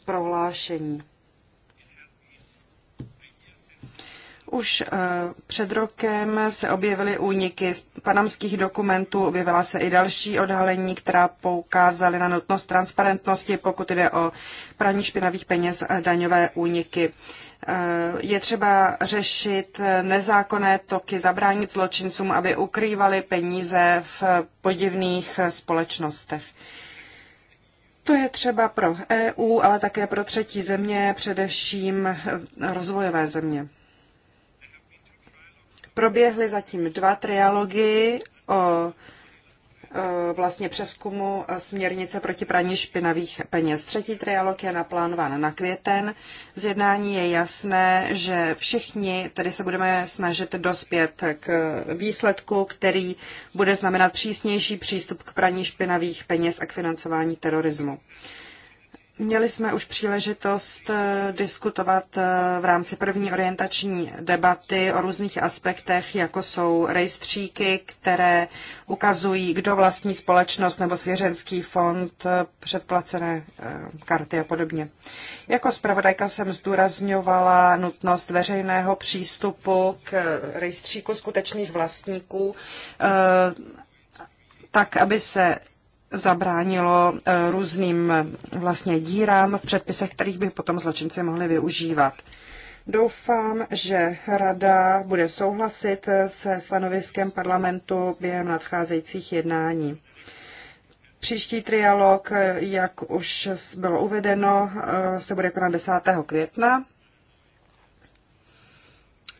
prohlášení. Už eh, před rokem se objevily úniky z panamských dokumentů, objevila se i další odhalení, která poukázaly na nutnost transparentnosti, pokud jde o praní špinavých peněz a daňové úniky. Eh, je třeba řešit nezákonné toky, zabránit zločincům, aby ukrývali peníze v podivných eh, společnostech. To je třeba pro EU, ale také pro třetí země, především rozvojové země. Proběhly zatím dva trialogy o Eh, vlastně přeskumu eh, směrnice proti praní špinavých peněz. Třetí trialog je naplánován na květen. Z jednání je jasné, že všichni tedy se budeme snažit dospět k výsledku, který bude znamenat přísnější přístup k praní špinavých peněz a k financování terorismu. Měli jsme už příležitost eh, diskutovat eh, v rámci první orientační debaty o různých aspektech, jako jsou rejstříky, které ukazují, kdo vlastní společnost nebo svěřenský fond, eh, předplacené karty a podobně. Jako zpravodajka jsem zdůrazňovala nutnost veřejného přístupu k rejstříku skutečných vlastníků, tak aby se zabránilo eh, různým eh, vlastně dírám v předpisech, kterých by potom zločinci mohli využívat. Doufám, že Rada bude souhlasit eh, se stanoviskem parlamentu během nadcházejících jednání. Příští trialog, jak už bylo uvedeno, se bude konat 10. května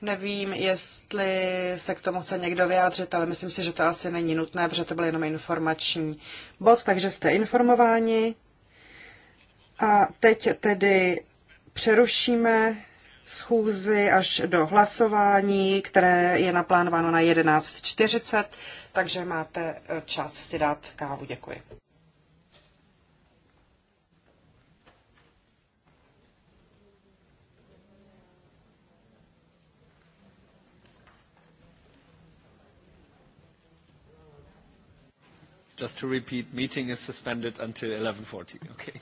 Nevím, jestli se k tomu chce někdo vyjádřit, ale myslím si, že to asi není nutné, protože to byl jenom informační bod, takže jste informováni. A teď tedy přerušíme schůzi až do hlasování, které je naplánováno na 11.40, takže máte čas si dát kávu. Děkuji. Just to repeat, meeting is suspended until 11:40. Okay.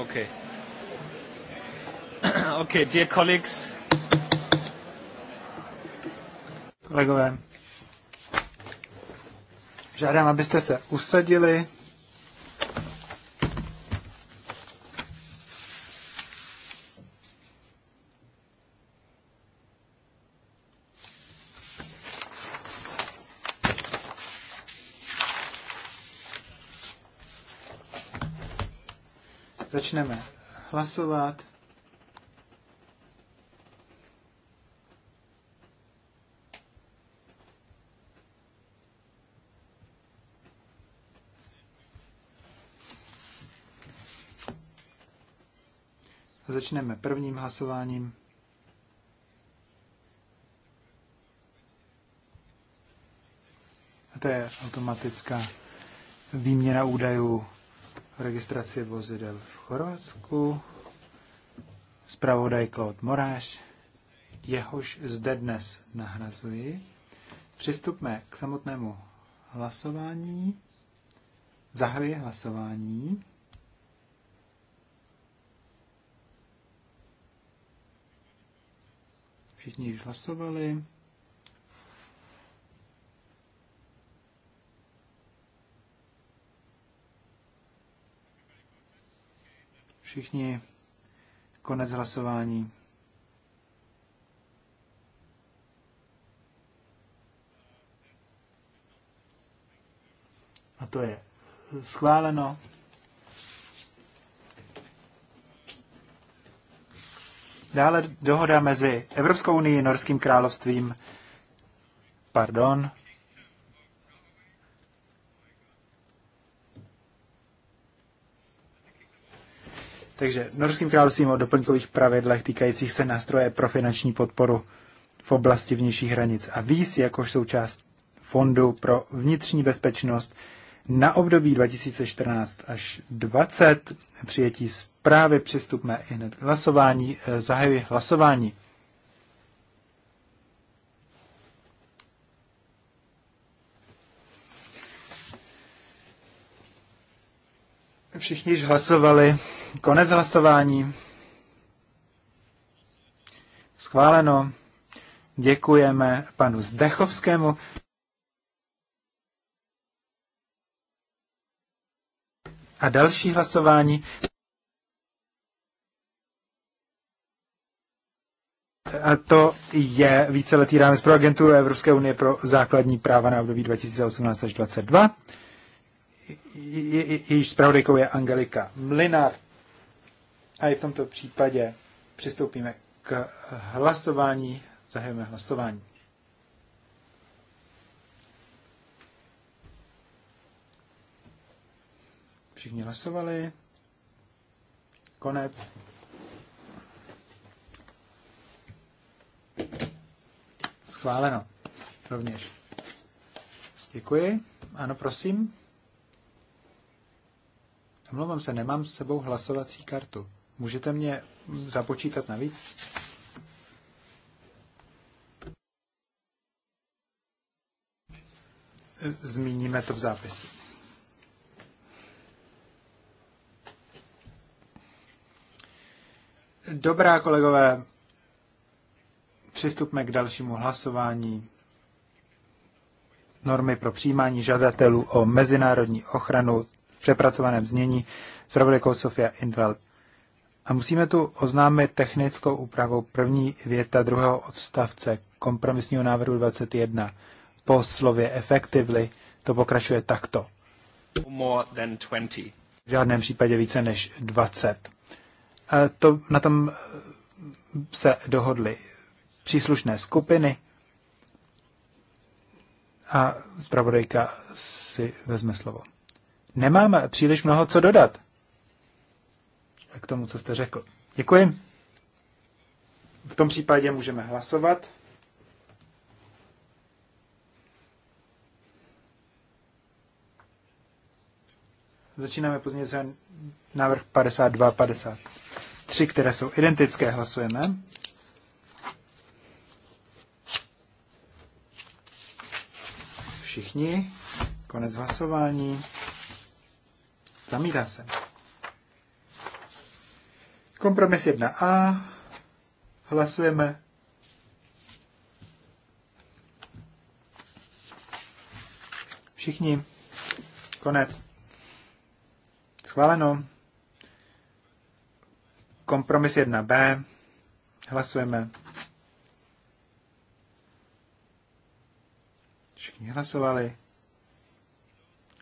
Okay. Okay, dear colleagues. Kolegové, žádám, abyste se usadili. začneme hlasovat. Začneme prvním hlasováním. A to je automatická výměna údajů registraci vozidel v Chorvatsku. Zpravodaj Claude Moráš, jehož zde dnes nahrazuji. Přistupme k samotnému hlasování. Zahajuji hlasování. Všichni již hlasovali. Všichni. Konec hlasování. A to je schváleno. Dále dohoda mezi Evropskou unii, Norským královstvím, pardon, Takže Norským královstvím o doplňkových pravidlech týkajících se nástroje pro finanční podporu v oblasti vnějších hranic a víz, jakož součást Fondu pro vnitřní bezpečnost na období 2014 až 20 přijetí zprávy přistupme i hned k hlasování. Eh, zahajuji hlasování. Všichni již hlasovali. Konec hlasování. Schváleno. Děkujeme panu Zdechovskému. A další hlasování. A to je víceletý rámec pro agenturu Evropské unie pro základní práva na období 2018 až 2022. Jejíž zpravodajkou je Angelika Mlinar. A i v tomto případě přistoupíme k hlasování, zahajeme hlasování. Všichni hlasovali. Konec. Schváleno. Rovněž. Děkuji. Ano, prosím. Omlouvám se, nemám s sebou hlasovací kartu. Můžete mě započítat navíc? Zmíníme to v zápisu. Dobrá, kolegové, přistupme k dalšímu hlasování. Normy pro přijímání žadatelů o mezinárodní ochranu v přepracovaném znění. Zpravodajkou Sofia Indvald. A musíme tu oznámit technickou úpravu první věta druhého odstavce kompromisního návrhu 21. Po slově effectively to pokračuje takto. No more than 20. V žádném případě více než 20. A to, na tom eh, se dohodly příslušné skupiny a zpravodajka si vezme slovo. Nemám příliš mnoho co dodat k tomu, co jste řekl. Děkuji. V tom případě můžeme hlasovat. Začínáme později návrh 52, 53, které jsou identické. Hlasujeme. Všichni. Konec hlasování. Zamítá se. Kompromis 1a. Hlasujeme. Všichni. Konec. Schváleno. Kompromis 1b. Hlasujeme. Všichni hlasovali.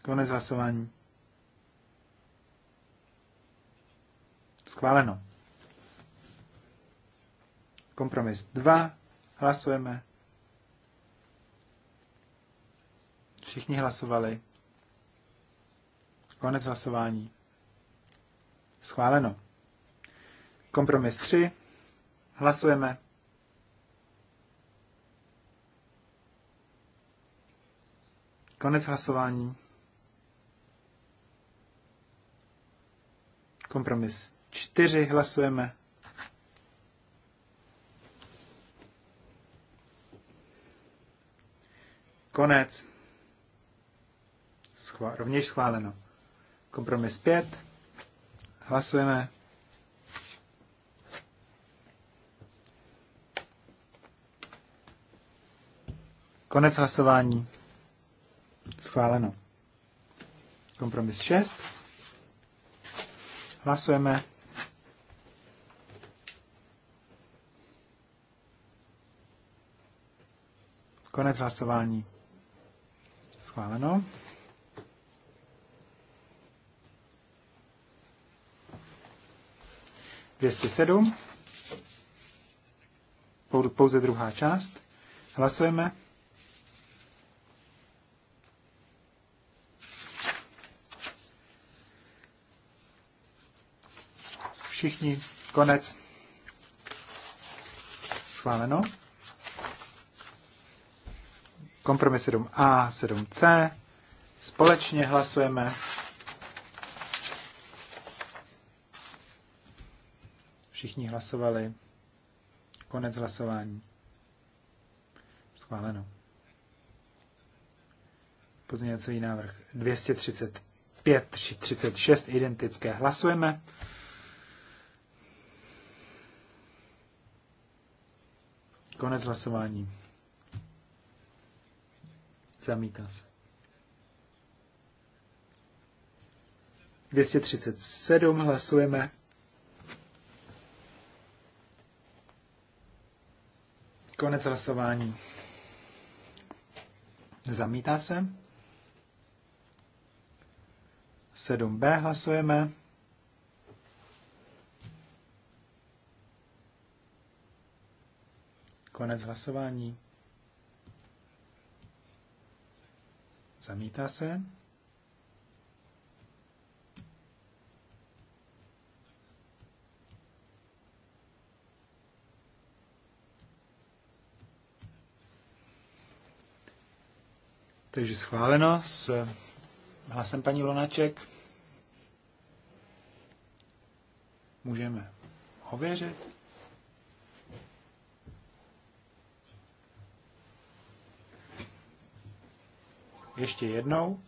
Konec hlasování. Schváleno. Kompromis 2. Hlasujeme. Všichni hlasovali. Konec hlasování. Schváleno. Kompromis 3. Hlasujeme. Konec hlasování. Kompromis 4. Hlasujeme. Konec. Schva- rovněž schváleno. Kompromis 5. Hlasujeme. Konec hlasování. Schváleno. Kompromis 6. Hlasujeme. Konec hlasování. Schváleno. Dvěstě sedm. Pouze druhá část. Hlasujeme. Všichni. Konec. Schváleno kompromis 7a, 7c. Společně hlasujeme. Všichni hlasovali. Konec hlasování. Schváleno. Pozměňovací návrh 235, 36, identické. Hlasujeme. Konec hlasování. Zamítá se. 237 hlasujeme. Konec hlasování. Zamítá se. 7b hlasujeme. Konec hlasování. Zamítá se. Takže schváleno s hlasem paní Lonaček. Můžeme ověřit. ještě jednou.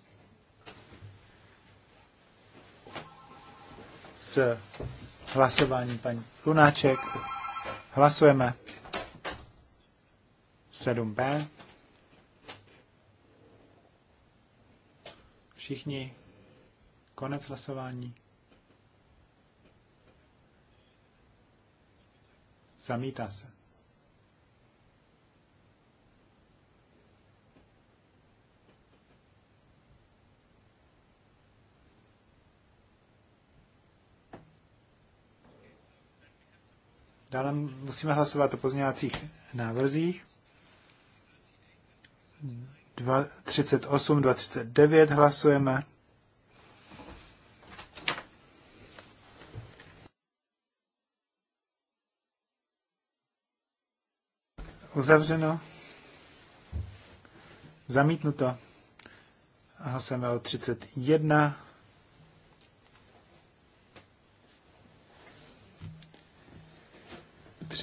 S hlasováním paní Lunáček hlasujeme 7b. Všichni konec hlasování. Zamítá se. Dále musíme hlasovat o pozměňovacích návrzích. 38, 239 hlasujeme. Uzavřeno. Zamítnuto. Hlasujeme o 31.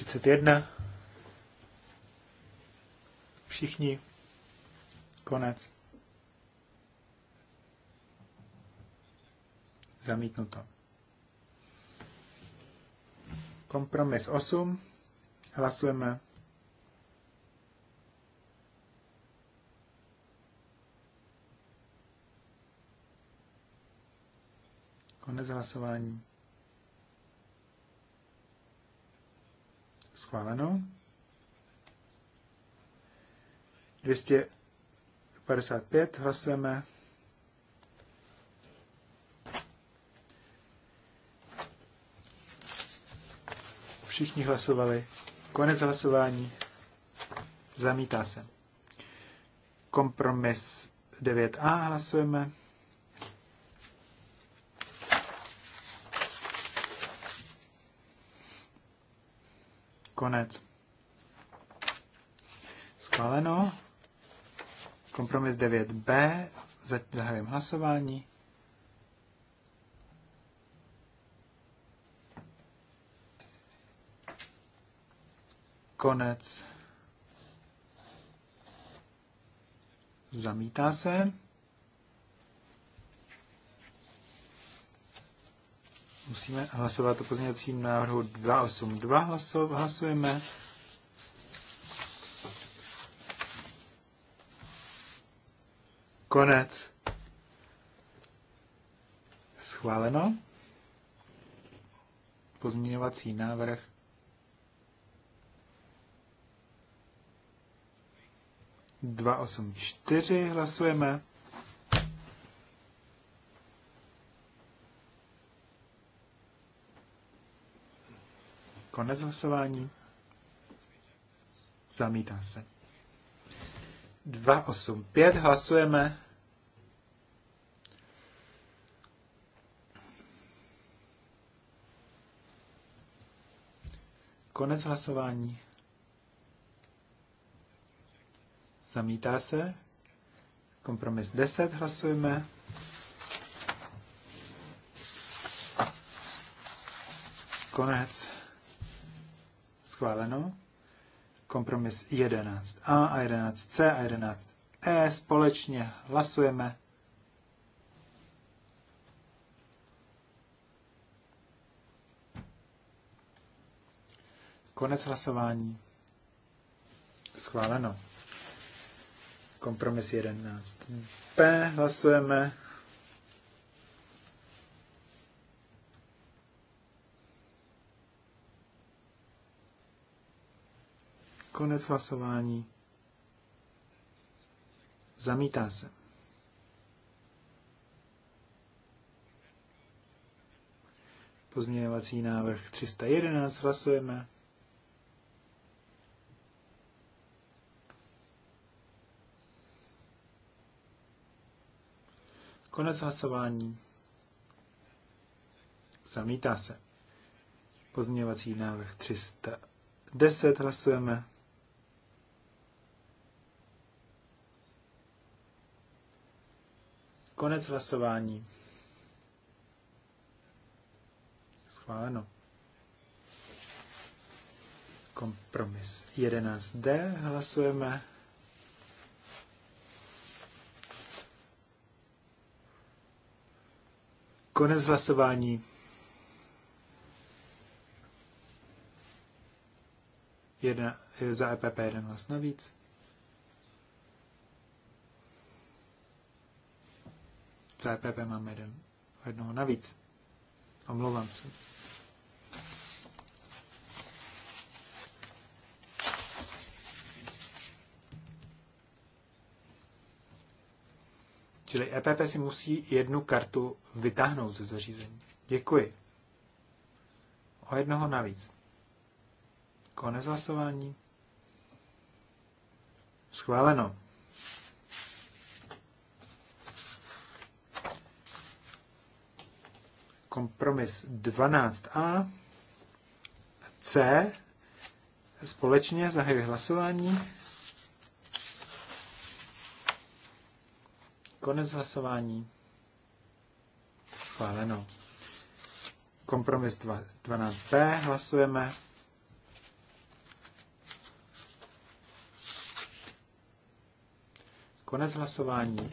31. Všichni. Konec. Zamítnuto. Kompromis 8. Hlasujeme. Konec hlasování. Schváleno. 255 hlasujeme. Všichni hlasovali. Konec hlasování. Zamítá se. Kompromis 9a hlasujeme. Konec. Schváleno. Kompromis 9b. Zahajím hlasování. Konec. Zamítá se. Musíme hlasovat o pozměňovacím návrhu 282. Hlasov, hlasujeme. Konec. Schváleno. Pozměňovací návrh Dva osm čtyři. hlasujeme. Konec hlasování. Zamítá se. 2, 8, 5 hlasujeme. Konec hlasování. Zamítá se. Kompromis 10 hlasujeme. Konec schváleno. Kompromis 11a a 11c a 11e společně hlasujeme. Konec hlasování. Schváleno. Kompromis 11 p hlasujeme. Konec hlasování. Zamítá se. Pozměňovací návrh 311 hlasujeme. Konec hlasování. Zamítá se. Pozměňovací návrh 310 hlasujeme. Konec hlasování. Schváleno. Kompromis 11D. Hlasujeme. Konec hlasování. Jedna, za EPP jeden hlas navíc. CPP máme jeden, jednoho navíc. Omlouvám se. Čili EPP si musí jednu kartu vytáhnout ze zařízení. Děkuji. O jednoho navíc. Konec hlasování. Schváleno. kompromis 12a, C, společně zahajuji hlasování. Konec hlasování. Schváleno. Kompromis 12b hlasujeme. Konec hlasování.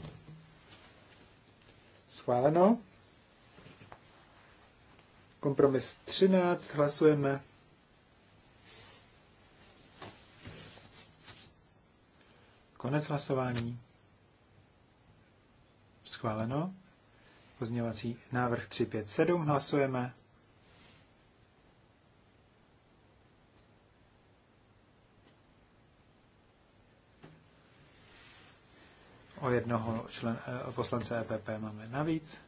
Schváleno. Kompromis 13, hlasujeme. Konec hlasování. Schváleno. Pozněvací návrh 357 hlasujeme. O jednoho člen, eh, poslance EPP máme navíc.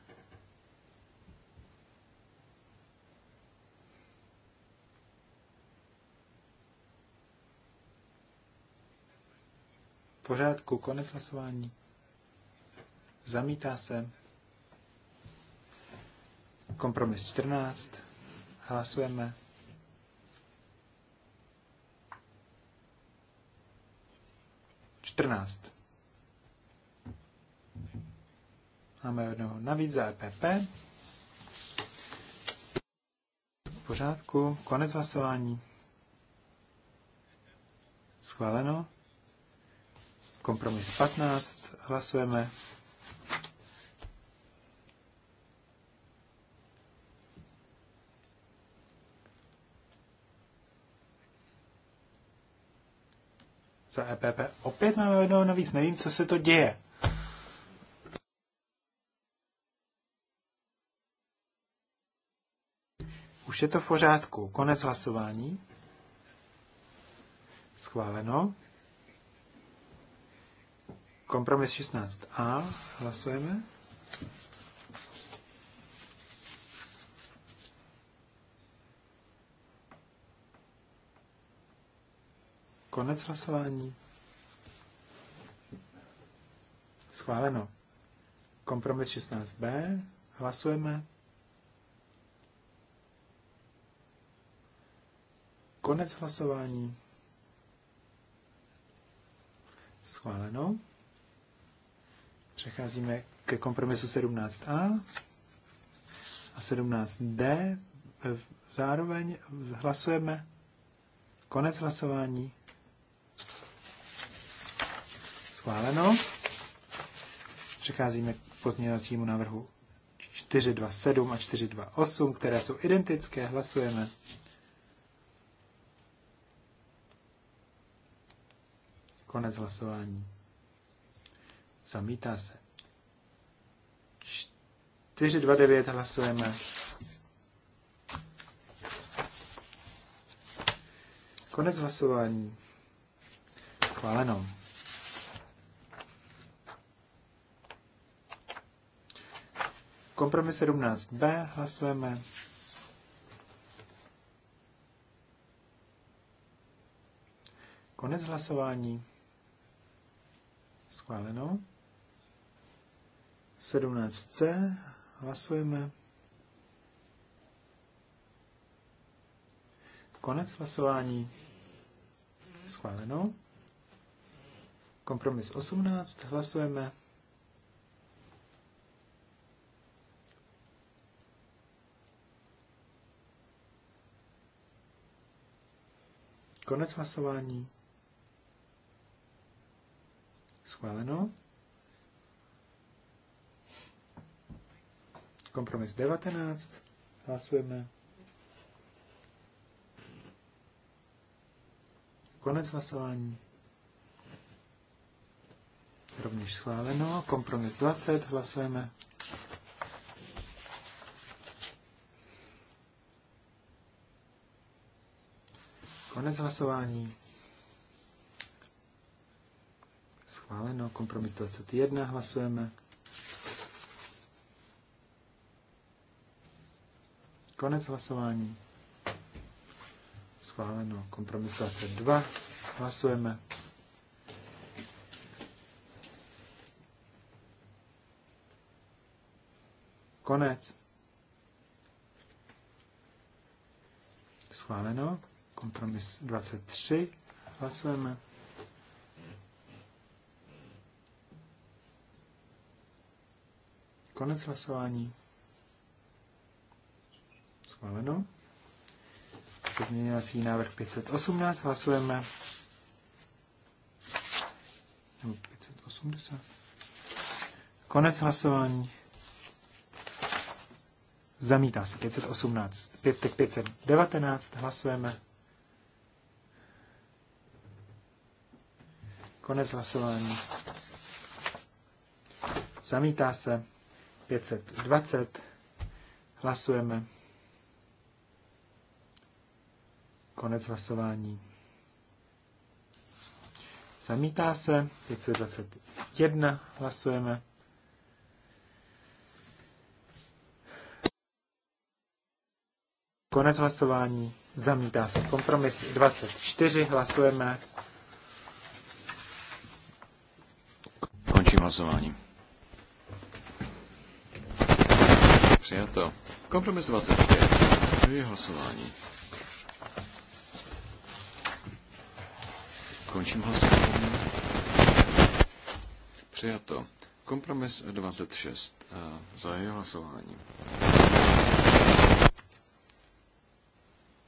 pořádku, konec hlasování. Zamítá se. Kompromis 14. Hlasujeme. Čtrnáct. Máme jednoho navíc za EPP. V pořádku. Konec hlasování. Schváleno. Kompromis 15. Hlasujeme. Za EPP. Opět máme jednoho navíc. Nevím, co se to děje. Už je to v pořádku. Konec hlasování. Schváleno. Kompromis 16a. Hlasujeme. Konec hlasování. Schváleno. Kompromis 16b. Hlasujeme. Konec hlasování. Schváleno. Přecházíme ke kompromisu 17a a 17d. E, zároveň hlasujeme konec hlasování. Schváleno. Přecházíme k pozměňovacímu návrhu 427 a 428, které jsou identické. Hlasujeme. Konec hlasování. Zamítá se. 9 hlasujeme. Konec hlasování. Schváleno. Kompromis 17b hlasujeme. Konec hlasování. Schváleno. 17C. Hlasujeme. Konec hlasování. Schváleno. Kompromis 18. Hlasujeme. Konec hlasování. Schváleno. Kompromis 19. Hlasujeme. Konec hlasování. Rovněž schváleno. Kompromis 20. Hlasujeme. Konec hlasování. Schváleno. Kompromis 21. Hlasujeme. Konec hlasování. Schváleno. Kompromis 22. Hlasujeme. Konec. Schváleno. Kompromis 23. Hlasujeme. Konec hlasování. Schváleno. Pozměňovací návrh 518. Hlasujeme. Nebo 580. Konec hlasování. Zamítá se 518. 5, 519. Hlasujeme. Konec hlasování. Zamítá se 520. Hlasujeme. Konec hlasování. Zamítá se. 521 hlasujeme. Konec hlasování. Zamítá se kompromis 24. Hlasujeme. Končím hlasování. Přijato. Kompromis 25. Zahajuji hlasování. Končím hlasování. Přijato. Kompromis 26. Eh, zahajuji hlasování.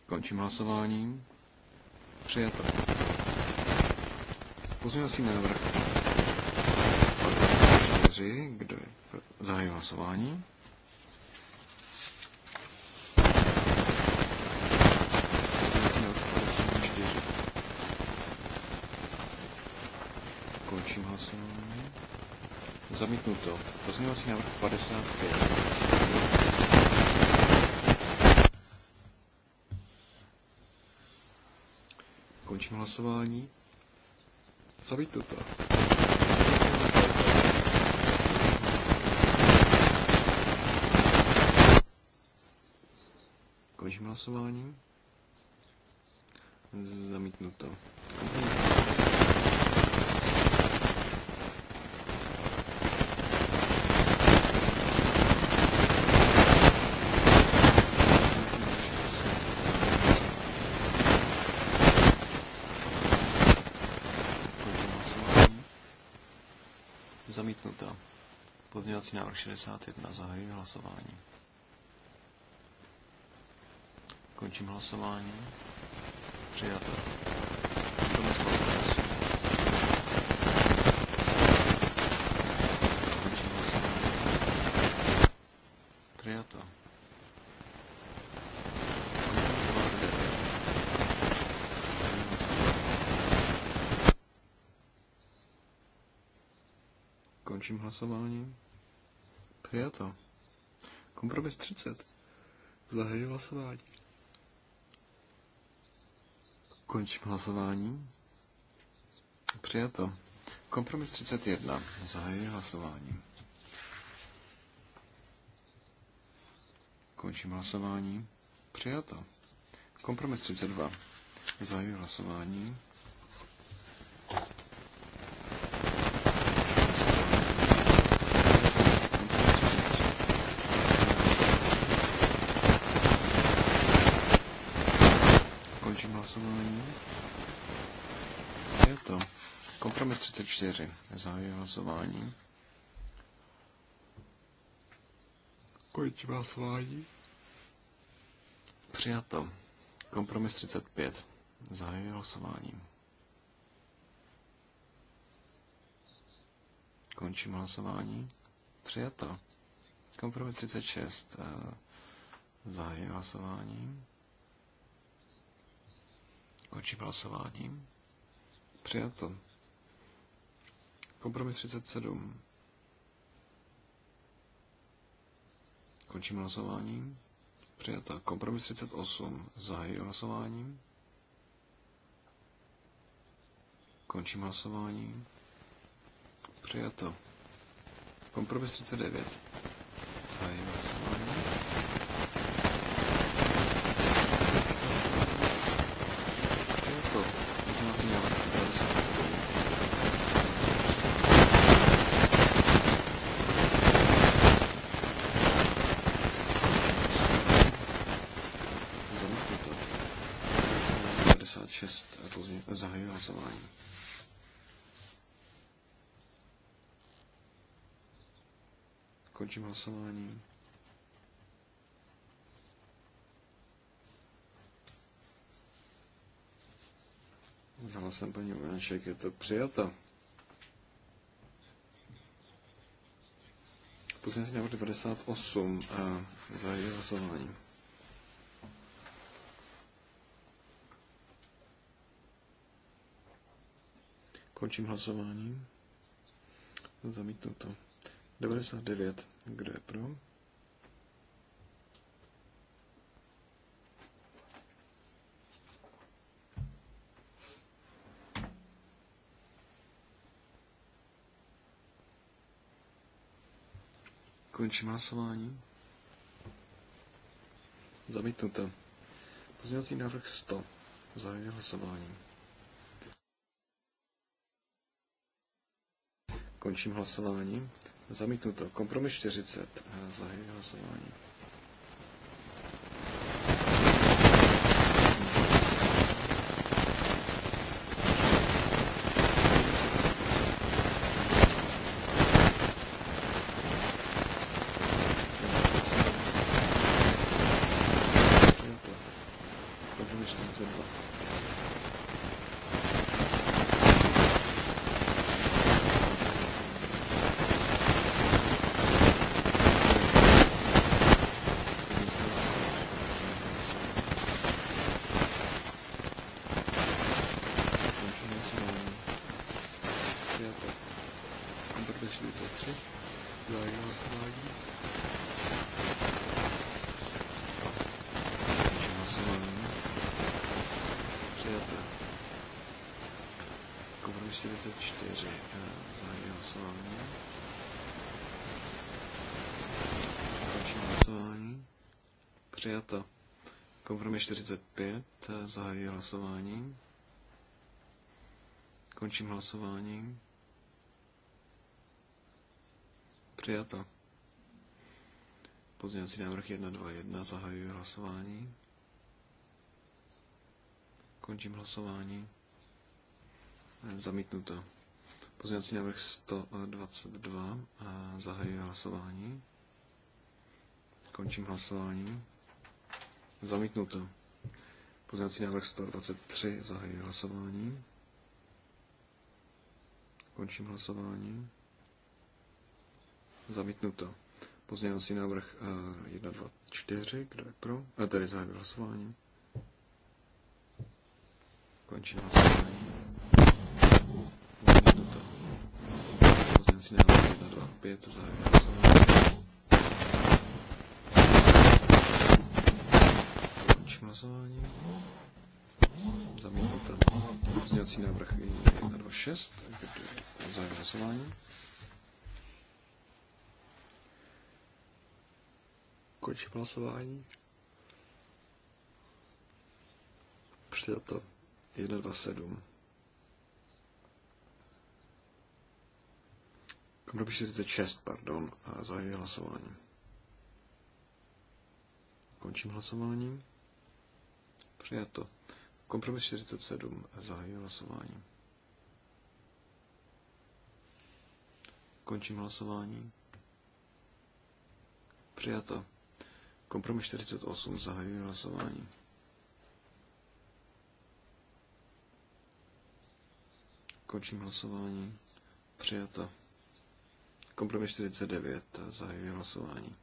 Končím hlasování. Přijato. Pozměňovací návrh 4. Kdo je? Zahajuji hlasování. Zamítnuto. Pozměňovací návrh 55. Končím hlasování. Zamítnuto. Končím hlasování. Zamítnuto. Zamítnuto. zamítnuta. Pozměňovací návrh 61. Zahajuji hlasování. Končím hlasování. Přijato. Kompromis Končím hlasování. Přijato. Kompromis 30. Zahajuji hlasování. Končím hlasování. Přijato. Kompromis 31. Zahajuji hlasování. Končím hlasování. Přijato. Kompromis 32. Zahajuji hlasování. 24. Zahajuji hlasování. Končím hlasování. Přijato. Kompromis 35. Eh, zahajuji hlasování. Končím hlasování. Přijato. Kompromis 36. Zahajuji hlasování. Končím hlasování. Přijato. Kompromis 37. Končím hlasování. Přijata. Kompromis 38. Zahajuji hlasování. Končím hlasování. Přijato. Kompromis 39. Zahajuji hlasování. Končím hlasování. S jsem paní Vojanšek je to přijato. Pozměňovací návrh 98 a zahajuji hlasování. Končím hlasování. Zamítnu to. 99. Kdo je pro? Končím hlasování. Zamítnuto. Pozměňovací návrh 100. Zahajuji hlasování. Končím hlasování. Zamítnuto. Kompromis 40. Zahajuji hlasování. Kompromis 42. Přijato. Kompromis 45. Zahajuji hlasování. Končím hlasování. Přijato. Pozměňovací návrh 1.2.1. Zahajuji hlasování. Končím hlasování. Zamítnuto. Pozměňovací návrh 122. Zahajuji hlasování. Končím hlasování. Zamítnuto. Pozměňovací návrh 123. Zahajuji hlasování. Končím hlasování. Zamítnuto. Pozměňovací návrh 1, 2, 4. Kdo je pro? A eh, tady zahajuji hlasování. Končím hlasování. Zamítnuto. Pozměňovací návrh 1, 2, 5. Zahajuji hlasování. Končím Zamítnout ten Pozměňovací návrh i na 2.6, takže to je zájem hlasování. Končím hlasování. Přijde Přijato 127. Kompromis 46, pardon, a zájem hlasování. Končím hlasování. Přijato. Kompromis 47. Zahajuji hlasování. Končím hlasování. Přijato. Kompromis 48. Zahajuji hlasování. Končím hlasování. Přijato. Kompromis 49. Zahajuji hlasování.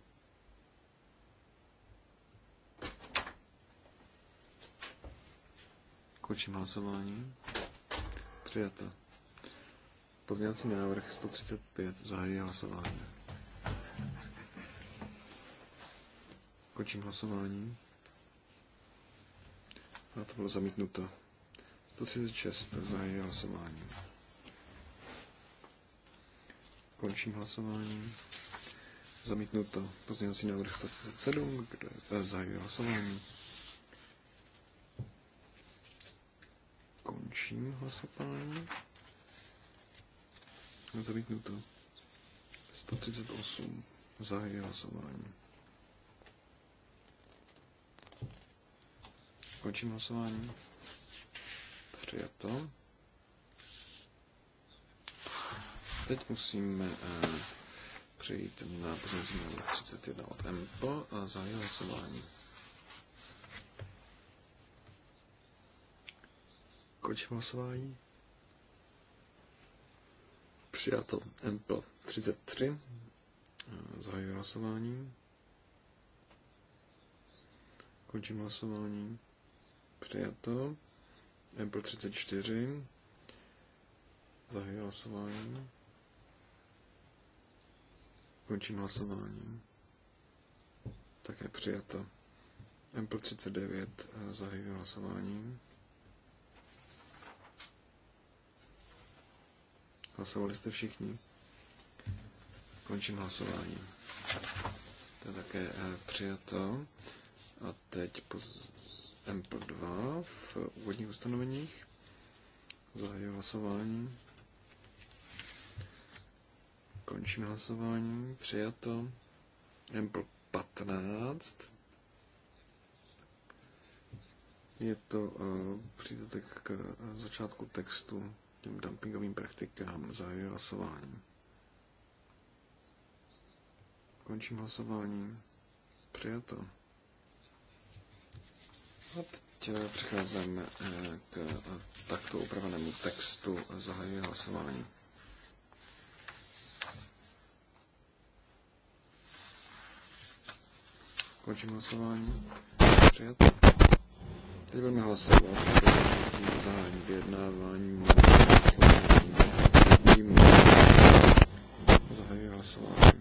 Končím hlasování. Přijato. Pozměňovací návrh 135. Zahájí hlasování. Končím hlasování. A to bylo zamítnuto. 136. Zahájí hlasování. Končím hlasování. Zamítnuto. Pozměňovací návrh 137. Eh, Zahájí hlasování. Končím hlasování. to 138. Zahajuji hlasování. Končím hlasování. Přijato. Teď musíme eh, přejít na pozici 31 od MPO a zahájit hlasování. Končím hlasování. Přijato MPL 33. Zahajuji hlasování. Končím hlasování. Přijato. MPL 34. Zahajuji hlasování. Končím hlasování. Také přijato. MPL 39. Zahajuji hlasování. Hlasovali jste všichni? Končím hlasování. To je také eh, přijato. A teď po MP2 v úvodních ustanoveních. Zahajuji hlasování. Končím hlasování. Přijato. mp 15. Je to uh, eh, přídatek k eh, začátku textu těm dumpingovým praktikám. Zahajuji hlasování. Končím hlasování. Přijato. A teď eh, přicházíme eh, k eh, takto upravenému textu. Zahajuji hlasování. Končím hlasování. Přijato. Teď budeme hlasovat o zahájení vyjednávání slovení. Zahajuji hlasování.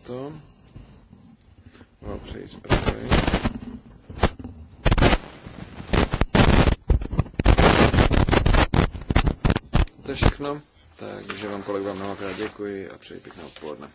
Přijato. Blahopřeji zpravodaji. je všechno, takže vám kolegové mnohokrát děkuji a přeji pěkné odpoledne.